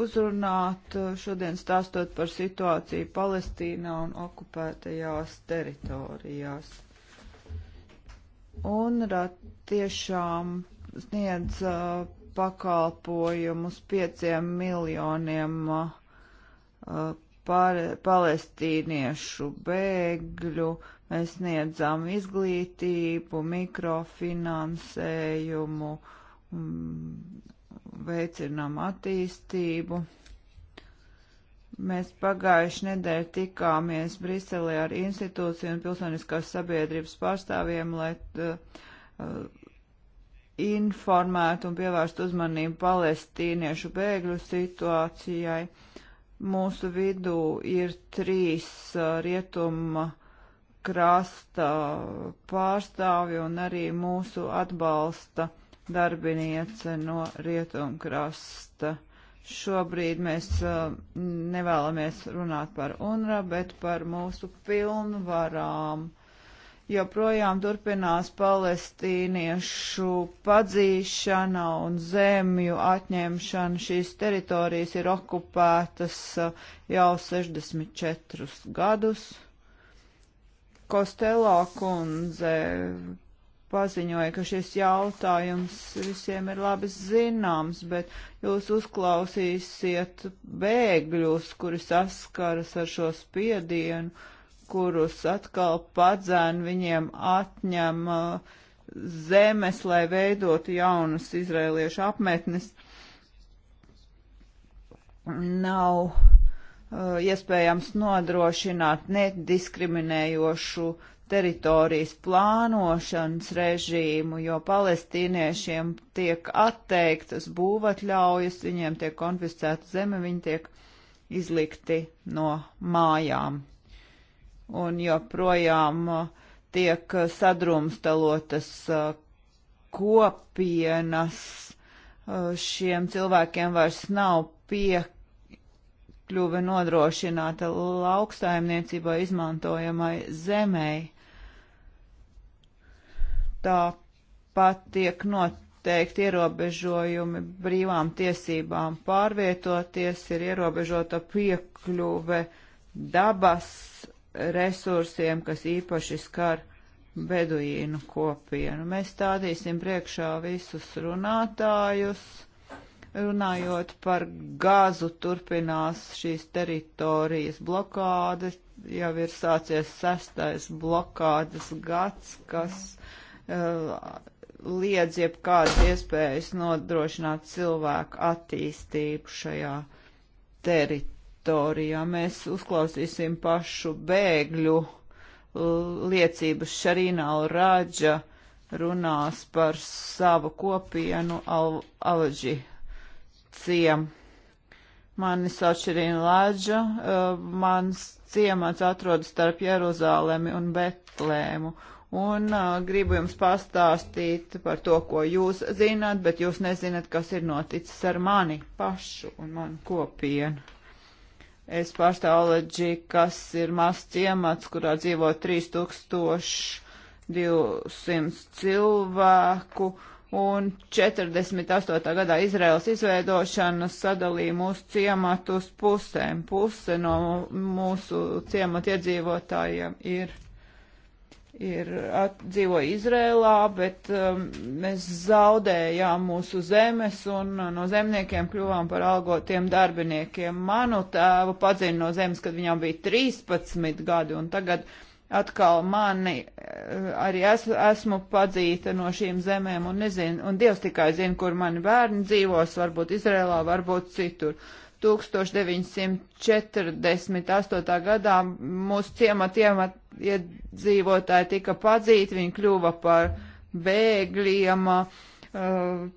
uzrunāt uh, šodien stāstot par situāciju Palestīnā un okupētajās teritorijās. UNRA tiešām sniedz uh, pakalpojumus pieciem miljoniem uh, uh par, palestīniešu bēgļu, Mēs sniedzam izglītību, mikrofinansējumu, mm, veicinām attīstību. Mēs pagājuši nedēļu tikāmies Briselē ar institūciju un pilsoniskās sabiedrības pārstāvjiem, lai uh, uh informētu un pievērstu uzmanību palestīniešu bēgļu situācijai. Mūsu vidū ir trīs uh, rietuma krasta pārstāvi un arī mūsu atbalsta darbiniece no rietumkrasta. Šobrīd mēs uh, nevēlamies runāt par UNRA, bet par mūsu pilnvarām. Joprojām turpinās palestīniešu padzīšana un zemju atņemšana. Šīs teritorijas ir okupētas uh, jau 64 gadus. Kostelā kundze paziņoja, ka šis jautājums visiem ir labi zināms, bet jūs uzklausīsiet bēgļus, kuri saskaras ar šo spiedienu, kurus atkal padzēn viņiem atņem uh, zemes, lai veidotu jaunas izrēliešu apmetnes. Nav Uh, iespējams nodrošināt nediskriminējošu teritorijas plānošanas režīmu, jo palestīniešiem tiek atteiktas būvatļaujas, viņiem tiek konfiscēta zeme, viņi tiek izlikti no mājām. Un joprojām uh, tiek sadrumstalotas uh, kopienas, šiem cilvēkiem vairs nav piekļuvi piekļuve nodrošināta lauksaimniecībā izmantojamai zemei. Tāpat tiek noteikti ierobežojumi brīvām tiesībām pārvietoties, ir ierobežota piekļuve dabas resursiem, kas īpaši skar beduīnu kopienu. Mēs stādīsim priekšā visus runātājus Runājot par gāzu, turpinās šīs teritorijas blokādes. Jau ir sācies sestais blokādes gads, kas uh, liedz jebkādas iespējas nodrošināt cilvēku attīstību šajā teritorijā. Mēs uzklausīsim pašu bēgļu liecības Šarīna Alrāģa runās par savu kopienu Al Alģi ciem. Mani sauc Širīna Lāģa, uh, mans ciemats atrodas starp Jeruzālemi un Betlēmu. Un uh, gribu jums pastāstīt par to, ko jūs zināt, bet jūs nezināt, kas ir noticis ar mani pašu un manu kopienu. Es pārstāvu Leģi, kas ir mazs ciemats, kurā dzīvo 3200 cilvēku un 48. gadā Izraels izveidošana sadalīja mūsu ciematu uz pusēm. Puse no mūsu ciematu iedzīvotājiem ir ir at, dzīvo Izrēlā, bet um, mēs zaudējām mūsu zemes un no zemniekiem kļuvām par algotiem darbiniekiem. Manu tēvu padzina no zemes, kad viņam bija 13 gadi, un tagad atkal mani eh, arī es, esmu padzīta no šīm zemēm un nezinu, un Dievs tikai zina, kur mani bērni dzīvos, varbūt Izrēlā, varbūt citur. 1948. gadā mūsu ciematiem iedzīvotāji tika padzīti, viņi kļuva par bēgļiem, eh,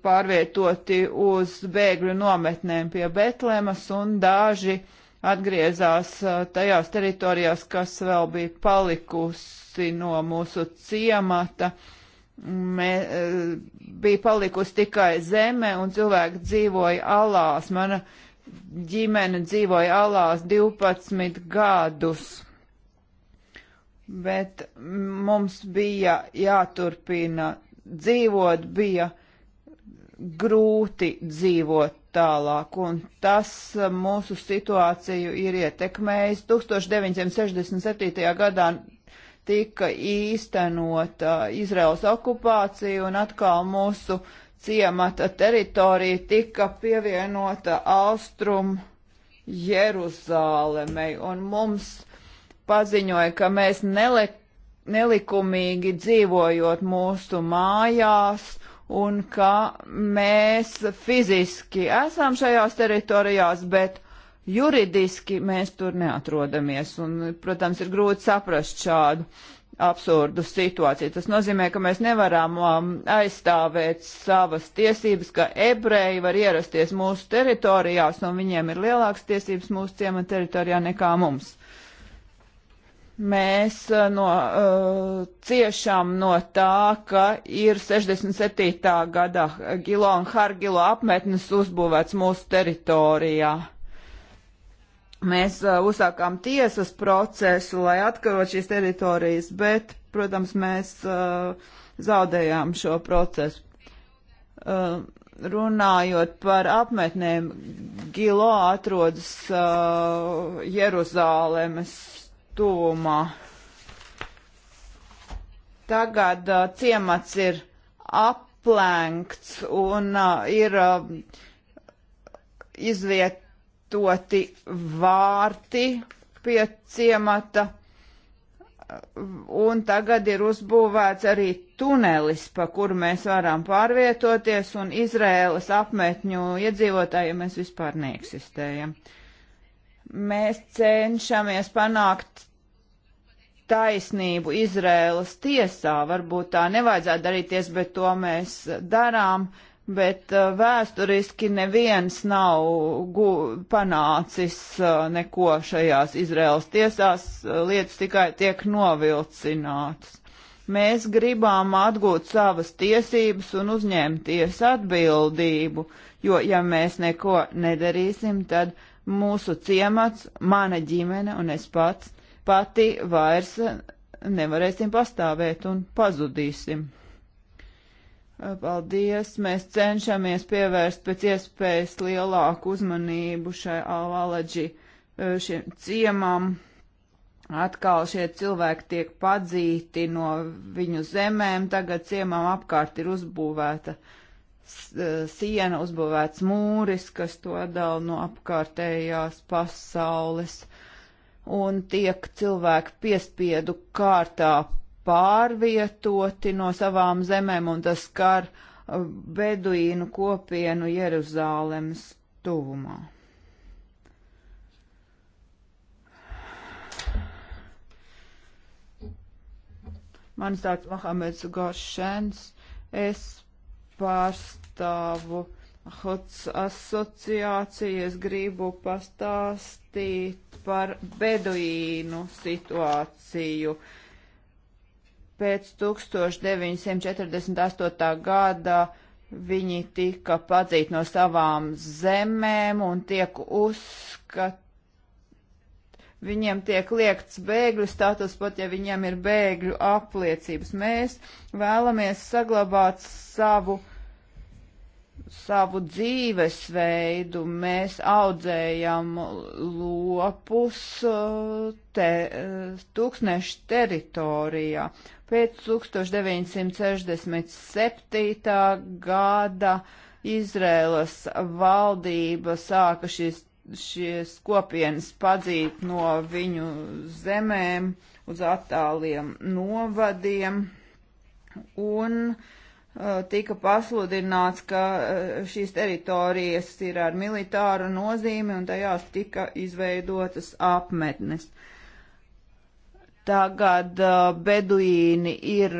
pārvietoti uz bēgļu nometnēm pie Betlemas un daži uh, atgriezās tajās teritorijās, kas vēl bija palikusi no mūsu ciemata. Mē, bija palikusi tikai zeme un cilvēki dzīvoja alās. Mana ģimene dzīvoja alās 12 gadus. Bet mums bija jāturpina dzīvot, bija grūti dzīvot tālāk, un tas mūsu situāciju ir ietekmējis. 1967. gadā tika īstenota Izraels okupācija, un atkal mūsu ciemata teritorija tika pievienota Austrum Jeruzālemei, un mums paziņoja, ka mēs nelik nelikumīgi dzīvojot mūsu mājās, un ka mēs fiziski esam šajās teritorijās, bet juridiski mēs tur neatrodamies. Un, protams, ir grūti saprast šādu absurdu situāciju. Tas nozīmē, ka mēs nevaram um, aizstāvēt savas tiesības, ka ebreji var ierasties mūsu teritorijās un viņiem ir lielākas tiesības mūsu ciema teritorijā nekā mums mēs uh, no, uh, ciešam no tā, ka ir 67. gadā Gilo un Hargilo apmetnes uzbūvēts mūsu teritorijā. Mēs uh, uzsākām tiesas procesu, lai atkarot šīs teritorijas, bet, protams, mēs uh, zaudējām šo procesu. Uh, runājot par apmetnēm, Gilo atrodas uh, Jeruzālēmes tuvumā. Tagad uh, ciemats ir aplēnkts un uh, ir uh, izvietoti vārti pie ciemata. Un tagad ir uzbūvēts arī tunelis, pa kuru mēs varam pārvietoties, un Izrēlas apmetņu iedzīvotājiem mēs vispār neeksistējam. Mēs cenšamies panākt taisnību Izrēlas tiesā. Varbūt tā nevajadzētu darīties, bet to mēs darām. Bet uh, vēsturiski neviens nav gu, panācis uh, neko šajās Izraels tiesās, uh, lietas tikai tiek novilcinātas. Mēs gribām atgūt savas tiesības un uzņemties atbildību, jo ja mēs neko nedarīsim, tad mūsu ciemats, mana ģimene un es pats pati vairs nevarēsim pastāvēt un pazudīsim. Paldies! Mēs cenšamies pievērst pēc iespējas lielāku uzmanību šai alvalaģi šiem ciemam. Atkal šie cilvēki tiek padzīti no viņu zemēm, tagad ciemam apkārt ir uzbūvēta siena, uzbūvēts mūris, kas to atdala no apkārtējās pasaules un tiek cilvēki piespiedu kārtā pārvietoti no savām zemēm, un tas skar uh, beduīnu kopienu Jeruzālemes tuvumā. Mans tāds Mohameds Goršens, es pārstāvu Hots asociācija, es gribu pastāstīt par beduīnu situāciju. Pēc 1948. gada viņi tika padzīti no savām zemēm un tiek uzskatīt. Viņiem tiek liekts bēgļu status, pat ja viņiem ir bēgļu apliecības. Mēs vēlamies saglabāt savu uh, savu dzīvesveidu mēs audzējam lopus uh, te, uh, tūkstnešu teritorijā. Pēc 1967. gada Izrēlas valdība sāka šīs, šīs kopienas padzīt no viņu zemēm uz attāliem novadiem un uh, Eh, tika pasludināts, ka eh, šīs teritorijas ir ar militāru nozīmi un tajās tika izveidotas apmetnes. Tagad eh, beduīni ir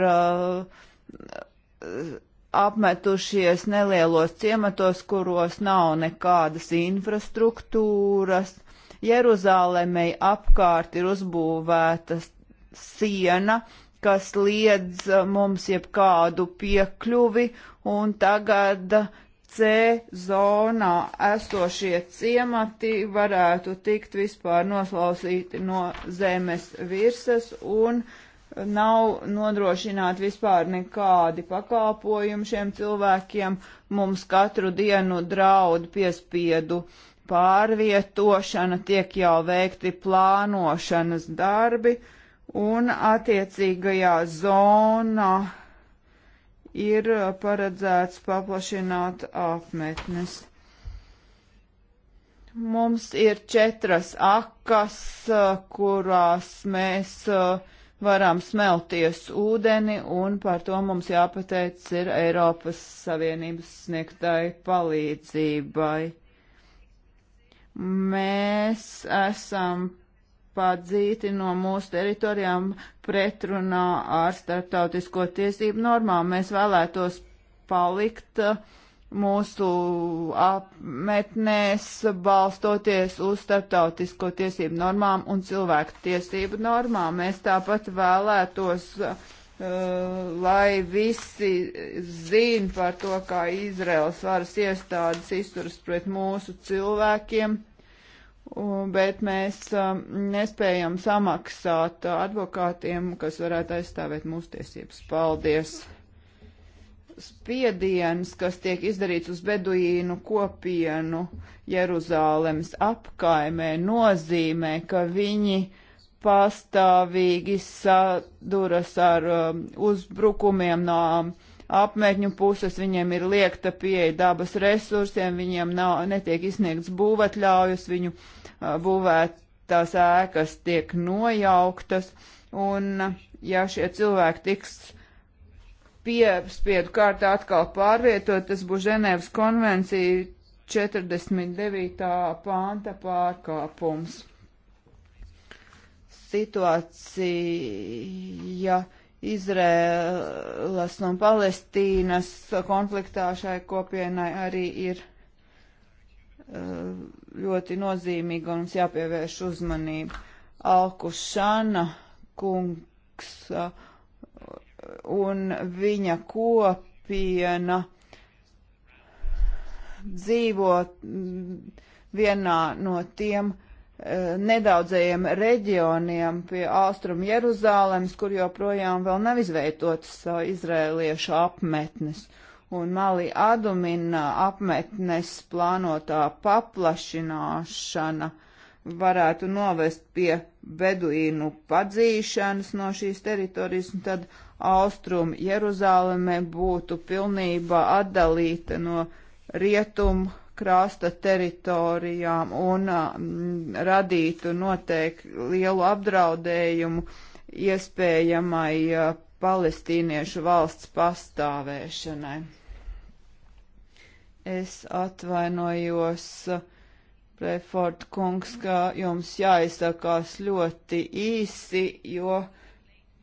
apmetušies nelielos ciematos, kuros nav nekādas infrastruktūras. Jeruzālēmei apkārt ir uzbūvēta siena, kas liedz mums jebkādu piekļuvi, un tagad C zonā esošie ciemati varētu tikt vispār noslausīti no zemes virses un nav nodrošināti vispār nekādi pakalpojumi šiem cilvēkiem. Mums katru dienu draud piespiedu pārvietošana, tiek jau veikti plānošanas darbi un attiecīgajā zonā ir paredzēts paplašināt apmetnes. Mums ir četras akas, kurās mēs uh, varam smelties ūdeni, un par to mums jāpateic ir Eiropas Savienības sniegtai palīdzībai. Mēs esam padzīti no mūsu teritorijām pretrunā ar starptautisko tiesību normām. Mēs vēlētos palikt uh, mūsu apmetnēs, balstoties uz starptautisko tiesību normām un cilvēku tiesību normām. Mēs tāpat vēlētos, uh, lai visi zina par to, kā Izraels varas iestādes izturas pret mūsu cilvēkiem. Uh, bet mēs um, nespējam samaksāt advokātiem, kas varētu aizstāvēt mūsu tiesības. Paldies! Spiediens, kas tiek izdarīts uz beduīnu kopienu Jeruzālemes apkaimē, nozīmē, ka viņi pastāvīgi saduras ar um, uzbrukumiem no um, apmērķu puses, viņiem ir liekta pieeja dabas resursiem, viņiem nav, netiek izsniegts būvatļaujas, viņu būvētās ēkas tiek nojauktas, un ja šie cilvēki tiks piespiedu kārtā atkal pārvietot, tas būs Ženēvas konvencija 49. pānta pārkāpums. Situācija Izrēlas un Palestīnas konfliktā šai kopienai arī ir eh, ļoti nozīmīga un mums jāpievērš uzmanība. Alkušana kungs eh, un viņa kopiena dzīvo mm, vienā no tiem nedaudzajiem reģioniem pie Austrum Jeruzālēmas, kur joprojām vēl nav izveidotas izrēliešu apmetnes. Un Mali Adumina apmetnes plānotā paplašināšana varētu novest pie beduīnu padzīšanas no šīs teritorijas, un tad Austrum Jeruzāleme būtu pilnībā atdalīta no rietumu krasta teritorijām un m, radītu noteikti lielu apdraudējumu iespējamai a, palestīniešu valsts pastāvēšanai. Es atvainojos, Prefort kungs, ka jums jāizsakās ļoti īsi, jo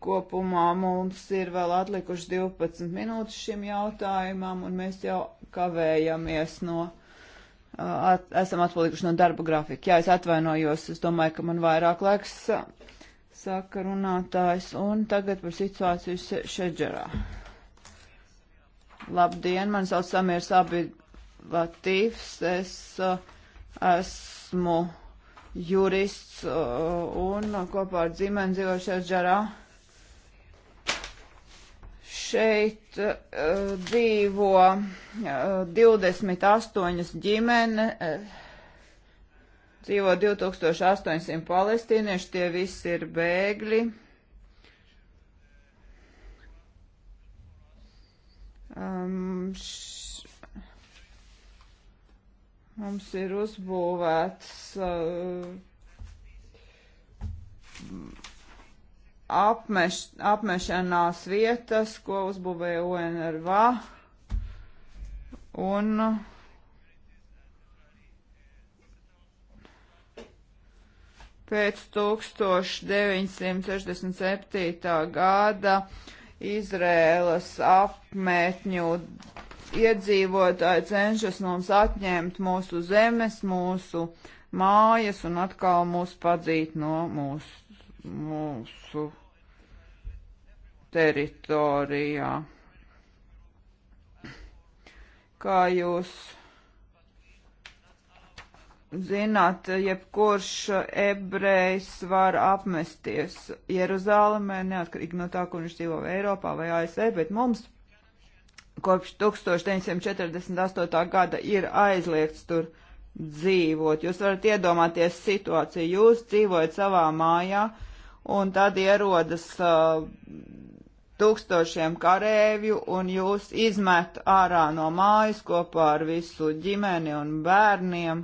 kopumā mums ir vēl atlikuši 12 minūtes šim jautājumam, un mēs jau kavējamies no at, esam atpalikuši no darba grafika. Jā, es atvainojos, es domāju, ka man vairāk laiks saka runātājs. Un tagad par situāciju še Šeģerā. Labdien, man sauc Samirs Abi Latīvs, es uh, esmu jurists uh, un kopā ar dzimeni dzīvošu Šeģerā šeit uh, dzīvo uh, eh, 28 ģimene, uh, dzīvo 2800 palestīnieši, tie visi ir bēgļi. Um, š... Mums ir uzbūvēts uh, apmeš, apmešanās vietas, ko uzbūvēja UNRVA. Un pēc 1967. gada Izrēlas apmētņu iedzīvotāji cenšas mums atņemt mūsu zemes, mūsu mājas un atkal mūs padzīt no mūsu, mūsu teritorijā. Kā jūs zināt, jebkurš ebrejs var apmesties Jeruzālēmē, neatkarīgi no tā, kur viņš dzīvo Eiropā vai ASV, e, bet mums kopš 1948. gada ir aizliegts tur dzīvot. Jūs varat iedomāties situāciju, jūs dzīvojat savā mājā, un tad ierodas uh, tūkstošiem karēvju un jūs izmet ārā no mājas kopā ar visu ģimeni un bērniem.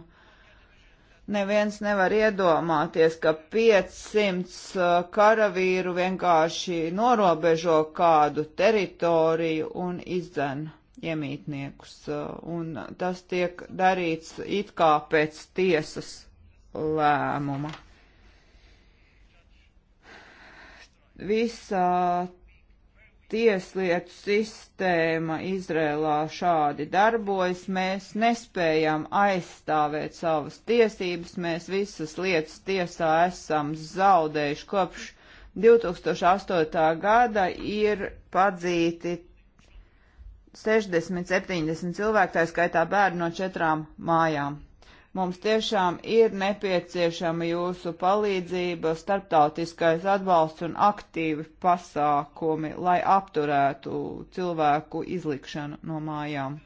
Neviens nevar iedomāties, ka 500 uh, karavīru vienkārši norobežo kādu teritoriju un izdzen iemītniekus, uh, un tas tiek darīts it kā pēc tiesas lēmuma. Visā tieslietu sistēma Izrēlā šādi darbojas, mēs nespējam aizstāvēt savas tiesības, mēs visas lietas tiesā esam zaudējuši kopš 2008. gada ir padzīti 60-70 cilvēki, tā skaitā bērni no četrām mājām. Mums tiešām ir nepieciešama jūsu palīdzība, starptautiskais atbalsts un aktīvi pasākumi, lai apturētu cilvēku izlikšanu no mājām.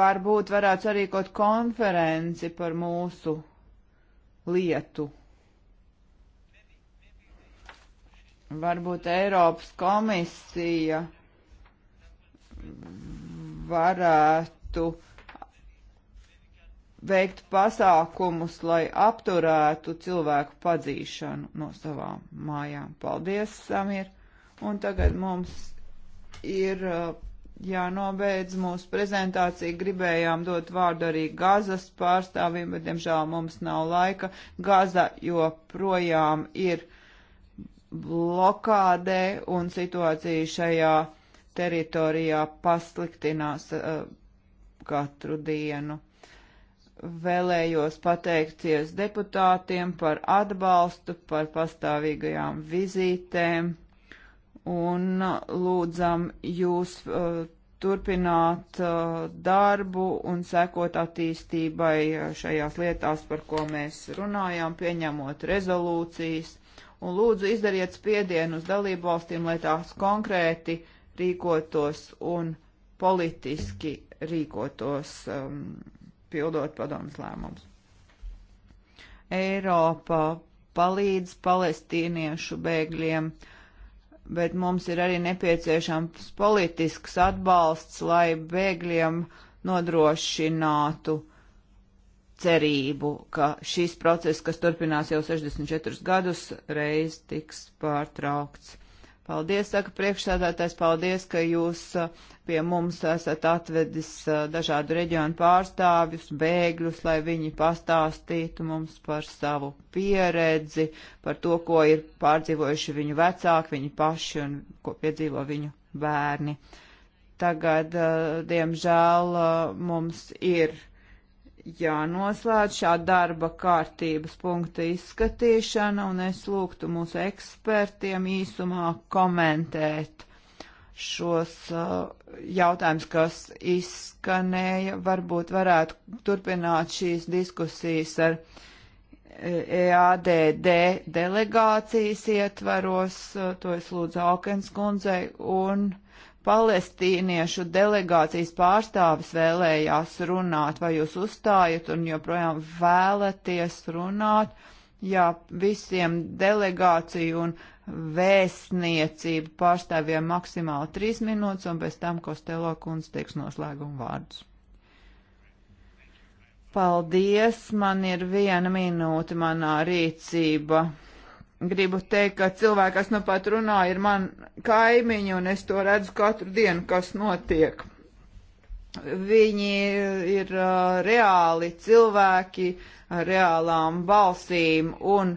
Varbūt varētu sarīkot konferenci par mūsu lietu. Varbūt Eiropas komisija varētu veikt pasākumus, lai apturētu cilvēku padzīšanu no savām mājām. Paldies, Samir! Un tagad mums ir uh, jānobeidz mūsu prezentācija. Gribējām dot vārdu arī gazas pārstāvim, bet, diemžēl, mums nav laika. Gaza joprojām ir blokādē un situācija šajā teritorijā pasliktinās uh, katru dienu. Vēlējos pateikties deputātiem par atbalstu, par pastāvīgajām vizītēm un eh, lūdzam jūs uh, turpināt uh, darbu un sekot attīstībai šajās lietās, par ko mēs runājām, pieņemot rezolūcijas. Un lūdzu izdariet spiedienu uz dalību valstīm, lai tās konkrēti uh, rīkotos un politiski rīkotos, um, pildot padomus lēmumus. Eiropa palīdz palestīniešu bēgļiem, bet mums ir arī nepieciešams politisks atbalsts, lai bēgļiem nodrošinātu cerību, ka šis process, kas turpinās jau 64 gadus, reiz tiks pārtraukts Paldies, saka priekšsēdētājs, paldies, ka jūs uh, pie mums esat atvedis uh, dažādu reģionu pārstāvjus, bēgļus, lai viņi pastāstītu mums par savu pieredzi, par to, ko ir pārdzīvojuši viņu vecāki, viņi paši un ko piedzīvo viņu bērni. Tagad, uh, diemžēl, mums ir jānoslēdz šā darba kārtības punkta izskatīšana, un es lūgtu mūsu ekspertiem īsumā komentēt šos uh, jautājumus, kas izskanēja. Varbūt varētu turpināt šīs diskusijas ar uh, EADD delegācijas ietvaros, uh, to es lūdzu Alkens kundzei, un uh, palestīniešu delegācijas pārstāvis vēlējās runāt, vai jūs uzstājat un joprojām vēlaties runāt. Jā, visiem delegāciju un vēstniecību pārstāvjiem maksimāli trīs minūtes, un pēc tam Kostelo kundze teiks noslēgumu vārdus. Paldies, man ir viena minūte manā rīcība gribu teikt, ka cilvēki, kas nu pat runā, ir man kaimiņi, un es to redzu katru dienu, kas notiek. Viņi ir uh, reāli cilvēki ar reālām balsīm, un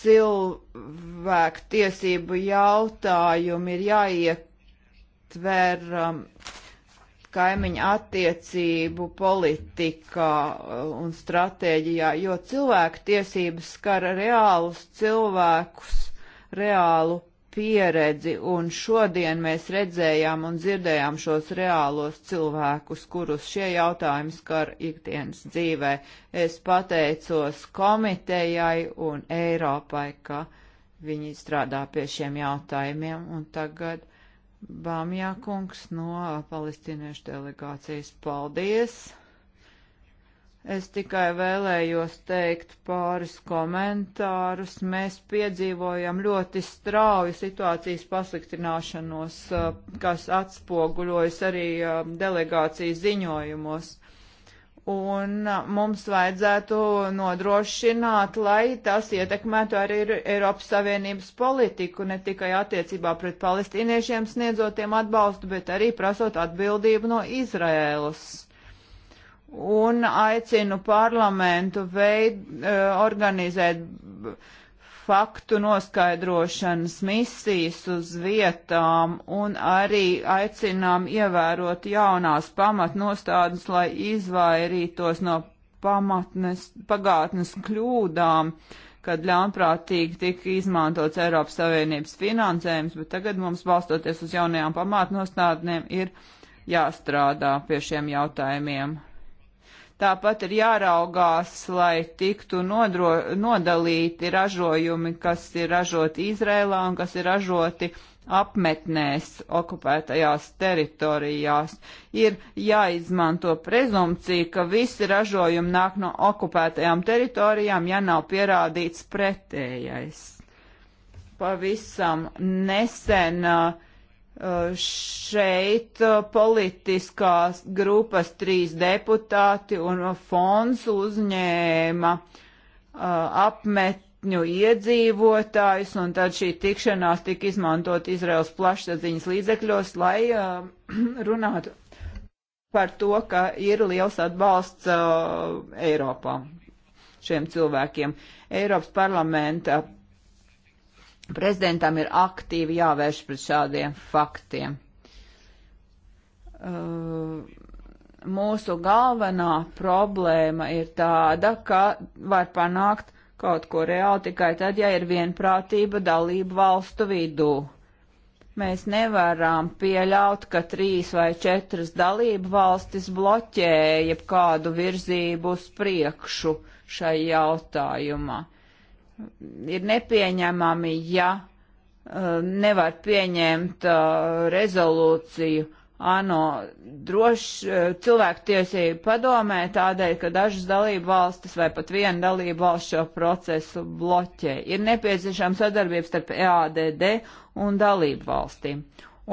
cilvēku tiesību jautājumi ir jāietver um, kaimiņu attiecību politikā uh, un stratēģijā, jo cilvēku tiesības skara reālus cilvēkus, reālu pieredzi, un šodien mēs redzējām un dzirdējām šos reālos cilvēkus, kurus šie jautājumi skar ikdienas dzīvē. Es pateicos komitejai un Eiropai, ka viņi strādā pie šiem jautājumiem, un tagad Bāmjākungs no palestīniešu delegācijas. Paldies! Es tikai vēlējos teikt pāris komentārus. Mēs piedzīvojam ļoti strauju situācijas pasliktināšanos, eh, kas atspoguļojas arī eh, delegācijas ziņojumos. Un mums vajadzētu nodrošināt, lai tas ietekmētu arī Eiropas Savienības politiku, ne tikai attiecībā pret palestīniešiem sniedzotiem atbalstu, bet arī prasot atbildību no Izraēlas. Un aicinu parlamentu veid, organizēt faktu noskaidrošanas misijas uz vietām un arī aicinām ievērot jaunās pamatnostādnes, lai izvairītos no pamatnes, pagātnes kļūdām, kad ļaunprātīgi tika izmantots Eiropas Savienības finansējums, bet tagad mums balstoties uz jaunajām pamatnostādnēm ir jāstrādā pie šiem jautājumiem. Tāpat ir jāraugās, lai tiktu nodro, nodalīti ražojumi, kas ir ražoti Izrēlā un kas ir ražoti apmetnēs, okupētajās teritorijās. Ir jāizmanto prezumcija, ka visi ražojumi nāk no okupētajām teritorijām, ja nav pierādīts pretējais. Pavisam nesen uh, Eh, šeit eh, politiskās grupas trīs deputāti un fonds uzņēma eh, apmetņu iedzīvotājus, un tad šī tikšanās tika izmantot Izraels plašsaziņas līdzekļos, lai uh, runātu par to, ka ir liels atbalsts uh, Eiropā šiem cilvēkiem. Eiropas parlamenta Prezidentam ir aktīvi jāvērš pret šādiem faktiem. Uh, mūsu galvenā problēma ir tāda, ka var panākt kaut ko reāli tikai tad, ja ir vienprātība dalību valstu vidū. Mēs nevaram pieļaut, ka trīs vai četras dalību valstis bloķēja kādu virzību uz priekšu šai jautājumā. Uh, ir nepieņemami, ja uh, nevar pieņemt uh, rezolūciju ANO droši uh, cilvēktiesību padomē tādēļ, ka dažas dalību valstis vai pat viena dalību valsts šo procesu bloķē. Ir nepieciešama sadarbība starp EADD un dalību valstīm.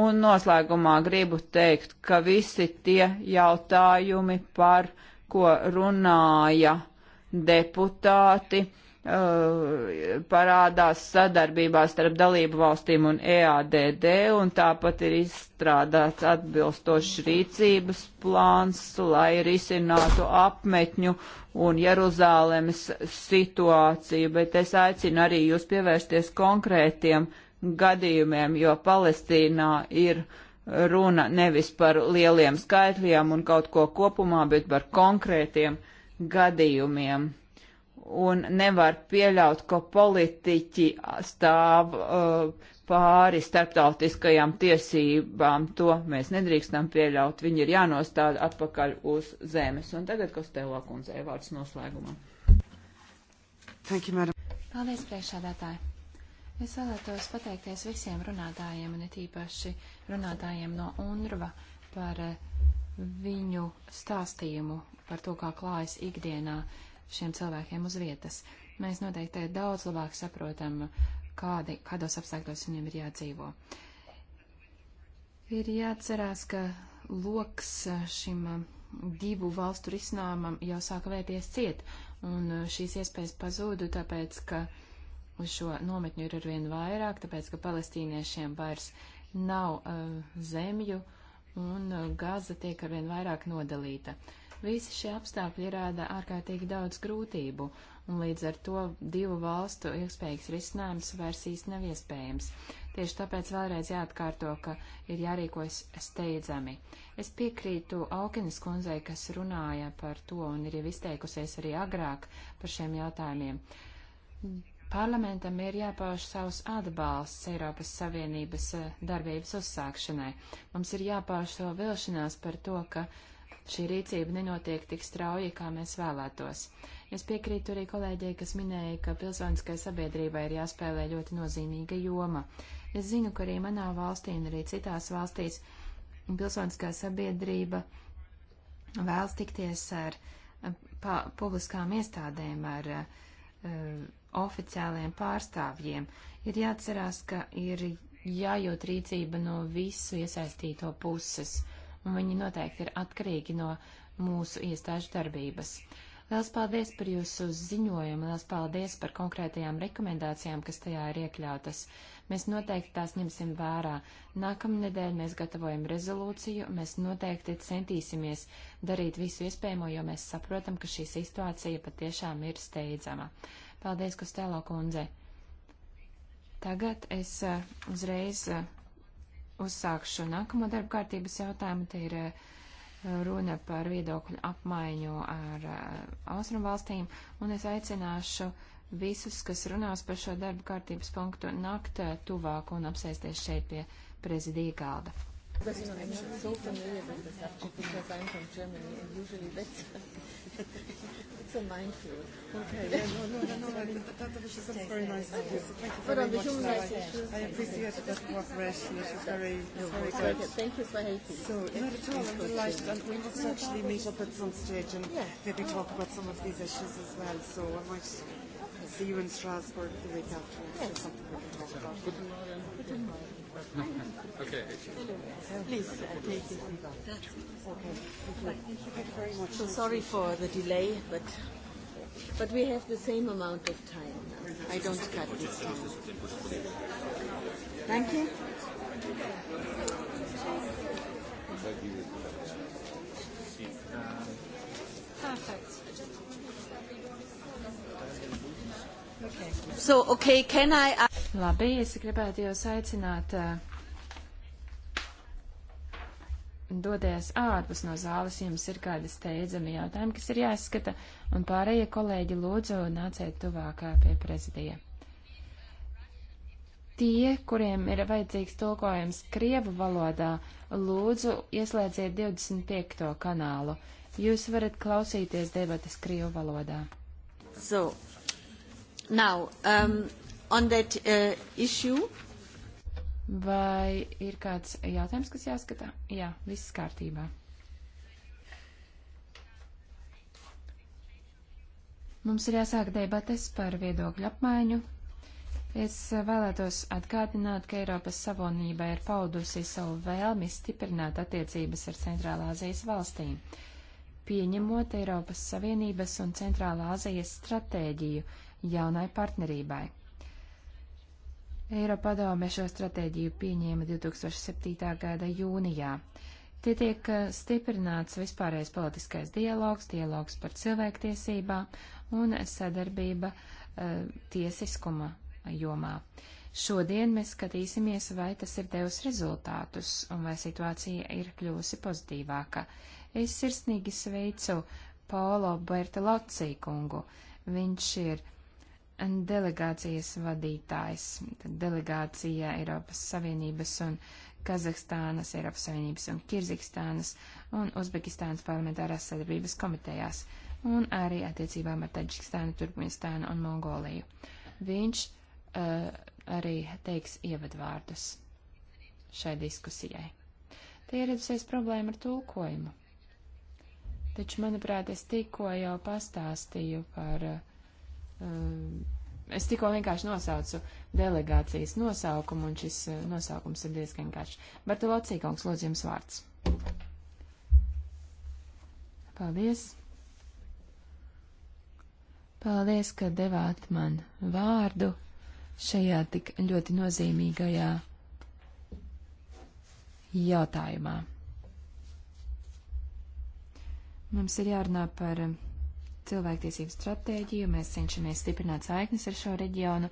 Un noslēgumā gribu teikt, ka visi tie jautājumi, par ko runāja deputāti, uh, Uh, parādās sadarbībā starp dalību valstīm un EADD, un tāpat ir izstrādāts atbilstošs rīcības plāns, lai risinātu apmetņu un Jeruzālēmas situāciju, bet es aicinu arī jūs pievērsties konkrētiem gadījumiem, jo Palestīnā ir runa nevis par lieliem skaitļiem un kaut ko kopumā, bet par konkrētiem gadījumiem un nevar pieļaut, ka politiķi stāv uh, pāri starptautiskajām tiesībām. To mēs nedrīkstam pieļaut. Viņi ir jānostāda atpakaļ uz zemes. Un tagad, kas tev lakundzē vārds noslēgumā. Thank you, madam. Paldies, priekšādātāji. Es vēlētos pateikties visiem runātājiem, un it īpaši runātājiem no UNRVA par eh, viņu stāstījumu par to, kā klājas ikdienā šiem cilvēkiem uz vietas. Mēs noteikti daudz labāk saprotam, kādi, kādos apstākļos viņiem ir jādzīvo. Ir jāatcerās, ka loks šim um, divu valstu risinājumam jau sāka vērties ciet, un uh, šīs iespējas pazūdu tāpēc, ka uz šo nometņu ir arvien vairāk, tāpēc, ka palestīniešiem vairs nav uh, zemju, un uh, gaza tiek arvien vairāk nodalīta. Uh, Visi šie apstākļi rāda ārkārtīgi daudz grūtību, un līdz ar to divu valstu ilgspējīgs risinājums vairs īsti nav iespējams. Tieši tāpēc vēlreiz jāatkārto, ka ir jārīkojas steidzami. Es piekrītu Aukenes kundzei, kas runāja par to un ir jau izteikusies arī agrāk par šiem jautājumiem. Parlamentam ir jāpauž savs atbalsts Eiropas Savienības eh, darbības uzsākšanai. Mums ir jāpauž savu vilšanās par to, ka šī rīcība nenotiek tik strauji, kā mēs vēlētos. Es piekrītu arī kolēģei, kas minēja, ka pilsoniskai sabiedrībai ir jāspēlē ļoti nozīmīga joma. Es zinu, ka arī manā valstī un arī citās valstīs pilsoniskā sabiedrība vēlas tikties ar pa, publiskām iestādēm, ar uh, oficiāliem pārstāvjiem. Ir jāatcerās, ka ir jājūt rīcība no visu iesaistīto puses. Uh, un viņi noteikti ir atkarīgi no mūsu iestāžu darbības. Liels paldies par jūsu ziņojumu, liels paldies par konkrētajām rekomendācijām, kas tajā ir iekļautas. Mēs noteikti tās ņemsim vērā. Nākamnedēļ mēs gatavojam rezolūciju, mēs noteikti centīsimies darīt visu iespējamo, jo mēs saprotam, ka šī situācija patiešām ir steidzama. Paldies, Kostēlo kundze! Tagad es uh, uzreiz uh, uzsākšu nākamo darba kārtības jautājumu. Te ir eh, runa par viedokļu apmaiņu ar eh, austrumu valstīm, un es aicināšu visus, kas runās par šo darba kārtības punktu, nakt eh, tuvāk un apsēsties šeit pie prezidija galda. Because you know, I'm not so familiar with the subject because I'm from Germany and usually that's it's a minefield. Okay, yeah, no, no, no, no, I mean, that, that was just a very nice idea. So thank you very but on the much. human rights issues, I appreciate that that was rash and it was very, no, very good. Okay, thank you for Haiti. So, not at all, I'm delighted. And we must actually meet up at some stage and yeah. maybe talk about some of these issues as well. So I might see you in Strasbourg the week after yes. or something we can talk about. Good morning. Good morning okay. Please uh, take it. Okay. Thank you very much. So sorry for the delay, but but we have the same amount of time. I don't cut this time. Thank you. Perfect. So, okay, can I... Labi, es gribētu jūs aicināt eh, doties ārpus no zāles, jums ir kādi steidzami jautājumi, kas ir jāizskata, un pārējie kolēģi lūdzu nāciet tuvāk eh, pie prezidija. Tie, kuriem ir vajadzīgs tulkojums Krievu valodā, lūdzu ieslēdziet 25. kanālu. Jūs varat klausīties debatas Krievu valodā. So, Now, um, on that uh, issue. Vai ir kāds jautājums, kas jāskatā? Jā, viss kārtībā. Mums ir jāsāk debates par viedokļu apmaiņu. Es vēlētos atgādināt, ka Eiropas Savonība ir paudusi savu vēlmi stiprināt attiecības ar Centrālā Azijas valstīm, pieņemot Eiropas Savienības un Centrālā Azijas stratēģiju 2021-2027 jaunai partnerībai. Eiropadome šo stratēģiju pieņēma 2007. gada jūnijā. Tie tiek eh, stiprināts vispārējais politiskais dialogs, dialogs par cilvēktiesībām un sadarbība uh, tiesiskuma jomā. Šodien mēs skatīsimies, vai tas ir devis rezultātus un vai situācija ir kļūsi pozitīvāka. Es sirsnīgi sveicu Paolo Bertolocī kungu. Viņš ir delegācijas vadītājs, tad delegācija Eiropas Savienības un Kazahstānas, Eiropas Savienības un Kirzikstānas un Uzbekistānas parlamentārās sadarbības komitejās un arī attiecībām ar Taģikstānu, Turkmenistānu un Mongoliju. Viņš uh, arī teiks ievadvārdus šai diskusijai. Te ir redusies problēma ar tulkojumu. Taču, manuprāt, es tikko jau pastāstīju par uh, Ehm, es tikko vienkārši nosaucu delegācijas nosaukumu, un šis eh, nosaukums ir diezgan garš. Bartolocīkungs, lūdzu, jums vārds. Paldies! Paldies, ka devāt man vārdu šajā tik ļoti nozīmīgajā jautājumā. Mums ir jārunā par ehm, cilvēktiesību stratēģiju, mēs cenšamies stiprināt saiknes ar šo reģionu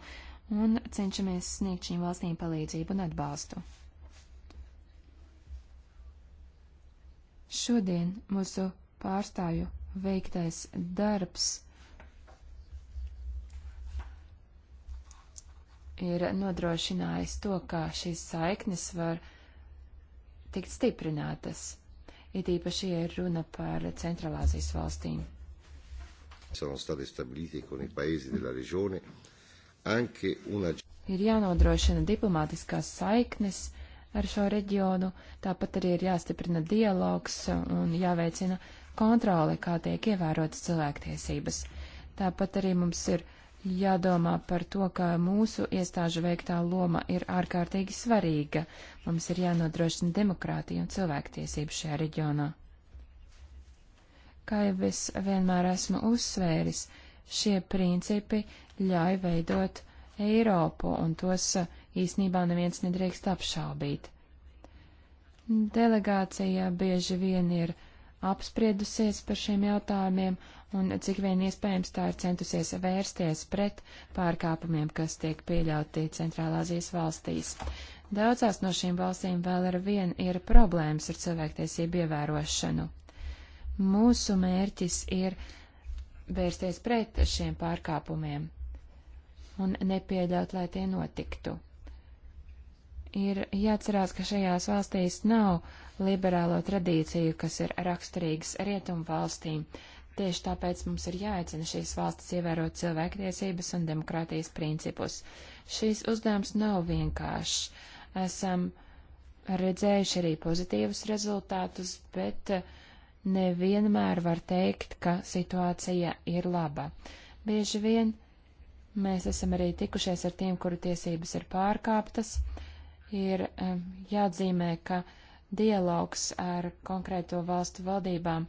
un cenšamies sniegt šīm valstīm palīdzību un atbalstu. Šodien mūsu pārstāju veiktais darbs ir nodrošinājis to, ka šīs saiknes var tikt stiprinātas, it īpaši, ja ir runa par centralāzijas valstīm. Sono state stabilite con i paesi della regione anche una. Ir jānodrošina diplomātiskās saiknes ar šo reģionu, tāpat arī ir jāstiprina dialogs un jāveicina kontrole, kā tiek ievērotas cilvēktiesības. Tāpat arī mums ir jādomā par to, ka mūsu iestāžu veiktā loma ir ārkārtīgi svarīga. Mums ir jānodrošina demokrātija un cilvēktiesības šajā reģionā. Kā jau es vienmēr esmu uzsvēris, šie principi ļauj veidot Eiropu, un tos uh, īsnībā neviens nedrīkst apšaubīt. Delegācija bieži vien ir apspriedusies par šiem jautājumiem, un cik vien iespējams tā ir centusies vērsties pret pārkāpumiem, kas tiek pieļauti Centrālāzijas valstīs. Daudzās no šīm valstīm vēl ar vien ir problēmas ar cilvēktiesību ievērošanu. Mūsu mērķis ir vērsties pret šiem pārkāpumiem un nepieļaut, lai tie notiktu. Ir jāatcerās, ka šajās valstīs nav liberālo tradīciju, kas ir raksturīgas rietumu valstīm. Tieši tāpēc mums ir jāaicina šīs valstis ievērot cilvēktiesības un demokrātijas principus. Šīs uzdevums nav vienkāršs. Esam redzējuši arī pozitīvus rezultātus, bet uh, nevienmēr var teikt, ka situācija ir laba. Bieži vien mēs esam arī tikušies ar tiem, kuru tiesības ir pārkāptas. Ir um, jāatzīmē, ka dialogs ar konkrēto valstu valdībām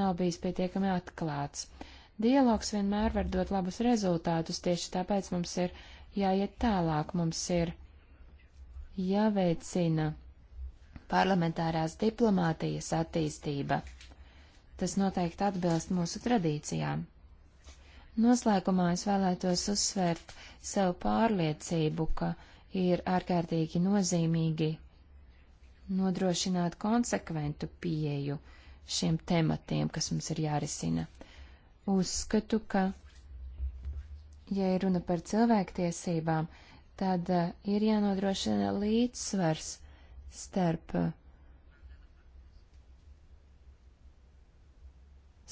nav bijis pietiekami atklāts. Dialogs vienmēr var dot labus rezultātus, tieši tāpēc mums ir jāiet tālāk, mums ir jāveicina parlamentārās diplomātijas attīstība. Tas noteikti atbilst mūsu tradīcijām. Noslēgumā es vēlētos uzsvērt sev pārliecību, ka ir ārkārtīgi nozīmīgi nodrošināt konsekventu pieeju šiem tematiem, kas mums ir jārisina. Uzskatu, ka, ja ir runa par cilvēktiesībām, tad eh, ir jānodrošina līdzsvars starp uh,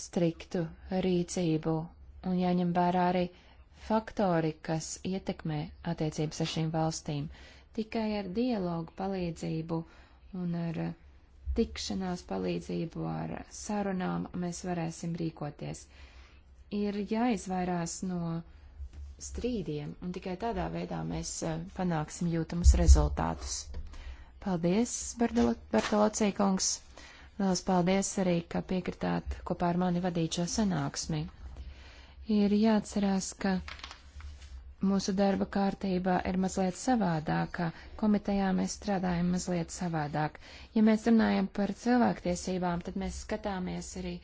striktu rīcību un jāņem vērā arī faktori, kas ietekmē attiecības ar šīm valstīm. Tikai ar dialogu palīdzību un ar tikšanās palīdzību, ar sarunām mēs varēsim rīkoties. Ir jāizvairās no strīdiem, un tikai tādā veidā mēs eh, panāksim jūtamus rezultātus. Paldies, Bartolocī kungs! Lielas paldies arī, ka piekritāt kopā ar mani vadīt šo sanāksmi. Ir jāatcerās, ka mūsu darba kārtībā ir mazliet savādāka, komitejā mēs strādājam mazliet savādāk. Ja mēs runājam par cilvēktiesībām, tad mēs skatāmies arī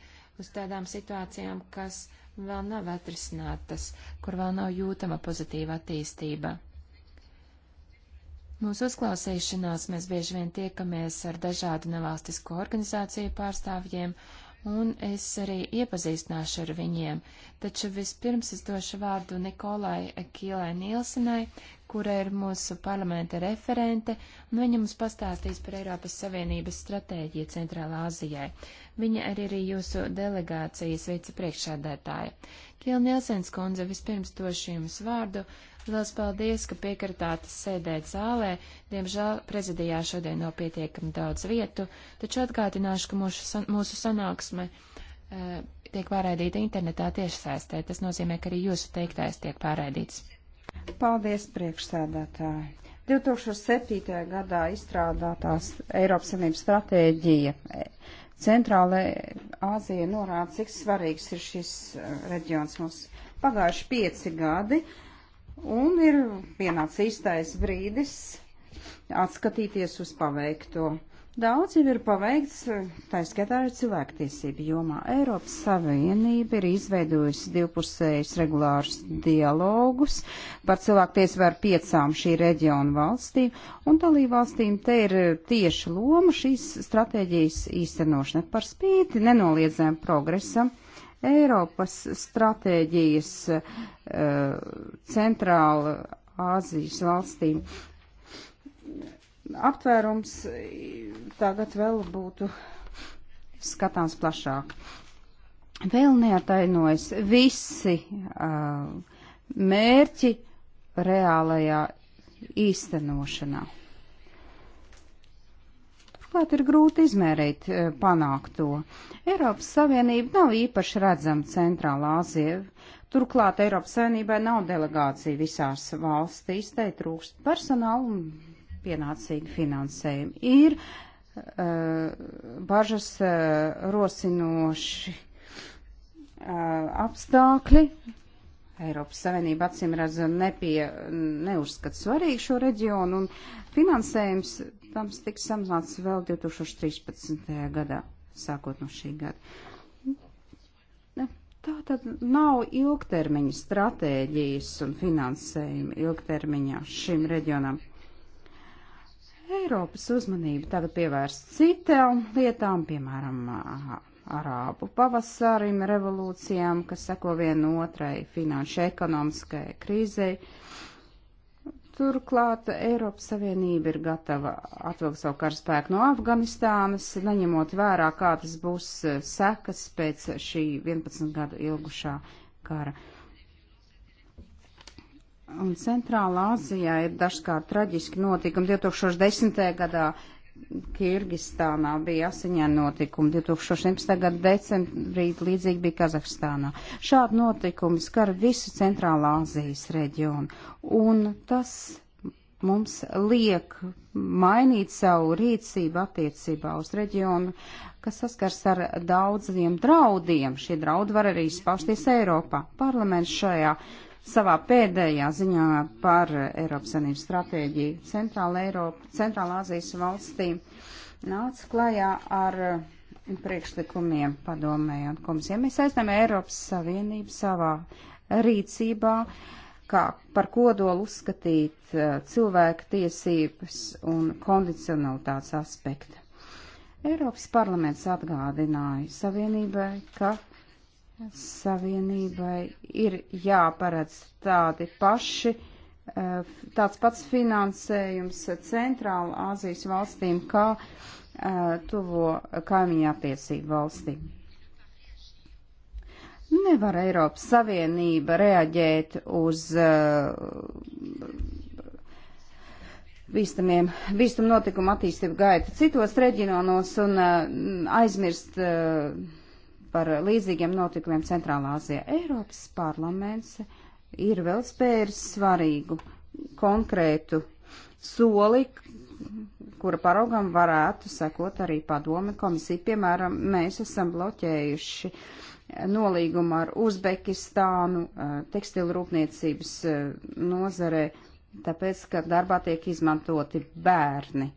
uz tādām situācijām, kas vēl nav atrisinātas, kur vēl nav jūtama pozitīva attīstība. Mūsu uzklausīšanās mēs bieži vien tiekamies ar dažādu nevalstisko organizāciju pārstāvjiem, un es arī iepazīstināšu ar viņiem, taču vispirms es došu vārdu Nikolai Kīlai Nielsenai, kura ir mūsu parlamenta referente, un viņa mums pastāstīs par Eiropas Savienības stratēģiju Centrālā Azijai. Viņa arī ir jūsu delegācijas vicepriekšādētāja. Kīla Nielsens kundze, vispirms došu jums vārdu, Lielas paldies, ka piekritāt sēdēt zālē. Diemžēl prezidijā šodien nav no pietiekami daudz vietu, taču atgādināšu, ka mūsu, san mūsu sanāksme e, tiek pārraidīta internetā tiešsaistē. Tas nozīmē, ka arī jūsu teiktais tiek pārraidīts. Paldies, priekšsēdētāji! 2007. gadā izstrādātās Eiropas Savienības stratēģija eh, Centrālai Āzija norāda, cik svarīgs ir šis eh, reģions mums. Pagājuši pieci gadi. Uh, Un ir pienācis īstais brīdis atskatīties uz paveikto. Daudz jau ir paveikts, tā skatā ir cilvēktiesība jomā. Eiropas Savienība ir izveidojusi divpusējus regulārus dialogus par cilvēktiesību ar piecām šī reģiona valstīm, un dalībvalstīm te ir tieši loma šīs stratēģijas īstenošana par spīti nenoliedzēm progresam. Eiropas stratēģijas uh, centrāla Āzijas valstīm. Aptvērums tagad vēl būtu skatāms plašāk. Vēl neatainojas visi uh, mērķi reālajā īstenošanā. Turklāt ir grūti izmērīt eh, panākto. Eiropas Savienība nav īpaši redzama Centrālā Āzija. Turklāt Eiropas Savienībai nav delegācija visās valstīs, te trūkst personāla un pienācīgi finansējumi. Ir uh, bažas uh, rosinoši uh, apstākļi, Eiropas Savienība acīm redzam nepie, neuzskata svarīgu šo reģionu, un finansējums protams, tiks samazināts vēl 2013. gadā, sākot no šī gada. Nu, tā tad nav ilgtermiņa stratēģijas un finansējuma ilgtermiņā šim reģionam. Eiropas uzmanība tagad pievērst citām lietām, piemēram, arābu pavasarim, revolūcijām, kas seko vienu otrai finanšu ekonomiskai krīzei Turklāt Eiropas Savienība ir gatava atvilkt savu karaspēku no Afganistānas, neņemot vērā, kādas būs eh, sekas pēc šī 11 gadu ilgušā kara. Un Centrālā Azijā ir dažkārt traģiski notikumi. 2010. gadā Kirgistānā bija asiņā notikumi 2016. gada decembrī, līdzīgi bija Kazahstānā. Šādi notikumi skar visu centrālā Azijas reģionu, un tas mums liek mainīt savu rīcību attiecībā uz reģionu, kas saskars ar daudziem draudiem. Šie draudi var arī spausties Eiropā. Parlaments šajā savā pēdējā ziņā par Eiropas Savienības stratēģiju Centrāla Eiropa, Centrāla Azijas valstīm nāca klajā ar priekšlikumiem padomēju un komisijām. Mēs aizstam Eiropas Savienību savā rīcībā, kā par kodolu uzskatīt eh, cilvēku tiesības un kondicionalitātes aspektu. Eiropas parlaments atgādināja Savienībai, ka Savienībai ir jāparedz tādi paši, eh, tāds pats finansējums centrāla Āzijas valstīm, kā eh, tuvo kaimiņā tiesību valstīm. Nevar Eiropas Savienība reaģēt uz eh, bīstamiem, bīstam notikumu attīstību gaita citos reģionos un aizmirst uh, par līdzīgiem notikumiem Centrālā Azijā. Eiropas parlaments ir vēl spēris svarīgu konkrētu soli, kura paraugam varētu sekot arī padome komisija. Piemēram, mēs esam bloķējuši nolīgumu ar Uzbekistānu eh, tekstilu rūpniecības eh, nozarē, tāpēc, ka darbā tiek izmantoti bērni.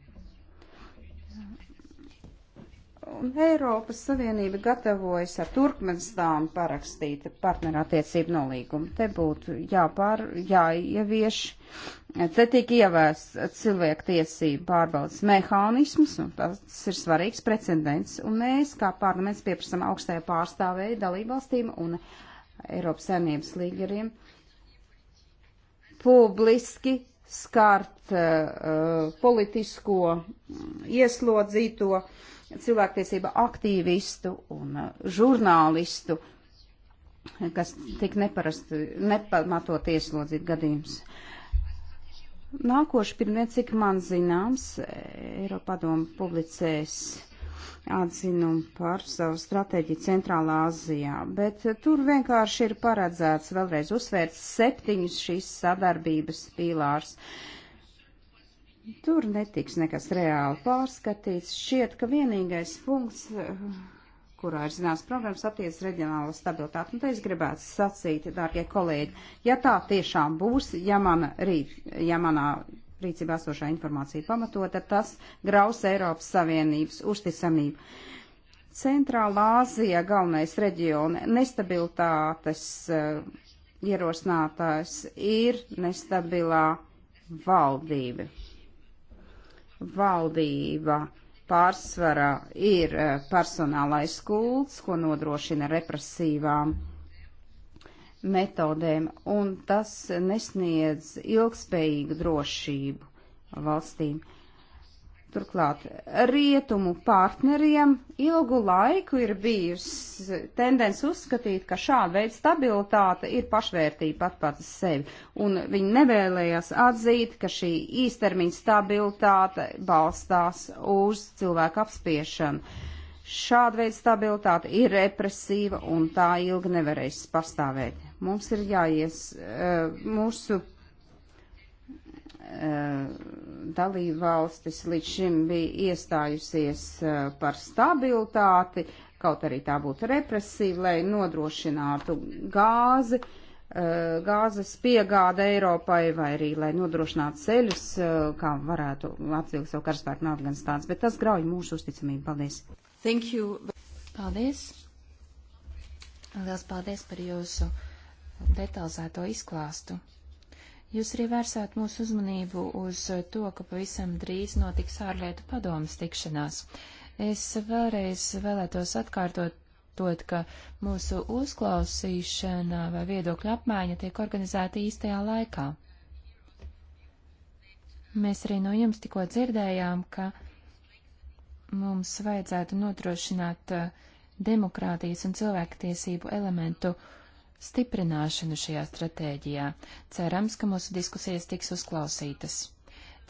Un Eiropas Savienība gatavojas ar Turkmenistānu parakstīt partnerattiecību nolīgumu. Te būtu jāpār, jāievieš, te tiek ievēsts cilvēku tiesību pārbaudas mehānismus, un tas ir svarīgs precedents. Un mēs, kā parlaments, pieprasam augstajā pārstāvēja dalībvalstīm un Eiropas saimnības līderiem publiski skart uh, politisko ieslodzīto. Uh, cilvēktiesība aktīvistu un uh, žurnālistu, kas tik neparasti, nepamatot ieslodzīt gadījums. Nākošu pirmdien, cik man zināms, Eiropadoma publicēs atzinumu par savu stratēģiju Centrālā Azijā, bet tur vienkārši ir paredzēts vēlreiz uzsvērt septiņus šīs sadarbības pīlārs. Uh, Tur netiks nekas reāli pārskatīts. Šķiet, ka vienīgais punkts, eh, kurā ir zināms programmas, attiec reģionālo stabilitāti. Un te es gribētu sacīt, dārgie kolēģi, ja tā tiešām būs, ja, mana rīt, ja manā rīcībā esošā informācija pamatot, tad tas graus Eiropas Savienības uzticamību. Centrālā Āzija galvenais reģiona nestabilitātes uh, ierosinātājs ir nestabilā valdība valdība pārsvarā ir eh, personālais kults, ko nodrošina represīvām metodēm, un tas nesniedz ilgspējīgu drošību valstīm. Uh, Turklāt rietumu partneriem ilgu laiku ir bijusi tendence uzskatīt, ka šāda veida stabilitāte ir pašvērtība pat pats sevi, un viņi nevēlējās atzīt, ka šī īstermiņa stabilitāte balstās uz cilvēku apspiešanu. Šāda veida stabilitāte ir represīva, un tā ilgi nevarēs pastāvēt. Mums ir jāies, eh, mūsu Eh, dalību valstis līdz šim bija iestājusies eh, par stabilitāti, kaut arī tā būtu represīva, lai nodrošinātu gāzi, eh, gāzes piegāda Eiropai vai arī, lai nodrošinātu ceļus, kā varētu atvilkt savu karaspēku no Afganistānas, bet tas grauj mūsu uzticamību. Paldies! Thank you! Paldies! Liels paldies par jūsu detalizēto izklāstu! Jūs arī vērsāt mūsu uzmanību uz to, ka pavisam drīz notiks ārlietu padomas tikšanās. Es vēlreiz vēlētos atkārtot, tot, ka mūsu uzklausīšana vai viedokļa apmaiņa tiek organizēta īstajā laikā. Mēs arī no jums tikko dzirdējām, ka mums vajadzētu nodrošināt uh, demokrātijas un cilvēktiesību elementu uh, stiprināšanu šajā stratēģijā. Cerams, ka mūsu diskusijas tiks uzklausītas.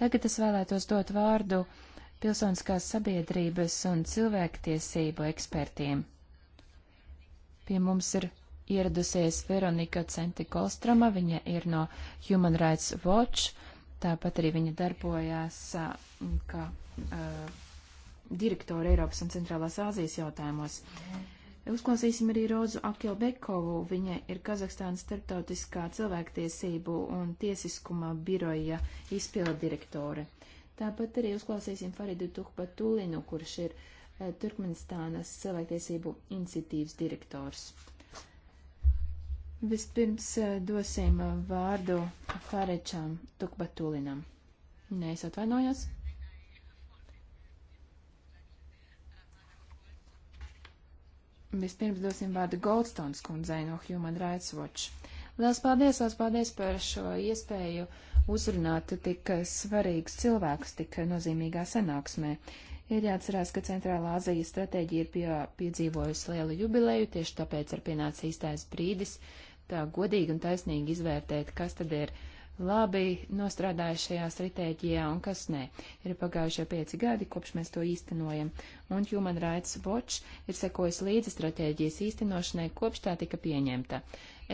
Tagad es vēlētos dot vārdu pilsoniskās sabiedrības un cilvēktiesību ekspertiem. Pie mums ir ieradusies Veronika Centi Kolstrama, viņa ir no Human Rights Watch, tāpat arī viņa darbojās kā uh, direktora Eiropas un Centrālās Āzijas jautājumos. Mm. Uzklausīsim arī Rozu Akilbekovu. Viņa ir Kazahstānas starptautiskā cilvēktiesību un tiesiskuma biroja izpildu direktore. Tāpat arī uzklausīsim Faridu Tuhpatulinu, kurš ir eh, Turkmenistānas cilvēktiesību iniciatīvas direktors. Vispirms eh, dosim eh, vārdu Farečam Tukbatulinam. Nē, es atvainojos. Vispirms dosim vārdu Goldstones kundzei no Human Rights Watch. Lielas paldies, lielas paldies par šo iespēju uzrunāt tik svarīgus cilvēkus tik nozīmīgā sanāksmē. Ir jāatcerās, ka Centrālā Azijas stratēģija ir pie, piedzīvojusi lielu jubileju, tieši tāpēc ir pienācis īstais brīdis tā godīgi un taisnīgi izvērtēt, kas tad ir uh, labi nostrādājuši šajā stratēģijā un kas nē. Ir pagājušie pieci gadi, kopš mēs to īstenojam, un Human Rights Watch ir sekojis līdzi stratēģijas īstenošanai, kopš tā tika pieņemta.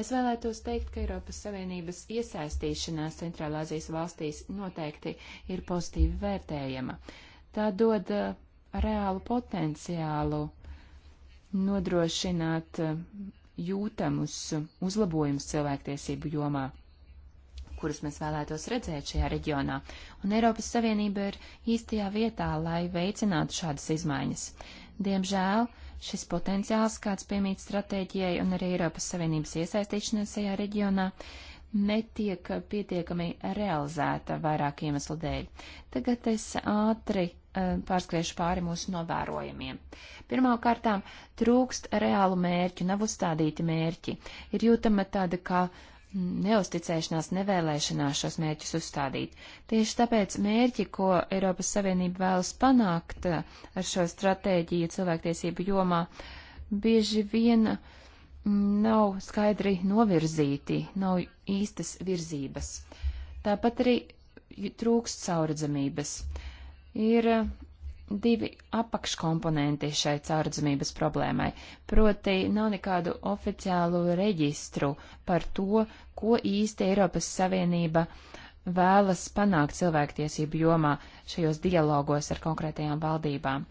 Es vēlētos teikt, ka Eiropas Savienības iesaistīšanās Centrālāzijas valstīs noteikti ir pozitīvi vērtējama. Tā dod uh, reālu potenciālu nodrošināt uh, jūtamus uzlabojumus cilvēktiesību jomā kurus mēs vēlētos redzēt šajā reģionā, un Eiropas Savienība ir īstajā vietā, lai veicinātu šādas izmaiņas. Diemžēl šis potenciāls, kāds piemīt stratēģijai un arī Eiropas Savienības iesaistīšanās šajā reģionā, netiek pietiekami realizēta vairāk iemeslu dēļ. Tagad es ātri eh, pārskriešu pāri mūsu novērojumiem. Pirmkārtām, trūkst reālu mērķu, nav uzstādīti mērķi. Ir jūtama tāda kā neusticēšanās, nevēlēšanās šos mērķus uzstādīt. Tieši tāpēc mērķi, ko Eiropas Savienība vēlas panākt eh, ar šo stratēģiju cilvēktiesību jomā, bieži vien mm, nav skaidri novirzīti, nav īstas virzības. Tāpat arī trūkst sauradzamības. Ir divi apakškomponenti šai caurdzamības problēmai, proti nav nekādu oficiālu reģistru par to, ko īsti Eiropas Savienība vēlas panākt cilvēktiesību jomā šajos dialogos ar konkrētajām valdībām.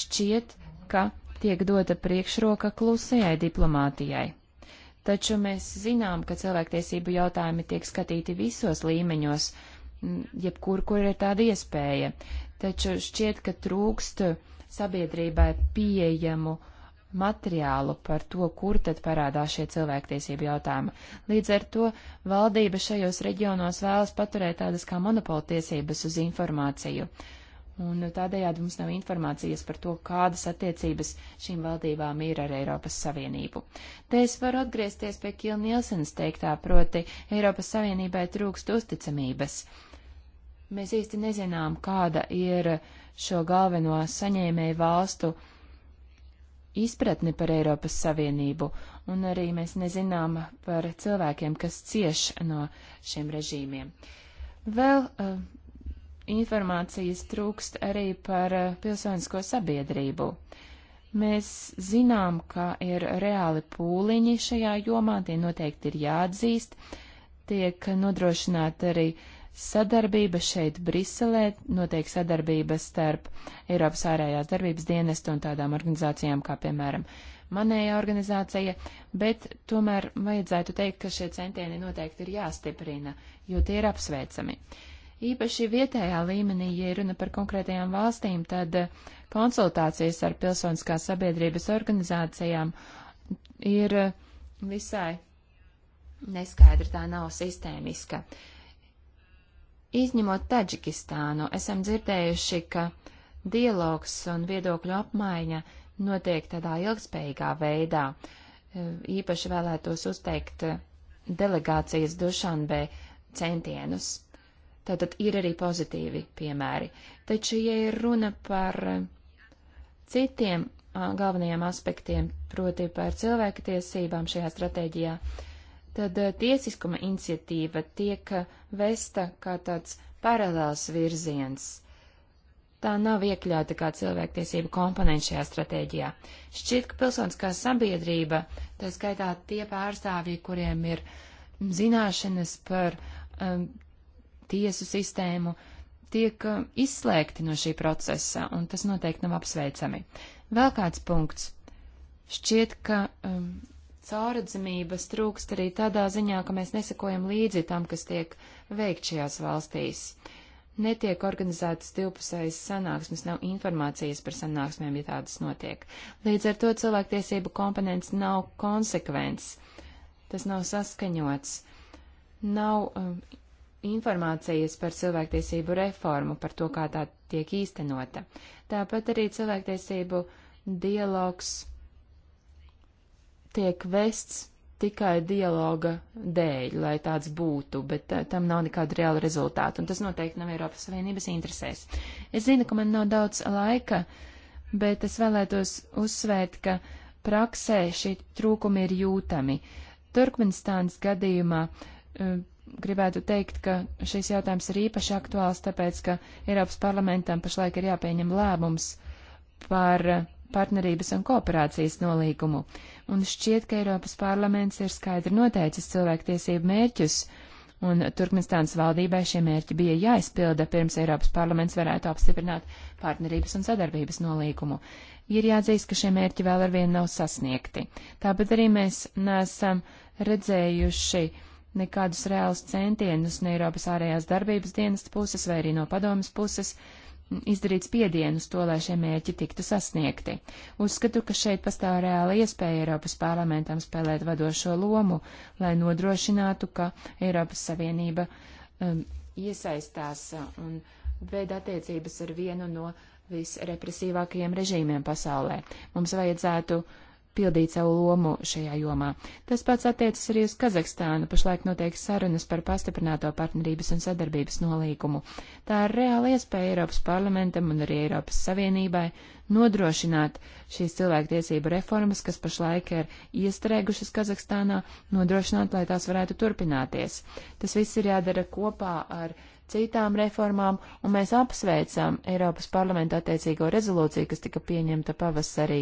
Šķiet, ka tiek dota priekšroka klusējai diplomātijai. Taču mēs zinām, ka cilvēktiesību jautājumi tiek skatīti visos līmeņos, jebkur, kur ir tāda iespēja taču šķiet, ka trūkst sabiedrībai pieejamu materiālu par to, kur tad parādās šie cilvēktiesību jautājumi. Līdz ar to valdība šajos reģionos vēlas paturēt tādas kā monopola tiesības uz informāciju. Un tādējādi mums nav informācijas par to, kādas attiecības šīm valdībām ir ar Eiropas Savienību. Te es varu atgriezties pie Kilnielsens teiktā, proti Eiropas Savienībai trūkst uzticamības. Mēs īsti nezinām, kāda ir šo galveno saņēmēju valstu izpratne par Eiropas Savienību, un arī mēs nezinām par cilvēkiem, kas cieš no šiem režīmiem. Vēl uh, informācijas trūkst arī par uh, pilsonisko sabiedrību. Mēs zinām, ka ir reāli pūliņi šajā jomā, tie noteikti ir jāatzīst, tiek nodrošināta arī uh, sadarbība šeit Briselē, notiek sadarbība starp Eiropas ārējās darbības dienestu un tādām organizācijām kā, piemēram, manēja organizācija, bet tomēr vajadzētu teikt, ka šie centieni noteikti ir jāstiprina, jo tie ir apsveicami. Īpaši vietējā līmenī, ja runa par konkrētajām valstīm, tad konsultācijas ar pilsoniskās sabiedrības organizācijām ir visai neskaidra, tā nav sistēmiska. Uh, Izņemot Taģikistānu, esam dzirdējuši, ka dialogs un viedokļu apmaiņa notiek tādā ilgspējīgā veidā. E, īpaši vēlētos uzteikt delegācijas Dušanbē centienus. Tātad ir arī pozitīvi piemēri. Taču, ja ir runa par citiem galvenajiem aspektiem, proti par cilvēku tiesībām šajā stratēģijā, uh, tad eh, tiesiskuma iniciatīva tiek eh, vesta kā tāds paralēls virziens. Tā nav iekļauta kā cilvēktiesību komponents šajā stratēģijā. Šķiet, ka pilsoniskā sabiedrība, tā skaitā tie pārstāvji, kuriem ir zināšanas par um, tiesu sistēmu, tiek um, izslēgti no šī procesa, un tas noteikti nav apsveicami. Vēl kāds punkts. Šķiet, ka um, cauradzamības trūkst arī tādā ziņā, ka mēs nesakojam līdzi tam, kas tiek veikt šajās valstīs. Netiek organizētas divpusējas sanāksmes, nav informācijas par sanāksmēm, ja tādas notiek. Līdz ar to cilvēktiesību komponents nav konsekvents, tas nav saskaņots, nav um, informācijas par cilvēktiesību reformu, par to, kā tā tiek īstenota. Tāpat arī cilvēktiesību dialogs tiek vests tikai dialoga dēļ, lai tāds būtu, bet tā, tam nav nekāda reāla rezultāta, un tas noteikti nav Eiropas Savienības interesēs. Es zinu, ka man nav daudz laika, bet es vēlētos uzsvērt, ka praksē šie trūkumi ir jūtami. Turkmenistānas gadījumā eh, gribētu teikt, ka šis jautājums ir īpaši aktuāls, tāpēc, ka Eiropas parlamentam pašlaik ir jāpieņem lēmums par uh, partnerības un kooperācijas nolīgumu, un šķiet, ka Eiropas parlaments ir skaidri noteicis cilvēktiesību mērķus, un Turkmenistānas valdībai šie mērķi bija jāizpilda, pirms Eiropas parlaments varētu apstiprināt partnerības un sadarbības nolīgumu. Ir jāatzīst, ka šie mērķi vēl arvien nav sasniegti. Tāpat arī mēs nesam redzējuši nekādus reālus centienus no Eiropas ārējās darbības dienas puses vai arī no padomas puses, uh, izdarīt spiedienu uz to, lai šie mērķi tiktu sasniegti. Uzskatu, ka šeit pastāv reāla iespēja Eiropas parlamentam spēlēt vadošo lomu, lai nodrošinātu, ka Eiropas Savienība um, iesaistās uh, un veida attiecības ar vienu no visrepresīvākajiem režīmiem pasaulē. Mums vajadzētu uh, pildīt savu lomu šajā jomā. Tas pats attiecas arī uz Kazahstānu. Pašlaik notiek sarunas par pastiprināto partnerības un sadarbības nolīgumu. Tā ir reāla iespēja Eiropas parlamentam un arī Eiropas Savienībai nodrošināt šīs cilvēktiesību reformas, kas pašlaik ir iestrēgušas Kazahstānā, nodrošināt, lai tās varētu turpināties. Tas viss ir jādara kopā ar citām reformām, un mēs apsveicam Eiropas parlamenta attiecīgo rezolūciju, kas tika pieņemta pavasarī.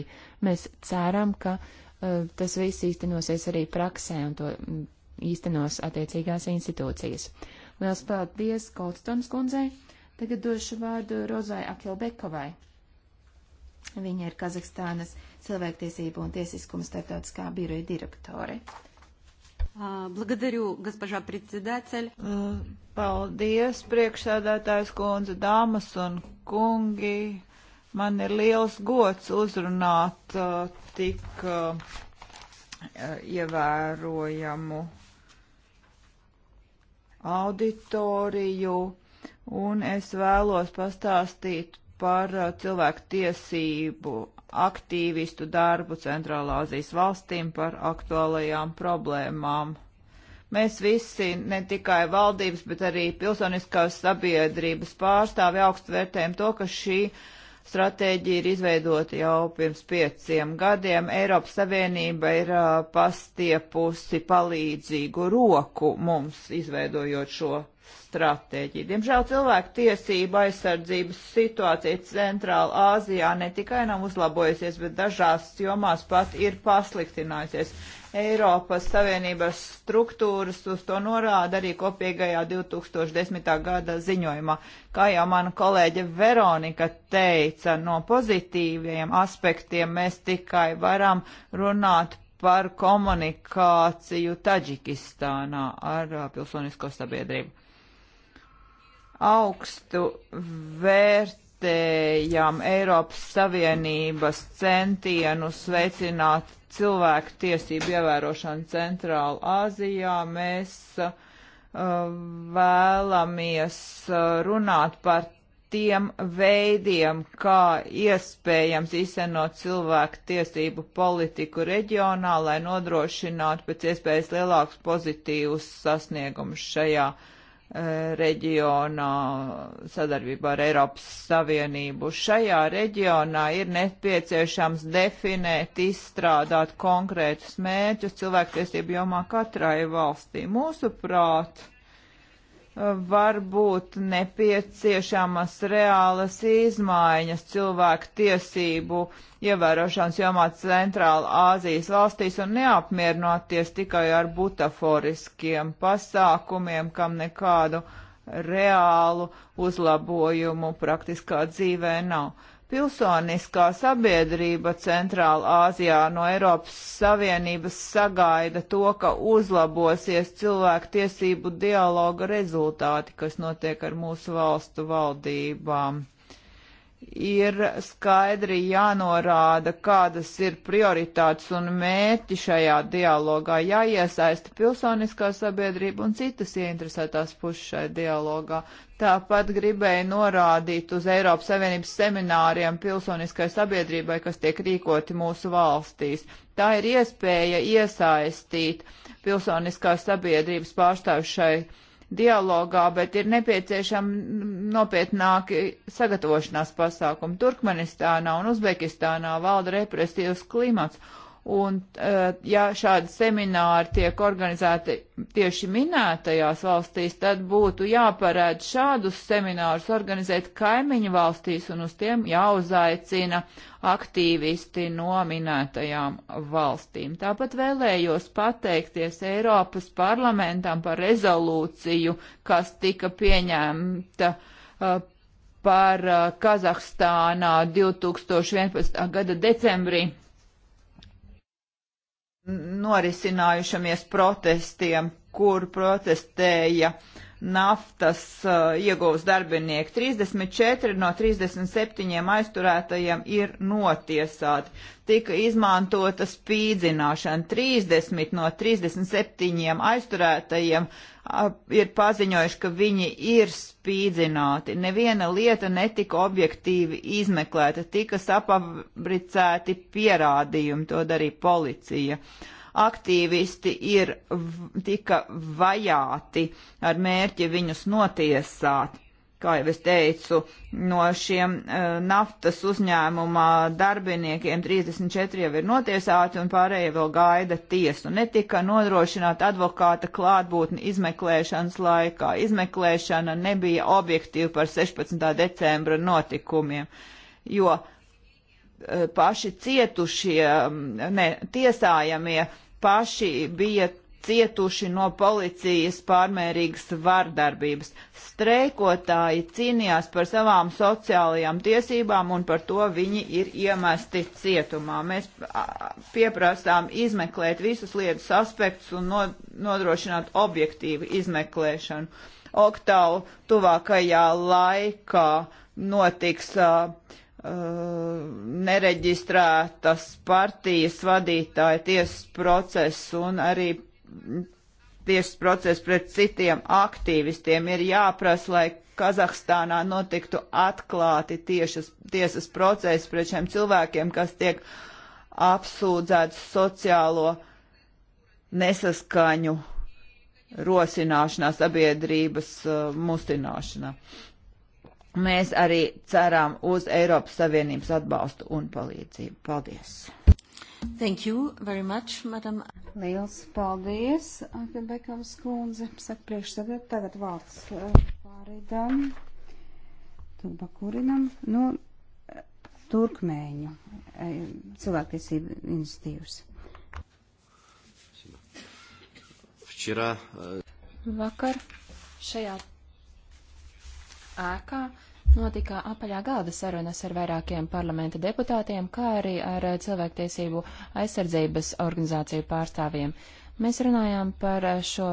Mēs ceram, ka uh, tas viss īstenosies arī praksē un to mm, īstenos attiecīgās institūcijas. Liels paldies Goldstons kundzei. Tagad došu vārdu Rozai Akilbekovai. Viņa ir Kazahstānas cilvēktiesību un tiesiskuma starptautiskā biroja direktore. Благодарю, госпожа председатель. Э, Paldies, priekšsēdētājs kundze, dāmas un kungi. Man ir liels gods uzrunāt tik ievērojamu auditoriju, un es vēlos pastāstīt par cilvēku tiesību aktīvistu darbu Centrālāzijas valstīm par aktuālajām problēmām. Mēs visi, ne tikai valdības, bet arī pilsoniskās sabiedrības pārstāvi augstu vērtējam to, ka šī stratēģija ir izveidota jau pirms pieciem gadiem. Eiropas Savienība ir uh, pastiepusi palīdzīgu roku mums, izveidojot šo stratēģiju. Diemžēl cilvēku tiesība aizsardzības situācija Centrāla Āzijā ne tikai nav uzlabojusies, bet dažās jomās pat ir pasliktinājusies. Eiropas Savienības struktūras uz to norāda arī kopīgajā 2010. gada ziņojumā. Kā jau mana kolēģe Veronika teica, no pozitīviem aspektiem mēs tikai varam runāt par komunikāciju Taģikistānā ar uh, pilsonisko sabiedrību augstu vērtējam Eiropas Savienības centienus veicināt cilvēku tiesību ievērošanu Centrāla Azijā. Mēs uh, vēlamies uh, runāt par tiem veidiem, kā iespējams izsenot cilvēku tiesību politiku reģionā, lai nodrošinātu pēc iespējas lielākus pozitīvus sasniegumus šajā reģionā reģionā sadarbībā ar Eiropas Savienību. Šajā reģionā ir nepieciešams definēt, izstrādāt konkrētus mērķus cilvēktiesību jomā katrai valstī. Mūsuprāt, var būt nepieciešamas reālas izmaiņas cilvēku tiesību ievērošanas jomā Centrāla Āzijas valstīs un neapmierinoties tikai ar butaforiskiem pasākumiem, kam nekādu reālu uzlabojumu praktiskā dzīvē nav. Pilsoniskā sabiedrība Centrāla Āzijā no Eiropas Savienības sagaida to, ka uzlabosies cilvēku tiesību dialoga rezultāti, kas notiek ar mūsu valstu valdībām ir skaidri jānorāda, kādas ir prioritātes un mērķi šajā dialogā, jāiesaista pilsoniskā sabiedrība un citas ieinteresētās puses šai dialogā. Tāpat gribēju norādīt uz Eiropas Savienības semināriem pilsoniskai sabiedrībai, kas tiek rīkoti mūsu valstīs. Tā ir iespēja iesaistīt pilsoniskās sabiedrības pārstāvju šai dialogā, bet ir nepieciešama nopietnāki sagatavošanās pasākumi. Turkmenistānā un Uzbekistānā valda represīvs klimats Un, eh, ja šādi semināri tiek organizēti tieši minētajās valstīs, tad būtu jāparēd šādus seminārus organizēt kaimiņu valstīs un uz tiem jāuzaicina aktīvisti no minētajām valstīm. Tāpat vēlējos pateikties Eiropas parlamentam par rezolūciju, kas tika pieņemta eh, par eh, Kazahstānā 2011. gada decembrī norisinājušamies protestiem, kur protestēja uh, naftas uh, ieguvas darbinieki. 34 no 37 aizturētajiem ir notiesāti. Tika izmantota spīdzināšana. 30 no 37 aizturētajiem uh, ir paziņojuši, ka viņi ir spīdzināti. Neviena lieta netika objektīvi izmeklēta, tika sapabricēti pierādījumi, to darīja policija. Uh, aktīvisti ir, tika vajāti ar mērķi viņus notiesāt. Kā jau es teicu, no šiem uh, naftas uzņēmuma darbiniekiem 34 jau ir notiesāti un pārējie vēl gaida tiesu. Netika nodrošināta advokāta klātbūtne izmeklēšanas laikā. Izmeklēšana nebija objektīva par 16. decembra notikumiem, jo uh, Eh, paši cietušie, mm, ne, tiesājamie paši bija cietuši no policijas pārmērīgas vardarbības. Streikotāji cīnījās par savām sociālajām tiesībām un par to viņi ir iemesti cietumā. Mēs pieprasām izmeklēt visus lietas aspektus un nodrošināt objektīvu izmeklēšanu. Oktālu tuvākajā laikā notiks uh, Uh, nereģistrētas partijas vadītāja tiesas process un arī tiesas process pret citiem aktīvistiem ir jāprasa, lai Kazahstānā notiktu atklāti tiešas, tiesas procesi pret šiem cilvēkiem, kas tiek apsūdzēti sociālo nesaskaņu rosināšanā, sabiedrības uh, mustināšanā. Uh, Mēs arī ceram uz Eiropas Savienības atbalstu un palīdzību. Paldies! Thank you very much, madam. Liels paldies, Bekams kundze. Saka priekšsēdēt, tagad vārds uh, pārīdām Turbakurinam no uh, Turkmēņu uh, cilvēktiesību institīvas. Včera. Vakar šajā ēkā notika apaļā galda sarunas ar vairākiem parlamenta deputātiem, kā arī ar cilvēktiesību aizsardzības organizāciju pārstāvjiem. Mēs runājām par šo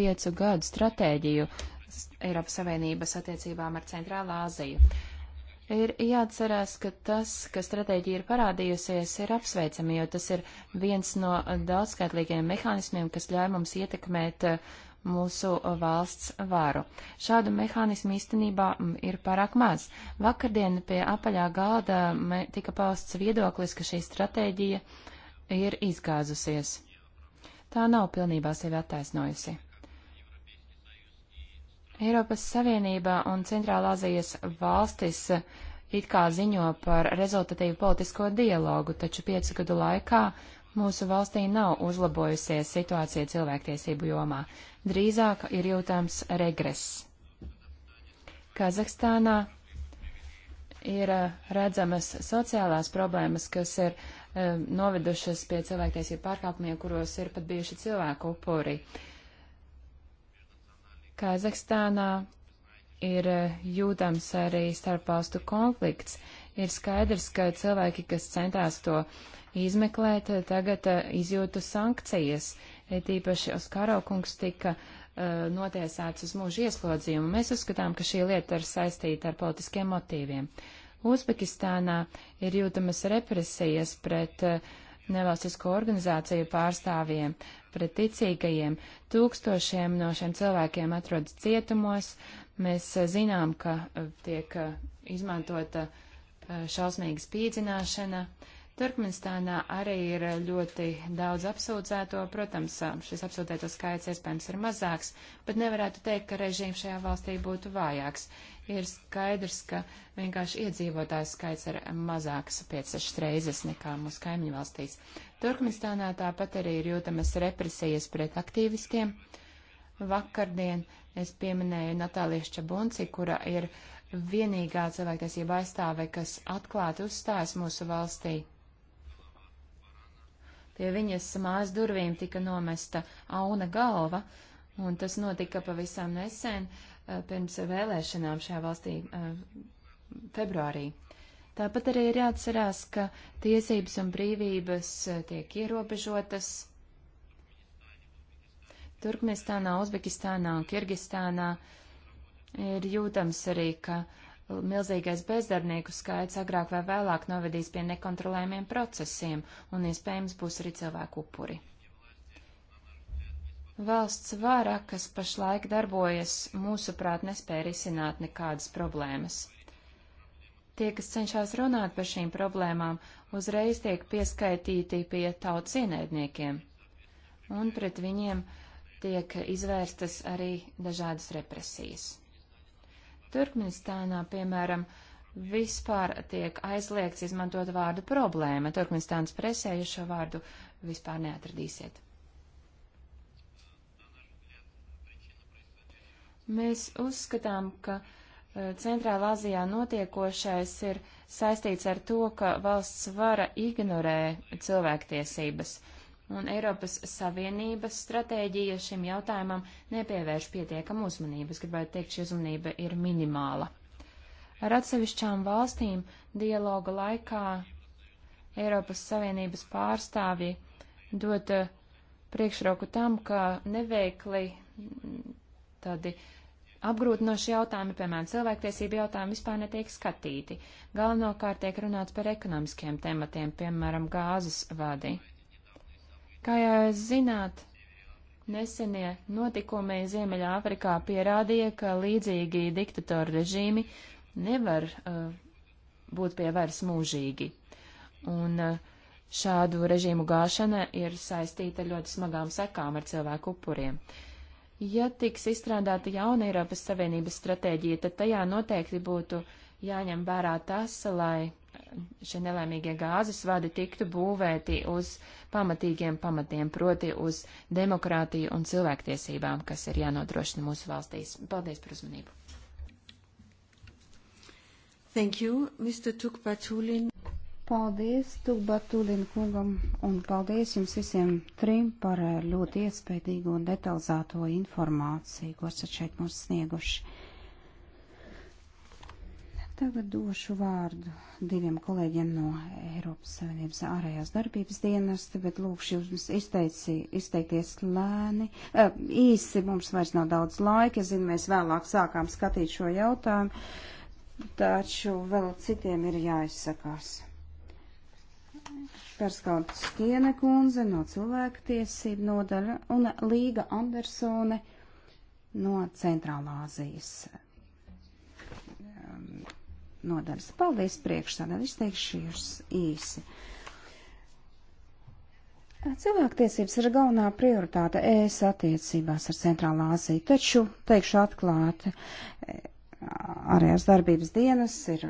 piecu gadu stratēģiju Eiropas Savienības attiecībām ar Centrālā Aziju. Ir jāatcerās, ka tas, ka stratēģija ir parādījusies, ir apsveicami, jo tas ir viens no daudzskaitlīgiem mehānismiem, kas ļauj mums ietekmēt uh, mūsu uh, valsts varu. Šādu mehānismu īstenībā mm, ir pārāk maz. Vakardien pie apaļā galda tika pausts viedoklis, ka šī stratēģija ir izgāzusies. Tā nav pilnībā sevi attaisnojusi. Eiropas Savienība un Centrālāzijas valstis uh, it kā ziņo par rezultatīvu politisko dialogu, taču piecu gadu laikā mūsu valstī nav uzlabojusies situācija cilvēktiesību jomā drīzāk ir jūtams regress. Kazahstānā ir eh, redzamas sociālās problēmas, kas ir e, novedušas pie cilvēktiesību pārkāpumiem, kuros ir pat bijuši cilvēku upuri. Kazahstānā ir eh, jūtams arī starpvalstu konflikts. Ir skaidrs, ka cilvēki, kas centās to izmeklēt, tagad e, izjūtu sankcijas. Uh, it īpaši Oskaro kungs tika uh, notiesāts uz mūža ieslodzījumu. Mēs uzskatām, ka šī lieta ir saistīta ar politiskiem motīviem. Uzbekistānā ir jūtamas represijas pret uh, nevalstisko organizāciju pārstāvjiem, pret ticīgajiem. Tūkstošiem no šiem cilvēkiem atrodas cietumos. Mēs uh, zinām, ka tiek izmantota šausmīga spīdzināšana. Uh, Turkmenistānā arī ir ļoti daudz apsūdzēto. Protams, um, šis apsūdzēto skaits iespējams ir mazāks, bet nevarētu teikt, ka režīms šajā valstī būtu vājāks. Ir skaidrs, ka vienkārši iedzīvotājs skaits ir mazāks 5-6 reizes nekā mūsu kaimiņu valstīs. Turkmenistānā tāpat arī ir jūtamas represijas pret aktīvistiem. Vakardien es pieminēju Natālijas Čabunci, kura ir vienīgā cilvēktiesība aizstāve, kas atklāti uzstājas mūsu valstī Pie viņas mājas durvīm tika nomesta auna galva, un tas notika pavisam nesen, eh, pirms vēlēšanām šajā valstī eh, februārī. Tāpat arī ir jāatcerās, ka tiesības un brīvības eh, tiek ierobežotas. Turkmenistānā, Uzbekistānā un Kirgistānā ir jūtams arī, ka uh, Uh, milzīgais bezdarbnieku skaits agrāk vai vēlāk novedīs pie nekontrolējumiem procesiem un iespējams būs arī cilvēku upuri. Valsts vara, kas pašlaik darbojas, mūsuprāt, nespēja risināt nekādas problēmas. Tie, kas cenšas runāt par šīm problēmām, uzreiz tiek pieskaitīti pie tautas ienaidniekiem, un pret viņiem tiek izvērstas arī dažādas represijas. Turkmenistānā, piemēram, vispār tiek aizliegts izmantot vārdu problēma. Turkmenistānas presē jūs šo vārdu vispār neatradīsiet. Mēs uzskatām, ka e, Centrālā Azijā notiekošais ir saistīts ar to, ka valsts vara ignorē cilvēktiesības. Uh, un Eiropas Savienības stratēģija šim jautājumam nepievērš pietiekamu uzmanību. Es gribētu teikt, šī uzmanība ir minimāla. Ar atsevišķām valstīm dialoga laikā Eiropas Savienības pārstāvji dot eh, priekšroku tam, ka neveikli mm, tādi apgrūtinoši jautājumi, piemēram, cilvēktiesību jautājumi vispār netiek skatīti. Galvenokārt tiek runāts par ekonomiskiem tematiem, piemēram, gāzes vadī. Kā jau jūs zināt, nesenie notikumi Ziemeļā Afrikā pierādīja, ka līdzīgi diktatoru režīmi nevar uh, būt pie varas mūžīgi. Un uh, šādu režīmu gāšana ir saistīta ļoti smagām sekām ar cilvēku upuriem. Ja tiks izstrādāta jauna Eiropas Savienības stratēģija, tad tajā noteikti būtu jāņem vērā tas, lai šie nelēmīgie gāzes vadi tiktu būvēti uz pamatīgiem pamatiem, proti uz demokrātiju un cilvēktiesībām, kas ir jānodrošina mūsu valstīs. Paldies par uzmanību. Thank you, Mr. Tukbatulin. Paldies Tukbatulin kungam un paldies jums visiem trim par eh, ļoti iespējīgo un detalizēto informāciju, ko esat šeit mums snieguši. Tagad došu vārdu diviem kolēģiem no Eiropas Savienības ārējās darbības dienesta, bet lūkšu jums izteici, izteikties lēni. E, īsi mums vairs nav daudz laika, es zinu, mēs vēlāk sākām skatīt šo jautājumu, taču vēl citiem ir jāizsakās. Perskalps Stiene kundze no cilvēktiesību nodaļa un Līga Andersone no Centrālāzijas. Um, nodaļas. Paldies priekšsādā, izteikšos īsi. Cilvēktiesības ir galvenā prioritāte ES attiecībās ar Centrālā Āziju, taču, teikšu atklāti, ārējās darbības dienas ir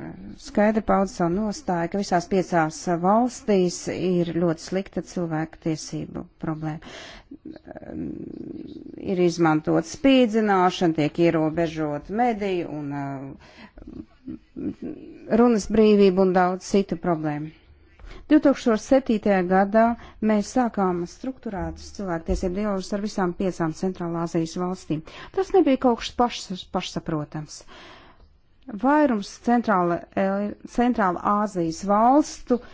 skaidri paudz savu nostāju, ka visās piecās valstīs ir ļoti slikta cilvēktiesību problēma. Ir izmantot spīdzināšana, tiek ierobežot mediju un runas brīvību un daudz citu problēmu. 2007. gadā mēs sākām struktūrētas cilvēktiesību dialogus ar visām piecām Centrālāzijas valstīm. Tas nebija kaut kas pašs, pašsaprotams. Vairums Centrāla, eh, Centrāla Āzijas valstu uh,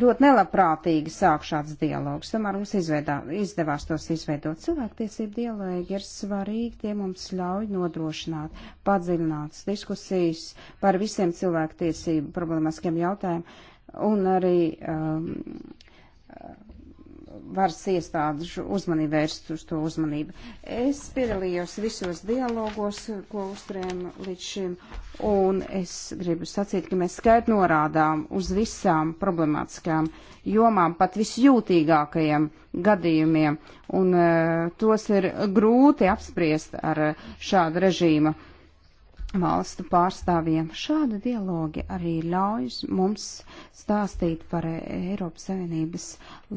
ļoti nelabprātīgi sāk šāds dialogs. Tomēr mums izveidā, izdevās tos izveidot. Cilvēktiesību dialogi ir svarīgi, tie mums ļauj nodrošināt padziļinātas diskusijas par visiem cilvēktiesību problemātiskiem jautājumiem un arī um, varas iestādes uzmanību vērst uz to uzmanību. Es piedalījos visos dialogos, ko uzturējām līdz šim, un es gribu sacīt, ka mēs skait norādām uz visām problemātiskām jomām, pat visjūtīgākajiem gadījumiem, un uh, tos ir grūti apspriest ar eh, šādu režīmu valstu pārstāvjiem. Šādi dialogi arī ļauj mums stāstīt par Eiropas Savienības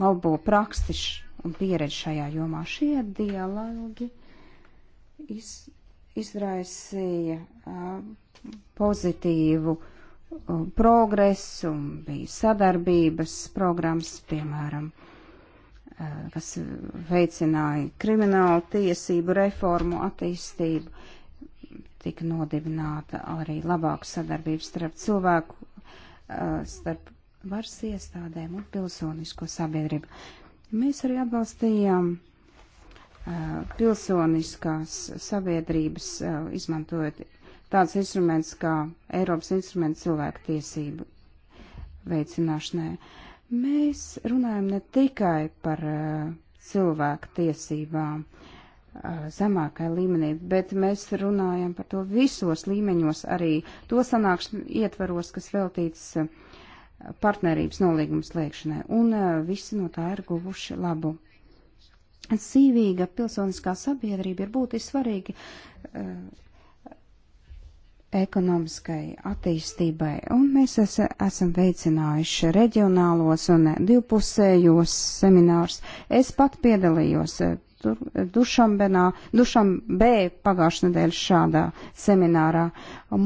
labo praksi un pieredzi šajā jomā. Šie dialogi iz, izraisīja uh, pozitīvu uh, progresu, bija sadarbības programmas, piemēram, uh, kas veicināja kriminālu tiesību reformu attīstību tika nodibināta arī labāka sadarbība starp cilvēku, starp varas iestādēm un pilsonisko sabiedrību. Mēs arī atbalstījām pilsoniskās sabiedrības, izmantojot tāds instruments kā Eiropas instruments cilvēku tiesību veicināšanai. Mēs runājam ne tikai par cilvēku tiesībām, uh, Eh, zemākai līmenī, bet mēs runājam par to visos līmeņos, arī to sanākšanu ietvaros, kas veltīts eh, partnerības nolīgumu slēgšanai, un eh, visi no tā ir guvuši labu. Sīvīga pilsoniskā sabiedrība ir būtiski svarīga uh, ekonomiskai attīstībai, un mēs es, esam veicinājuši reģionālos un divpusējos seminārus. Es pat piedalījos Dušambenā, Dušambē pagājušajā nedēļā šādā seminārā.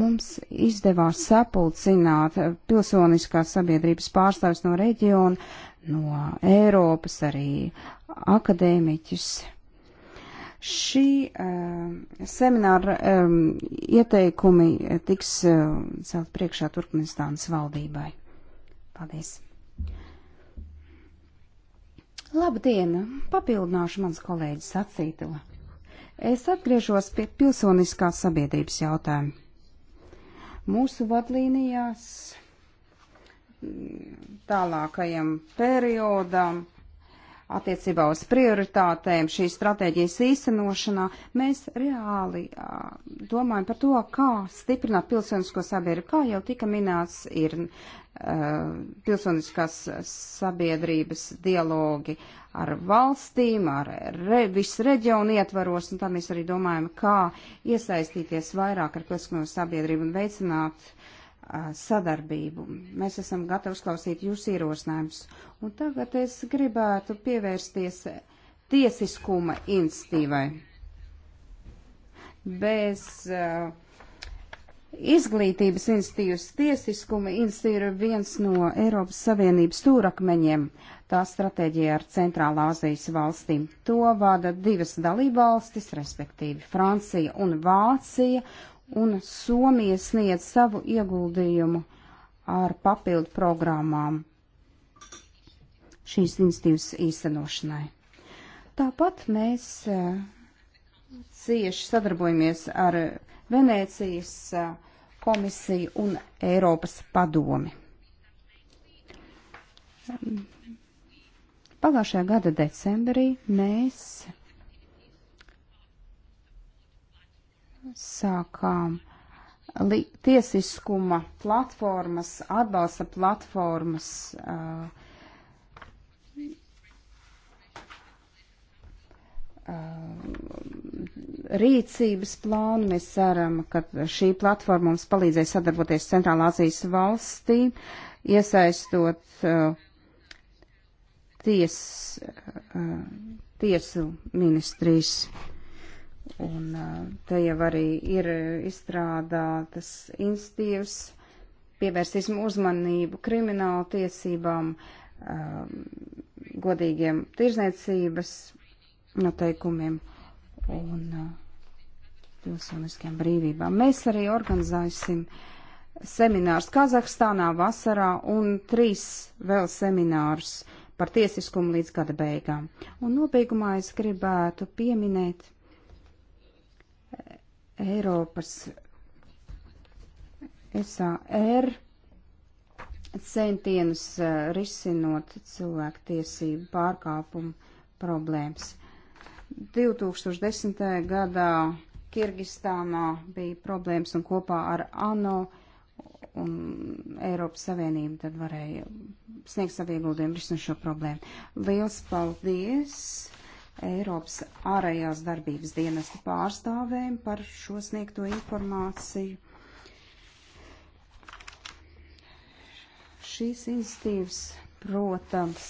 Mums izdevās sapulcināt pilsoniskās sabiedrības pārstāvis no reģiona, no Eiropas arī akadēmiķus. Šī uh, semināra um, ieteikumi tiks uh, celt priekšā Turkmenistānas valdībai. Paldies! Labdien! Papildināšu mans kolēģis sacīto. Es atgriežos pie pilsoniskās sabiedrības jautājuma. Mūsu vadlīnijās tālākajam periodam attiecībā uz prioritātēm šīs stratēģijas īstenošanā, mēs reāli uh, domājam par to, kā stiprināt pilsonisko sabiedrību. Kā jau tika minēts, ir uh, pilsoniskās sabiedrības dialogi ar valstīm, ar re, visu reģionu ietvaros, un tā mēs arī domājam, kā iesaistīties vairāk ar pilsonisko sabiedrību un veicināt uh, sadarbību. Mēs esam gatavi uzklausīt jūsu ierosinājumus. Un tagad es gribētu pievērsties tiesiskuma institīvai. Bez uh, izglītības institīvas tiesiskuma institīva ir viens no Eiropas Savienības stūrakmeņiem tā stratēģija ar Centrālā Azijas valstīm. To vada divas dalībvalstis, respektīvi Francija un Vācija, un Somija sniedz savu ieguldījumu ar papildu programmām šīs institīvas īstenošanai. Tāpat mēs e, cieši sadarbojamies ar Venēcijas e, komisiju un Eiropas padomi. Pagājušajā gada decembrī mēs sākām tiesiskuma platformas, atbalsta platformas uh, rīcības plānu. Mēs ceram, ka šī platforma mums palīdzēs sadarboties Centrālā Azijas valstī, iesaistot uh, ties, uh, tiesu ministrijas Un eh, te jau arī ir izstrādātas institīvas, pievērsīsim uzmanību kriminālu tiesībām, eh, godīgiem tirzniecības noteikumiem un eh, pilsoniskiem brīvībām. Mēs arī organizēsim seminārs Kazahstānā vasarā un trīs vēl seminārus par tiesiskumu līdz gada beigām. Un nobeigumā es gribētu pieminēt Eiropas SAR centienus eh, risinot cilvēku tiesību pārkāpumu problēmas. 2010. gadā Kirgistānā bija problēmas un kopā ar ANO un Eiropas Savienību tad varēja sniegt savu ieguldījumu risinot šo problēmu. Liels paldies! Eiropas ārējās darbības dienesta pārstāvēm par šo sniegto informāciju. Šīs institīvas, protams,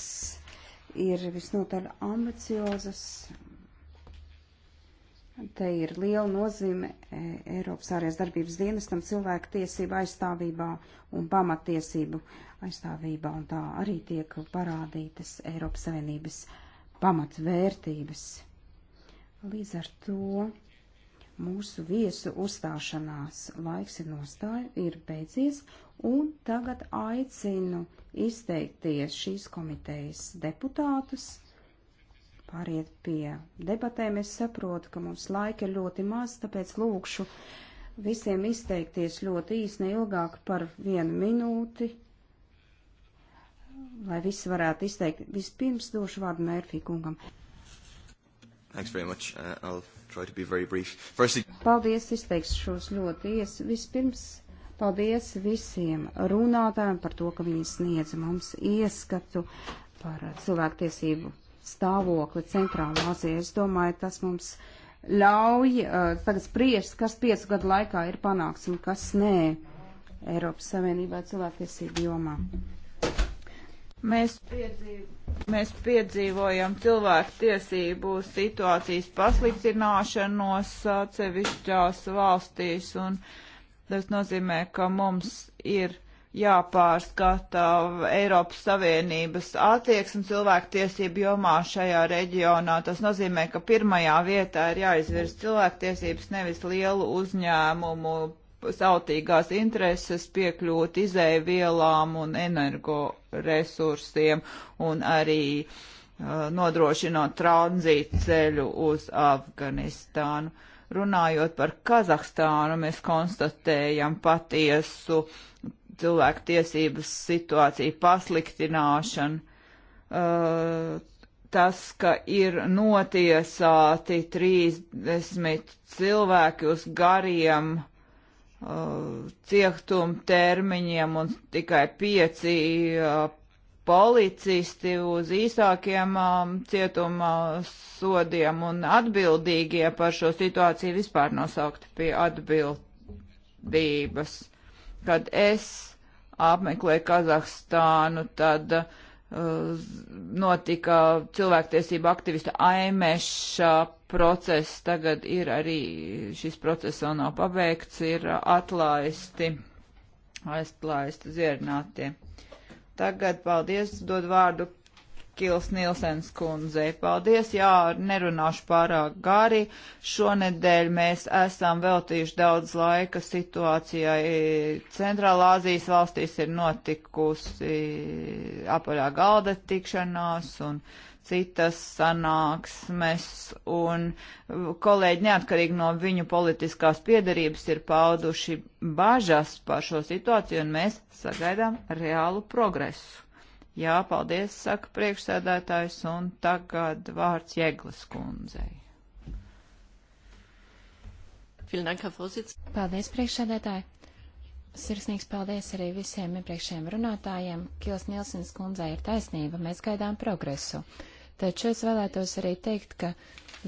ir visnotaļ ambiciozas. Te ir liela nozīme e, Eiropas ārējās darbības dienestam cilvēku tiesību aizstāvībā un pamatiesību aizstāvībā, un tā arī tiek parādītas Eiropas Savienības pamatvērtības. Līdz ar to mūsu viesu uzstāšanās laiks ir nostāju, ir beidzies, un tagad aicinu izteikties šīs komitejas deputātus, pāriet pie debatēm. Es saprotu, ka mums laika ir ļoti maz, tāpēc lūkšu visiem izteikties ļoti īsni ilgāk par vienu minūti lai viss varētu izteikt. Vispirms došu vārdu Mērfī kungam. Thanks very much. Uh, I'll try to be very brief. Firstly... Paldies, izteikšu šos ļoti ies. Vispirms paldies visiem runātājiem par to, ka viņi sniedz mums ieskatu par cilvēktiesību stāvokli Centrālā Azijā. Es domāju, tas mums ļauj uh, tagad spriest, kas piecu gadu laikā ir panāks un kas nē Eiropas Savienībā cilvēktiesību jomā. Mm -hmm. Mēs, piedzīv, mēs piedzīvojam cilvēku tiesību situācijas pasliktināšanos atsevišķās valstīs, un tas nozīmē, ka mums ir jāpārskata Eiropas Savienības attieksme cilvēku tiesību jomā šajā reģionā. Tas nozīmē, ka pirmajā vietā ir jāizvirz cilvēku tiesības, nevis lielu uzņēmumu sautīgās intereses piekļūt izēvielām un energoresursiem un arī uh, nodrošinot tranzītu ceļu uz Afganistānu. Runājot par Kazahstānu, mēs konstatējam patiesu cilvēku tiesības situāciju pasliktināšanu. Uh, tas, ka ir notiesāti 30 cilvēki uz gariem Uh, cietuma termiņiem un tikai pieci uh, policisti uz īsākiem um, cietuma sodiem un atbildīgie par šo situāciju vispār nosaukti pie atbildības. Kad es apmeklēju Kazahstānu, tad uh, Eh, notika cilvēktiesība aktivista Aimeša process, tagad ir arī šis process vēl nav pabeigts, ir atlaisti, aizklaisti zierinātie. Tagad paldies, dod vārdu Kils Nilsens kundzei. Paldies, jā, nerunāšu pārāk gari. Šonedēļ mēs esam veltījuši daudz laika situācijai. Centrālā Azijas valstīs ir notikusi apaļā galda tikšanās un citas sanāksmes, un kolēģi neatkarīgi no viņu politiskās piedarības ir pauduši bažas par šo situāciju, un mēs sagaidām reālu progresu. Jā, paldies, saka priekšsēdētājs, un tagad vārds Jeglas kundzei. Paldies, priekšsēdētāji! Sirsnīgs paldies arī visiem iepriekšējiem runātājiem. Kils Nielsens kundzei ir taisnība, mēs gaidām progresu. Taču es vēlētos arī teikt, ka,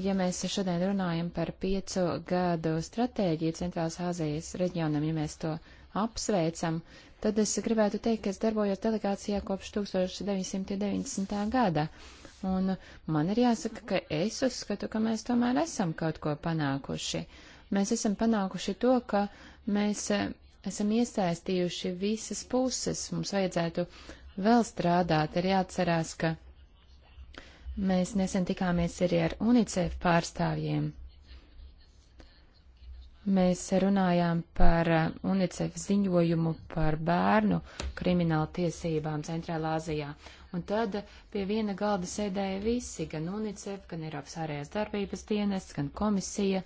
ja mēs šodien runājam par piecu gadu stratēģiju Centrālās Āzijas reģionam, ja mēs to apsveicam, uh, tad es gribētu teikt, ka es darbojos delegācijā kopš 1990. gada. Un man ir jāsaka, ka es uzskatu, ka mēs tomēr esam kaut ko panākuši. Mēs esam panākuši to, ka mēs eh, esam iesaistījuši visas puses. Mums vajadzētu vēl strādāt, ir jāatcerās, ka mēs nesen tikāmies arī ar UNICEF pārstāvjiem. Mēs runājām par eh, UNICEF ziņojumu par bērnu kriminālu tiesībām Centrālā Azijā. Un tad eh, pie viena galda sēdēja visi, gan UNICEF, gan Eiropas ārējās darbības dienests, gan komisija.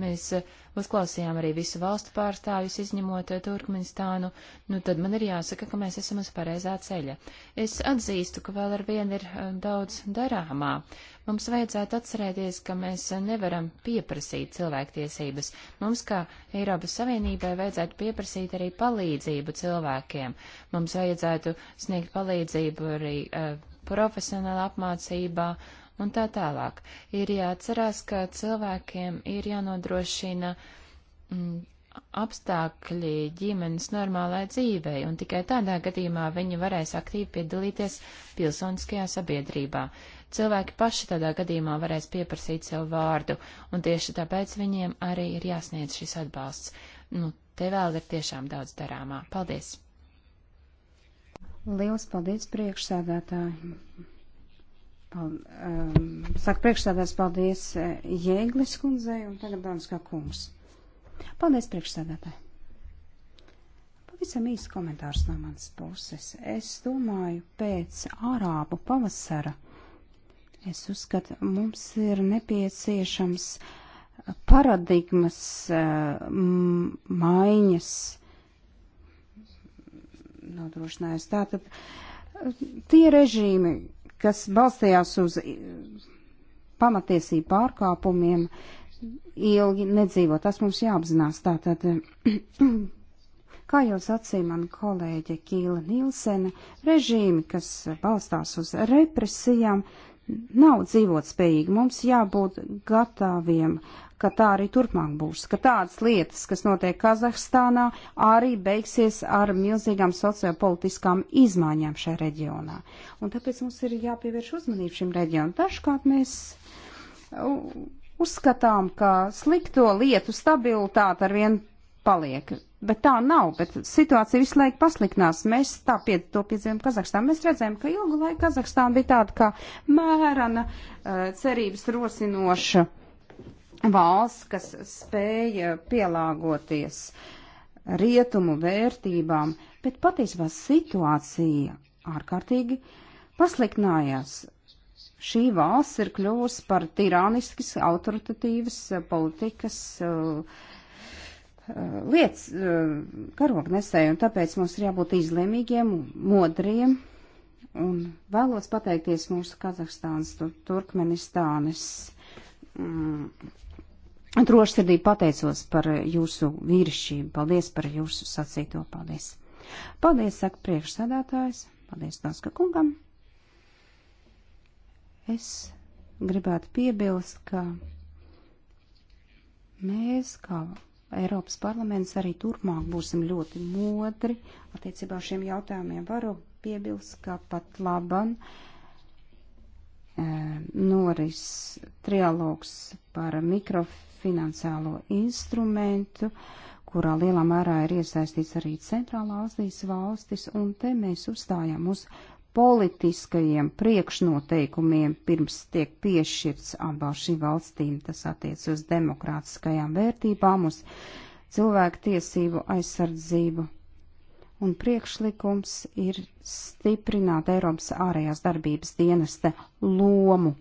Mēs eh, uzklausījām arī visu valstu pārstāvjus, izņemot Turkmenistānu. Nu, tad man ir jāsaka, ka mēs esam uz pareizā ceļa. Es atzīstu, ka vēl ar vienu ir daudz darāmā. Mums vajadzētu atcerēties, ka mēs nevaram pieprasīt cilvēktiesības. Mums, kā Eiropas Savienībai, vajadzētu pieprasīt arī palīdzību cilvēkiem. Mums vajadzētu sniegt palīdzību arī uh, profesionāla apmācībā un tā tālāk. Ir jāatcerās, ka cilvēkiem ir jānodrošina mm, apstākļi ģimenes normālai dzīvei, un tikai tādā gadījumā viņi varēs aktīvi piedalīties pilsoniskajā sabiedrībā cilvēki paši tādā gadījumā varēs pieprasīt sev vārdu, un tieši tāpēc viņiem arī ir jāsniedz šis atbalsts. Nu, te vēl ir tiešām daudz darāmā. Paldies! Liels paldies priekšsēdētāji! Pal, um, saka priekšsēdētājs paldies eh, Jēglis kundzei un tagad Danskā kungs. Paldies priekšsēdētāji! Pavisam īsts komentārs no manas puses. Es domāju, pēc ārābu pavasara Es uzskatu, mums ir nepieciešams paradigmas eh, maiņas nodrošinājums. Tātad eh, tie režīmi, kas balstījās uz eh, pamatiesību pārkāpumiem, ilgi nedzīvo. Tas mums jāapzinās. Tātad, kā jau sacīja man kolēģe Kīla Nilsene, režīmi, kas balstās uz represijām, uh, nav dzīvot spējīgi. Mums jābūt gataviem, ka tā arī turpmāk būs, ka tādas lietas, kas notiek Kazahstānā, arī beigsies ar milzīgām sociopolitiskām izmaiņām šajā reģionā. Un tāpēc mums ir jāpievērš uzmanību šim reģionam. Dažkārt mēs uzskatām, ka slikto lietu stabilitāte ar vienu paliek. Bet tā nav, bet situācija visu laiku pasliknās. Mēs tā pie, to piedzīvojam Kazahstānā. Mēs redzējām, ka ilgu laiku Kazahstāna bija tāda kā mērana, uh, cerības rosinoša valsts, kas spēja pielāgoties rietumu vērtībām, bet patiesībā situācija ārkārtīgi pasliknājās. Šī valsts ir kļuvusi par tirāniskas, autoritatīvas uh, politikas uh, lietas eh, karognesēji, un tāpēc mums ir jābūt izlēmīgiem, modriem, un vēlos pateikties mūsu Kazahstānas, Turkmenistānas. Mm, Drošsirdīgi pateicos par jūsu vīrišķību, paldies par jūsu sacīto, paldies. Paldies, saka priekšsēdētājs, paldies Danska kungam. Es gribētu piebilst, ka mēs kā Eiropas parlaments arī turpmāk būsim ļoti modri attiecībā uz šiem jautājumiem. Varu piebilst, ka pat laban e, noris trialogs par mikrofinansālo instrumentu, kurā lielā mērā ir iesaistīts arī centrālā Azijas valstis, un te mēs uzstājām uz politiskajiem priekšnoteikumiem pirms tiek piešķirts abām šīm valstīm. Tas attiec uz demokrātiskajām vērtībām, uz cilvēku tiesību aizsardzību. Un priekšlikums ir stiprināt Eiropas ārējās darbības dienesta lomu,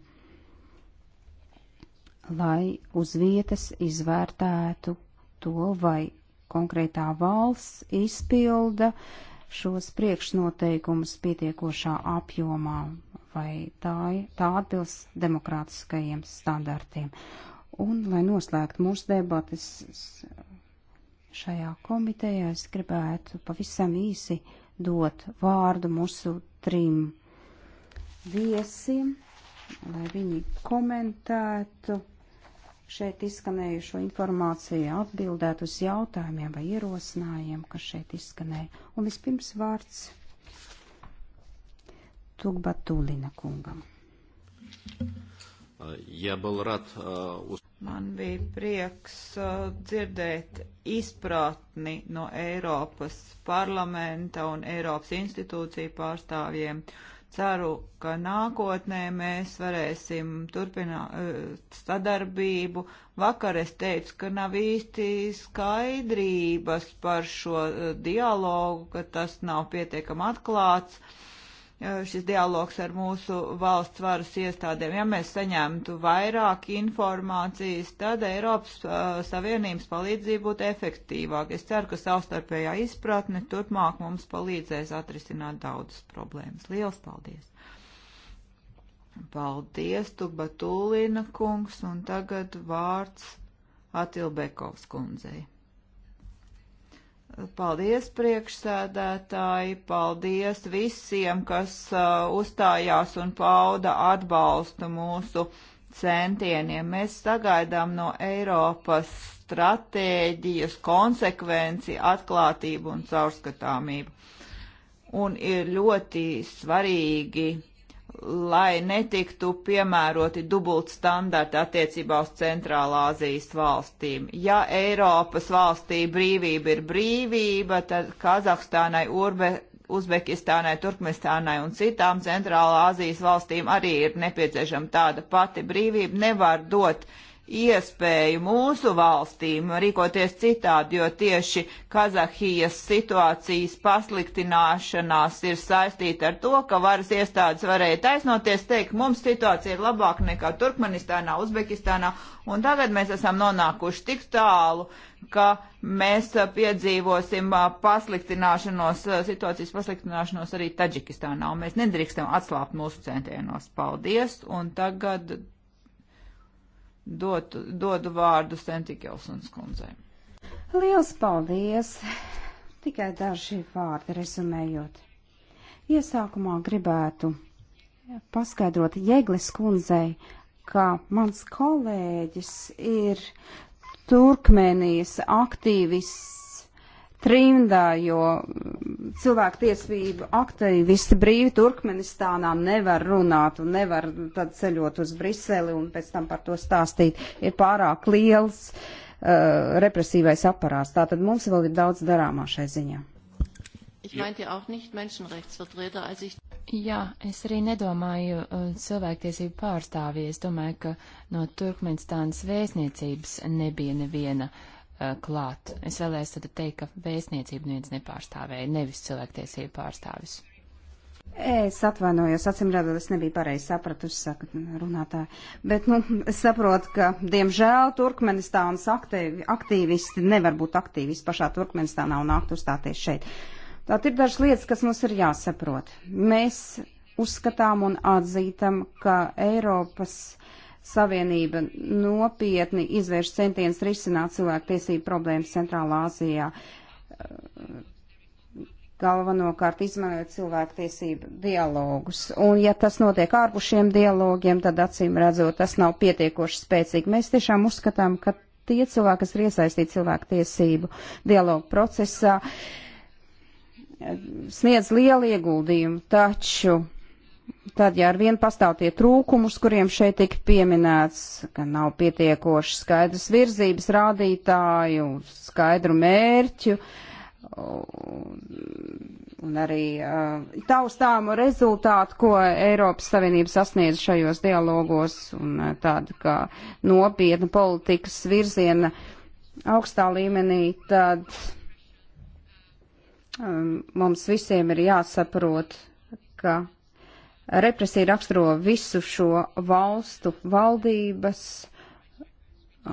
lai uz vietas izvērtētu to, vai konkrētā valsts izpilda uh, šos priekšnoteikumus pietiekošā apjomā, vai tā, tā atbilst demokrātiskajiem standartiem. Un, lai noslēgtu mūsu debatas šajā komitejā, es gribētu pavisam īsi dot vārdu mūsu trim viesiem, lai viņi komentētu šeit izskanējušo informāciju, atbildēt uz jautājumiem vai ierosinājumiem, kas šeit izskanēja. Un vispirms vārds Tugbatulina kungam. Ja balrat, uh, uz... Man bija prieks uh, dzirdēt izpratni no Eiropas parlamenta un Eiropas institūciju pārstāvjiem. Uh, Ceru, ka nākotnē mēs varēsim turpināt eh, sadarbību. Vakar es teicu, ka nav īsti skaidrības par šo eh, dialogu, ka tas nav pietiekam atklāts šis dialogs ar mūsu valsts varas iestādēm. Ja mēs saņemtu vairāk informācijas, tad Eiropas uh, Savienības palīdzība būtu efektīvāka. Es ceru, ka savstarpējā izpratne turpmāk mums palīdzēs atrisināt daudzas problēmas. Lielas paldies! Paldies, Tuba Tūlīna kungs, un tagad vārds Atilbekovs kundzei. Paldies, priekšsēdētāji, paldies visiem, kas uh, uzstājās un pauda atbalstu mūsu centieniem. Mēs sagaidām no Eiropas stratēģijas konsekvenci, atklātību un caurskatāmību. Un ir ļoti svarīgi lai netiktu piemēroti dubult standarti attiecībā uz Centrālā Azijas valstīm. Ja Eiropas valstī brīvība ir brīvība, tad Kazahstānai, Urbe, Uzbekistānai, Turkmenistānai un citām Centrālā Azijas valstīm arī ir nepieciešama tāda pati brīvība. Nevar dot uh, iespēju mūsu valstīm rīkoties citādi, jo tieši Kazahijas situācijas pasliktināšanās ir saistīta ar to, ka varas iestādes varēja taisnoties teikt, mums situācija ir labāka nekā Turkmenistānā, Uzbekistānā, un tagad mēs esam nonākuši tik tālu, ka mēs piedzīvosim pasliktināšanos, situācijas pasliktināšanos arī Taģikistānā, un mēs nedrīkstam atslāpt mūsu centienos. Paldies, un tagad Dot, dodu vārdu Sentikelsons kundzei. Liels paldies! Tikai daži vārdi rezumējot. Iesākumā gribētu paskaidrot Jēglis kundzei, ka mans kolēģis ir Turkmēnijas aktīvists trimdā, jo cilvēku tiesību aktīvisti brīvi Turkmenistānā nevar runāt un nevar tad ceļot uz Briseli un pēc tam par to stāstīt. Ir pārāk liels uh, represīvais aparāts. Tātad mums vēl ir daudz darāmā šai ziņā. Jā, es arī nedomāju uh, cilvēktiesību pārstāvji. Es domāju, ka no Turkmenistānas vēstniecības nebija neviena uh, Eh, klāt. Es vēlējos tad teikt, ka vēstniecību neviens nepārstāvēja, nevis cilvēktiesību pārstāvis. Es atvainojos, acīm redzot, es nebiju pareizi sapratusi, saka runātāja. Bet, nu, es saprotu, ka, diemžēl, Turkmenistānas aktīvi, aktīvisti nevar būt aktīvisti pašā Turkmenistānā un nākt uzstāties šeit. Tā ir dažas lietas, kas mums ir jāsaprot. Mēs uzskatām un atzītam, ka Eiropas Savienība nopietni izvērš centienus risināt cilvēku tiesību problēmas Centrālā Azijā, galvenokārt izmantojot cilvēku tiesību dialogus. Un ja tas notiek ārpus šiem dialogiem, tad acīm redzot, tas nav pietiekoši spēcīgi. Mēs tiešām uzskatām, ka tie cilvēki, kas ir iesaistīti cilvēku tiesību dialogu procesā, sniedz lielu ieguldījumu, taču Tad, ja ar vienu pastāv tie trūkumi, uz kuriem šeit tika pieminēts, ka nav pietiekoši skaidrs virzības rādītāju, skaidru mērķu un arī uh, taustāmu rezultātu, ko Eiropas Savienība sasniedz šajos dialogos un uh, tāda kā nopietna politikas virziena augstā līmenī, tad um, mums visiem ir jāsaprot, ka Represija raksturo visu šo valstu valdības,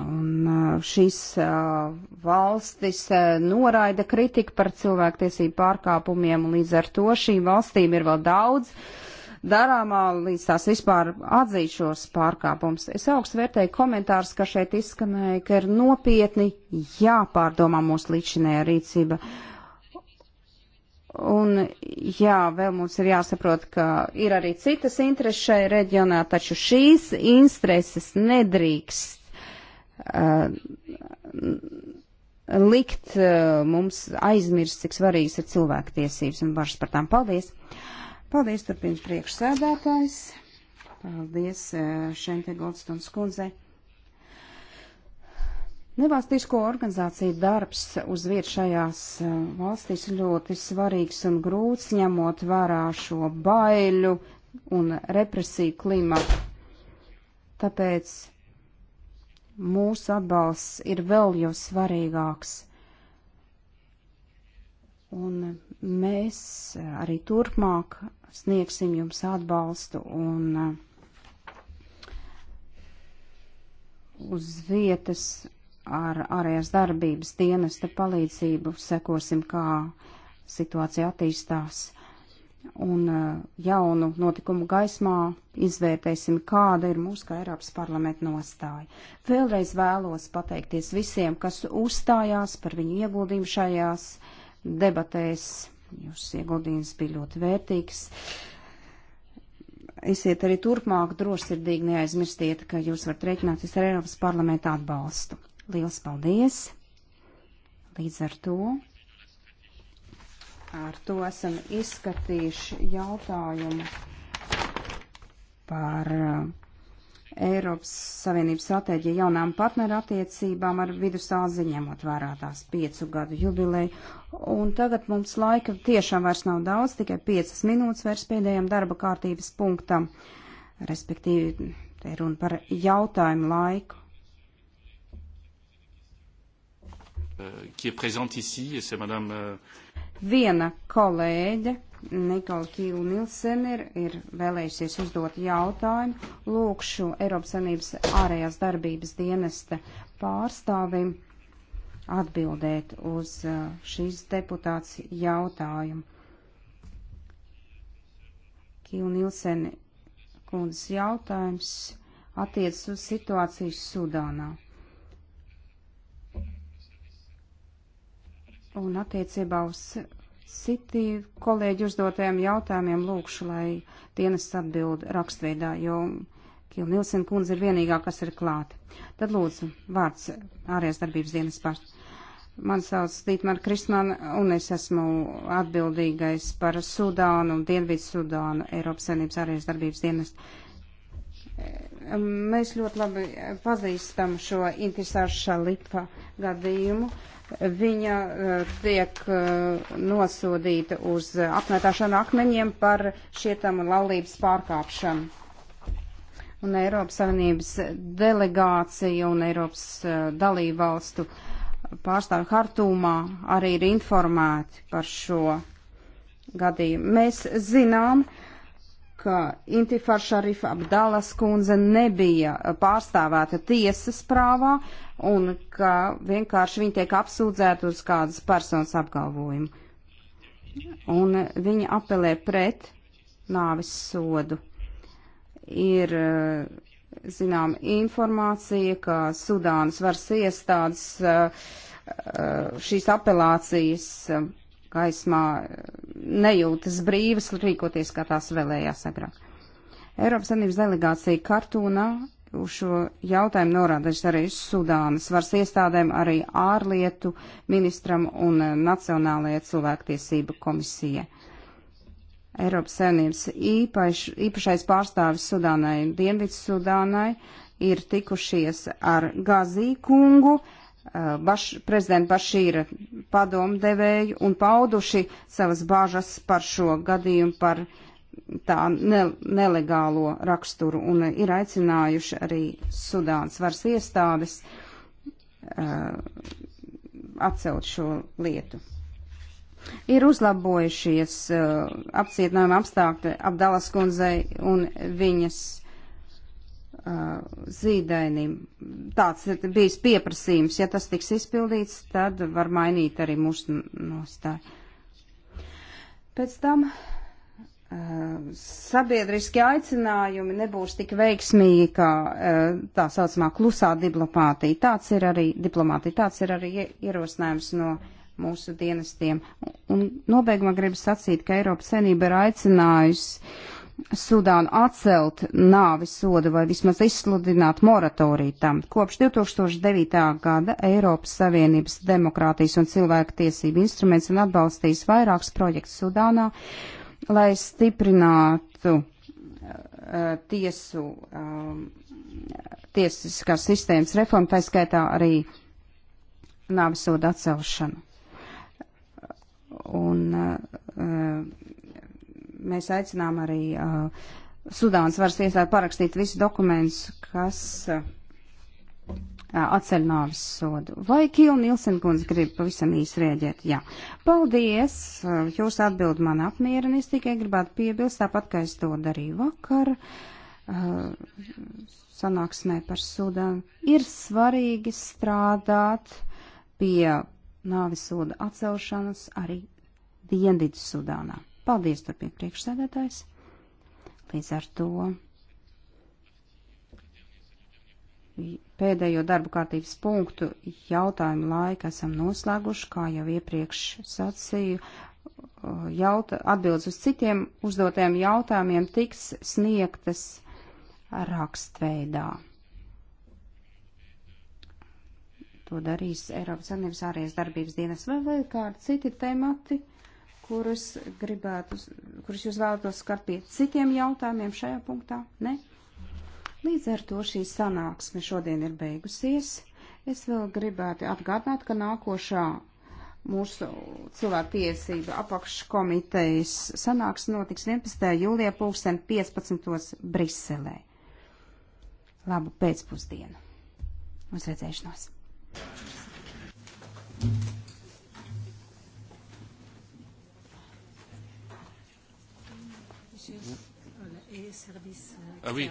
un uh, šīs uh, valstis uh, noraida kritiku par cilvēktiesību pārkāpumiem, un līdz ar to šīm valstīm ir vēl daudz darāmā, līdz tās vispār atzīšos pārkāpums. Es augstu vērtēju komentārs, ka šeit izskanēja, ka ir nopietni jāpārdomā mūsu līdzinējā rīcība. Uh, Un jā, vēl mums ir jāsaprot, ka ir arī citas intereses šai reģionā, taču šīs intereses nedrīkst uh, likt uh, mums aizmirst, cik svarīgas ir cilvēktiesības un bažas par tām. Paldies! Paldies, turpina priekšsēdētājs. Paldies uh, Šente Goldstons kundzei. Nevalstisko organizāciju darbs uz vietas šajās eh, valstīs ļoti svarīgs un grūts, ņemot vērā šo baiļu un represiju klimatu. Tāpēc mūsu atbalsts ir vēl jau svarīgāks. Un mēs arī turpmāk sniegsim jums atbalstu un uh, uz vietas ar ārējās darbības dienesta palīdzību sekosim, kā situācija attīstās. Un eh, jaunu notikumu gaismā izvērtēsim, kāda ir mūsu kā Eiropas parlamenta nostāja. Vēlreiz vēlos pateikties visiem, kas uzstājās par viņu ieguldījumu šajās debatēs. Jūsu ieguldījums bija ļoti vērtīgs. Esiet arī turpmāk drosirdīgi, neaizmirstiet, ka jūs varat rēķināties ar Eiropas parlamenta atbalstu. Liels paldies! Līdz ar to, ar to esam izskatījuši jautājumu par eh, Eiropas Savienības stratēģiju jaunām partneru attiecībām ar vidusāzi ņemot vērā tās piecu gadu jubileju. Un tagad mums laika tiešām vairs nav daudz, tikai piecas minūtes vairs pēdējiem darba kārtības punktam, respektīvi te runa par jautājumu laiku. Euh, qui est présente ici, et c'est Madame. Euh... Viena kolēģe, Nikola Kīla Nilsen, ir, ir vēlējusies uzdot jautājumu. Lūkšu Eiropas Sanības ārējās darbības dienesta pārstāvim atbildēt uz uh, šīs deputāts jautājumu. Kīla Nilsen kundzes jautājums attiec uz situāciju Sudānā. Un attiecībā uz citi kolēģi uzdotajiem jautājumiem lūkšu, lai dienas atbild rakstveidā, jo Kila Nilsen kundze ir vienīgā, kas ir klāta. Tad lūdzu, vārds ārējās darbības dienas pār. Man sauc Dītmar Krisman, un es esmu atbildīgais par Sudānu un Dienvidu Sudānu Eiropas Savienības ārējās darbības dienas. Mēs ļoti labi pazīstam šo Intisāru Šalipa gadījumu. Uh, Viņa eh, tiek eh, nosodīta uz eh, apmetāšanu akmeņiem par šietam laulības pārkāpšanu. Un Eiropas Savienības delegācija un Eiropas dalībvalstu pārstāvju Hartūmā arī ir informēti par šo gadījumu. Mēs zinām, uh, ka Intifar Šarifa Abdalas kundze nebija eh, pārstāvēta tiesas prāvā un ka vienkārši viņa tiek apsūdzēta uz kādas personas apgalvojumu. Un viņa apelē pret nāvis sodu. Ir eh, zinām informācija, ka Sudānas varas iestādes eh, šīs apelācijas gaismā eh, nejūtas brīvas rīkoties, kā tās vēlējās agrāk. Eiropas Savienības delegācija Kartūnā uz šo jautājumu norādījusi arī Sudānas varas iestādēm, arī ārlietu ministram un eh, Nacionālajai cilvēktiesība komisija. Eiropas Savienības īpaš, īpašais pārstāvis Sudānai, Dienvids Sudānai, ir tikušies ar Gazī kungu, Eh, Baš, prezidenta Bašīra padomdevēju un pauduši savas bāžas par šo gadījumu, par tā ne, nelegālo raksturu un ir aicinājuši arī Sudānas varas iestādes uh, atcelt šo lietu. Ir uzlabojušies uh, apcietinājuma apstākļi Abdalas kundzei un viņas Uh, zīdainim. Tāds ir bijis pieprasījums. Ja tas tiks izpildīts, tad var mainīt arī mūsu nostāju. Pēc tam uh, sabiedriski aicinājumi nebūs tik veiksmīgi kā uh, tā saucamā klusā diplomātija. Tāds ir arī diplomātija, tāds ir arī ierosinājums no mūsu dienestiem. Un nobeigumā gribu sacīt, ka Eiropas senība ir aicinājusi Sudānu atcelt nāvis sodu vai vismaz izsludināt moratoriju tam. Kopš 2009. gada Eiropas Savienības demokrātijas un cilvēku tiesību instruments un atbalstījis vairākus projektus Sudānā, lai stiprinātu uh, tiesu, um, tiesiskās sistēmas reformu, tā skaitā arī nāvis sodu atcelšanu. Un, uh, Mēs aicinām arī uh, Sudānas varas iestādi parakstīt visus dokumentus, kas uh, atceļ nāvis sodu. Vai Kīla Nilsenkundze grib pavisam īsi rēģēt? Jā. Paldies! Uh, Jūsu atbildi man apmierina. Es tikai gribētu piebilst, tāpat kā es to darīju vakar. Uh, sanāksmē par Sudānu. Ir svarīgi strādāt pie nāvis soda atcelšanas arī Dienvidu Sudānā. Paldies, turpina priekšsēdētājs. Līdz ar to pēdējo darbu kārtības punktu jautājumu laiku esam noslēguši, kā jau iepriekš sacīju. Jauta, atbildes uz citiem uzdotajiem jautājumiem tiks sniegtas rakstveidā. To darīs Eiropas Savienības ārējās darbības dienas vai vēl kādi citi temati kuras gribētu, kuras jūs vēlatos skart pie citiem jautājumiem šajā punktā? Ne? Līdz ar to šī sanāksme šodien ir beigusies. Es vēl gribētu atgādināt, ka nākošā mūsu cilvēktiesība apakškomitejas sanāks notiks 11. jūlijā pulksten 15. Briselē. Labu pēcpusdienu. Uz redzēšanos. Thank you. et service. Euh, ah oui.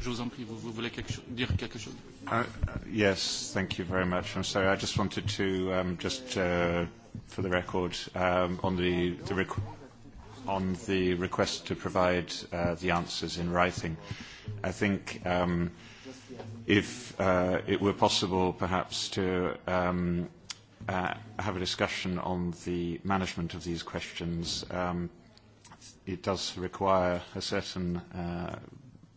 Je vous en prie, vous, vous voulez quelque chose, dire quelque chose uh, uh, Yes, thank you very much. I'm sorry, I just wanted to, um, just uh, for the record, um, on the, the rec on the request to provide uh, the answers in writing. I think um, if uh, it were possible perhaps to um, uh, have a discussion on the management of these questions, um, it does require a certain uh,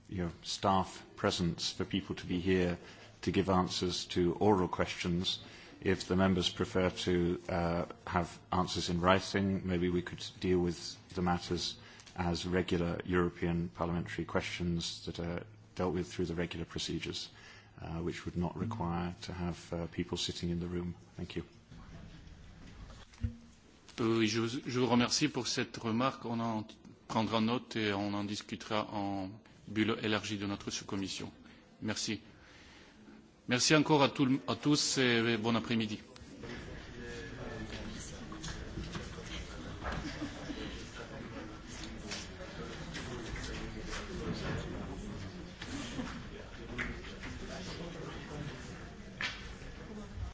you know, staff presence for people to be here to give answers to oral questions. If the members prefer to uh, have answers in writing, maybe we could deal with the matters as regular European parliamentary questions that are dealt with through the regular procedures, uh, which would not require to have uh, people sitting in the room. Thank you. Oui, je, vous, je vous remercie pour cette remarque. On en prendra note et on en discutera en bulle élargie de notre sous-commission. Merci. Merci encore à, tout, à tous et bon après-midi.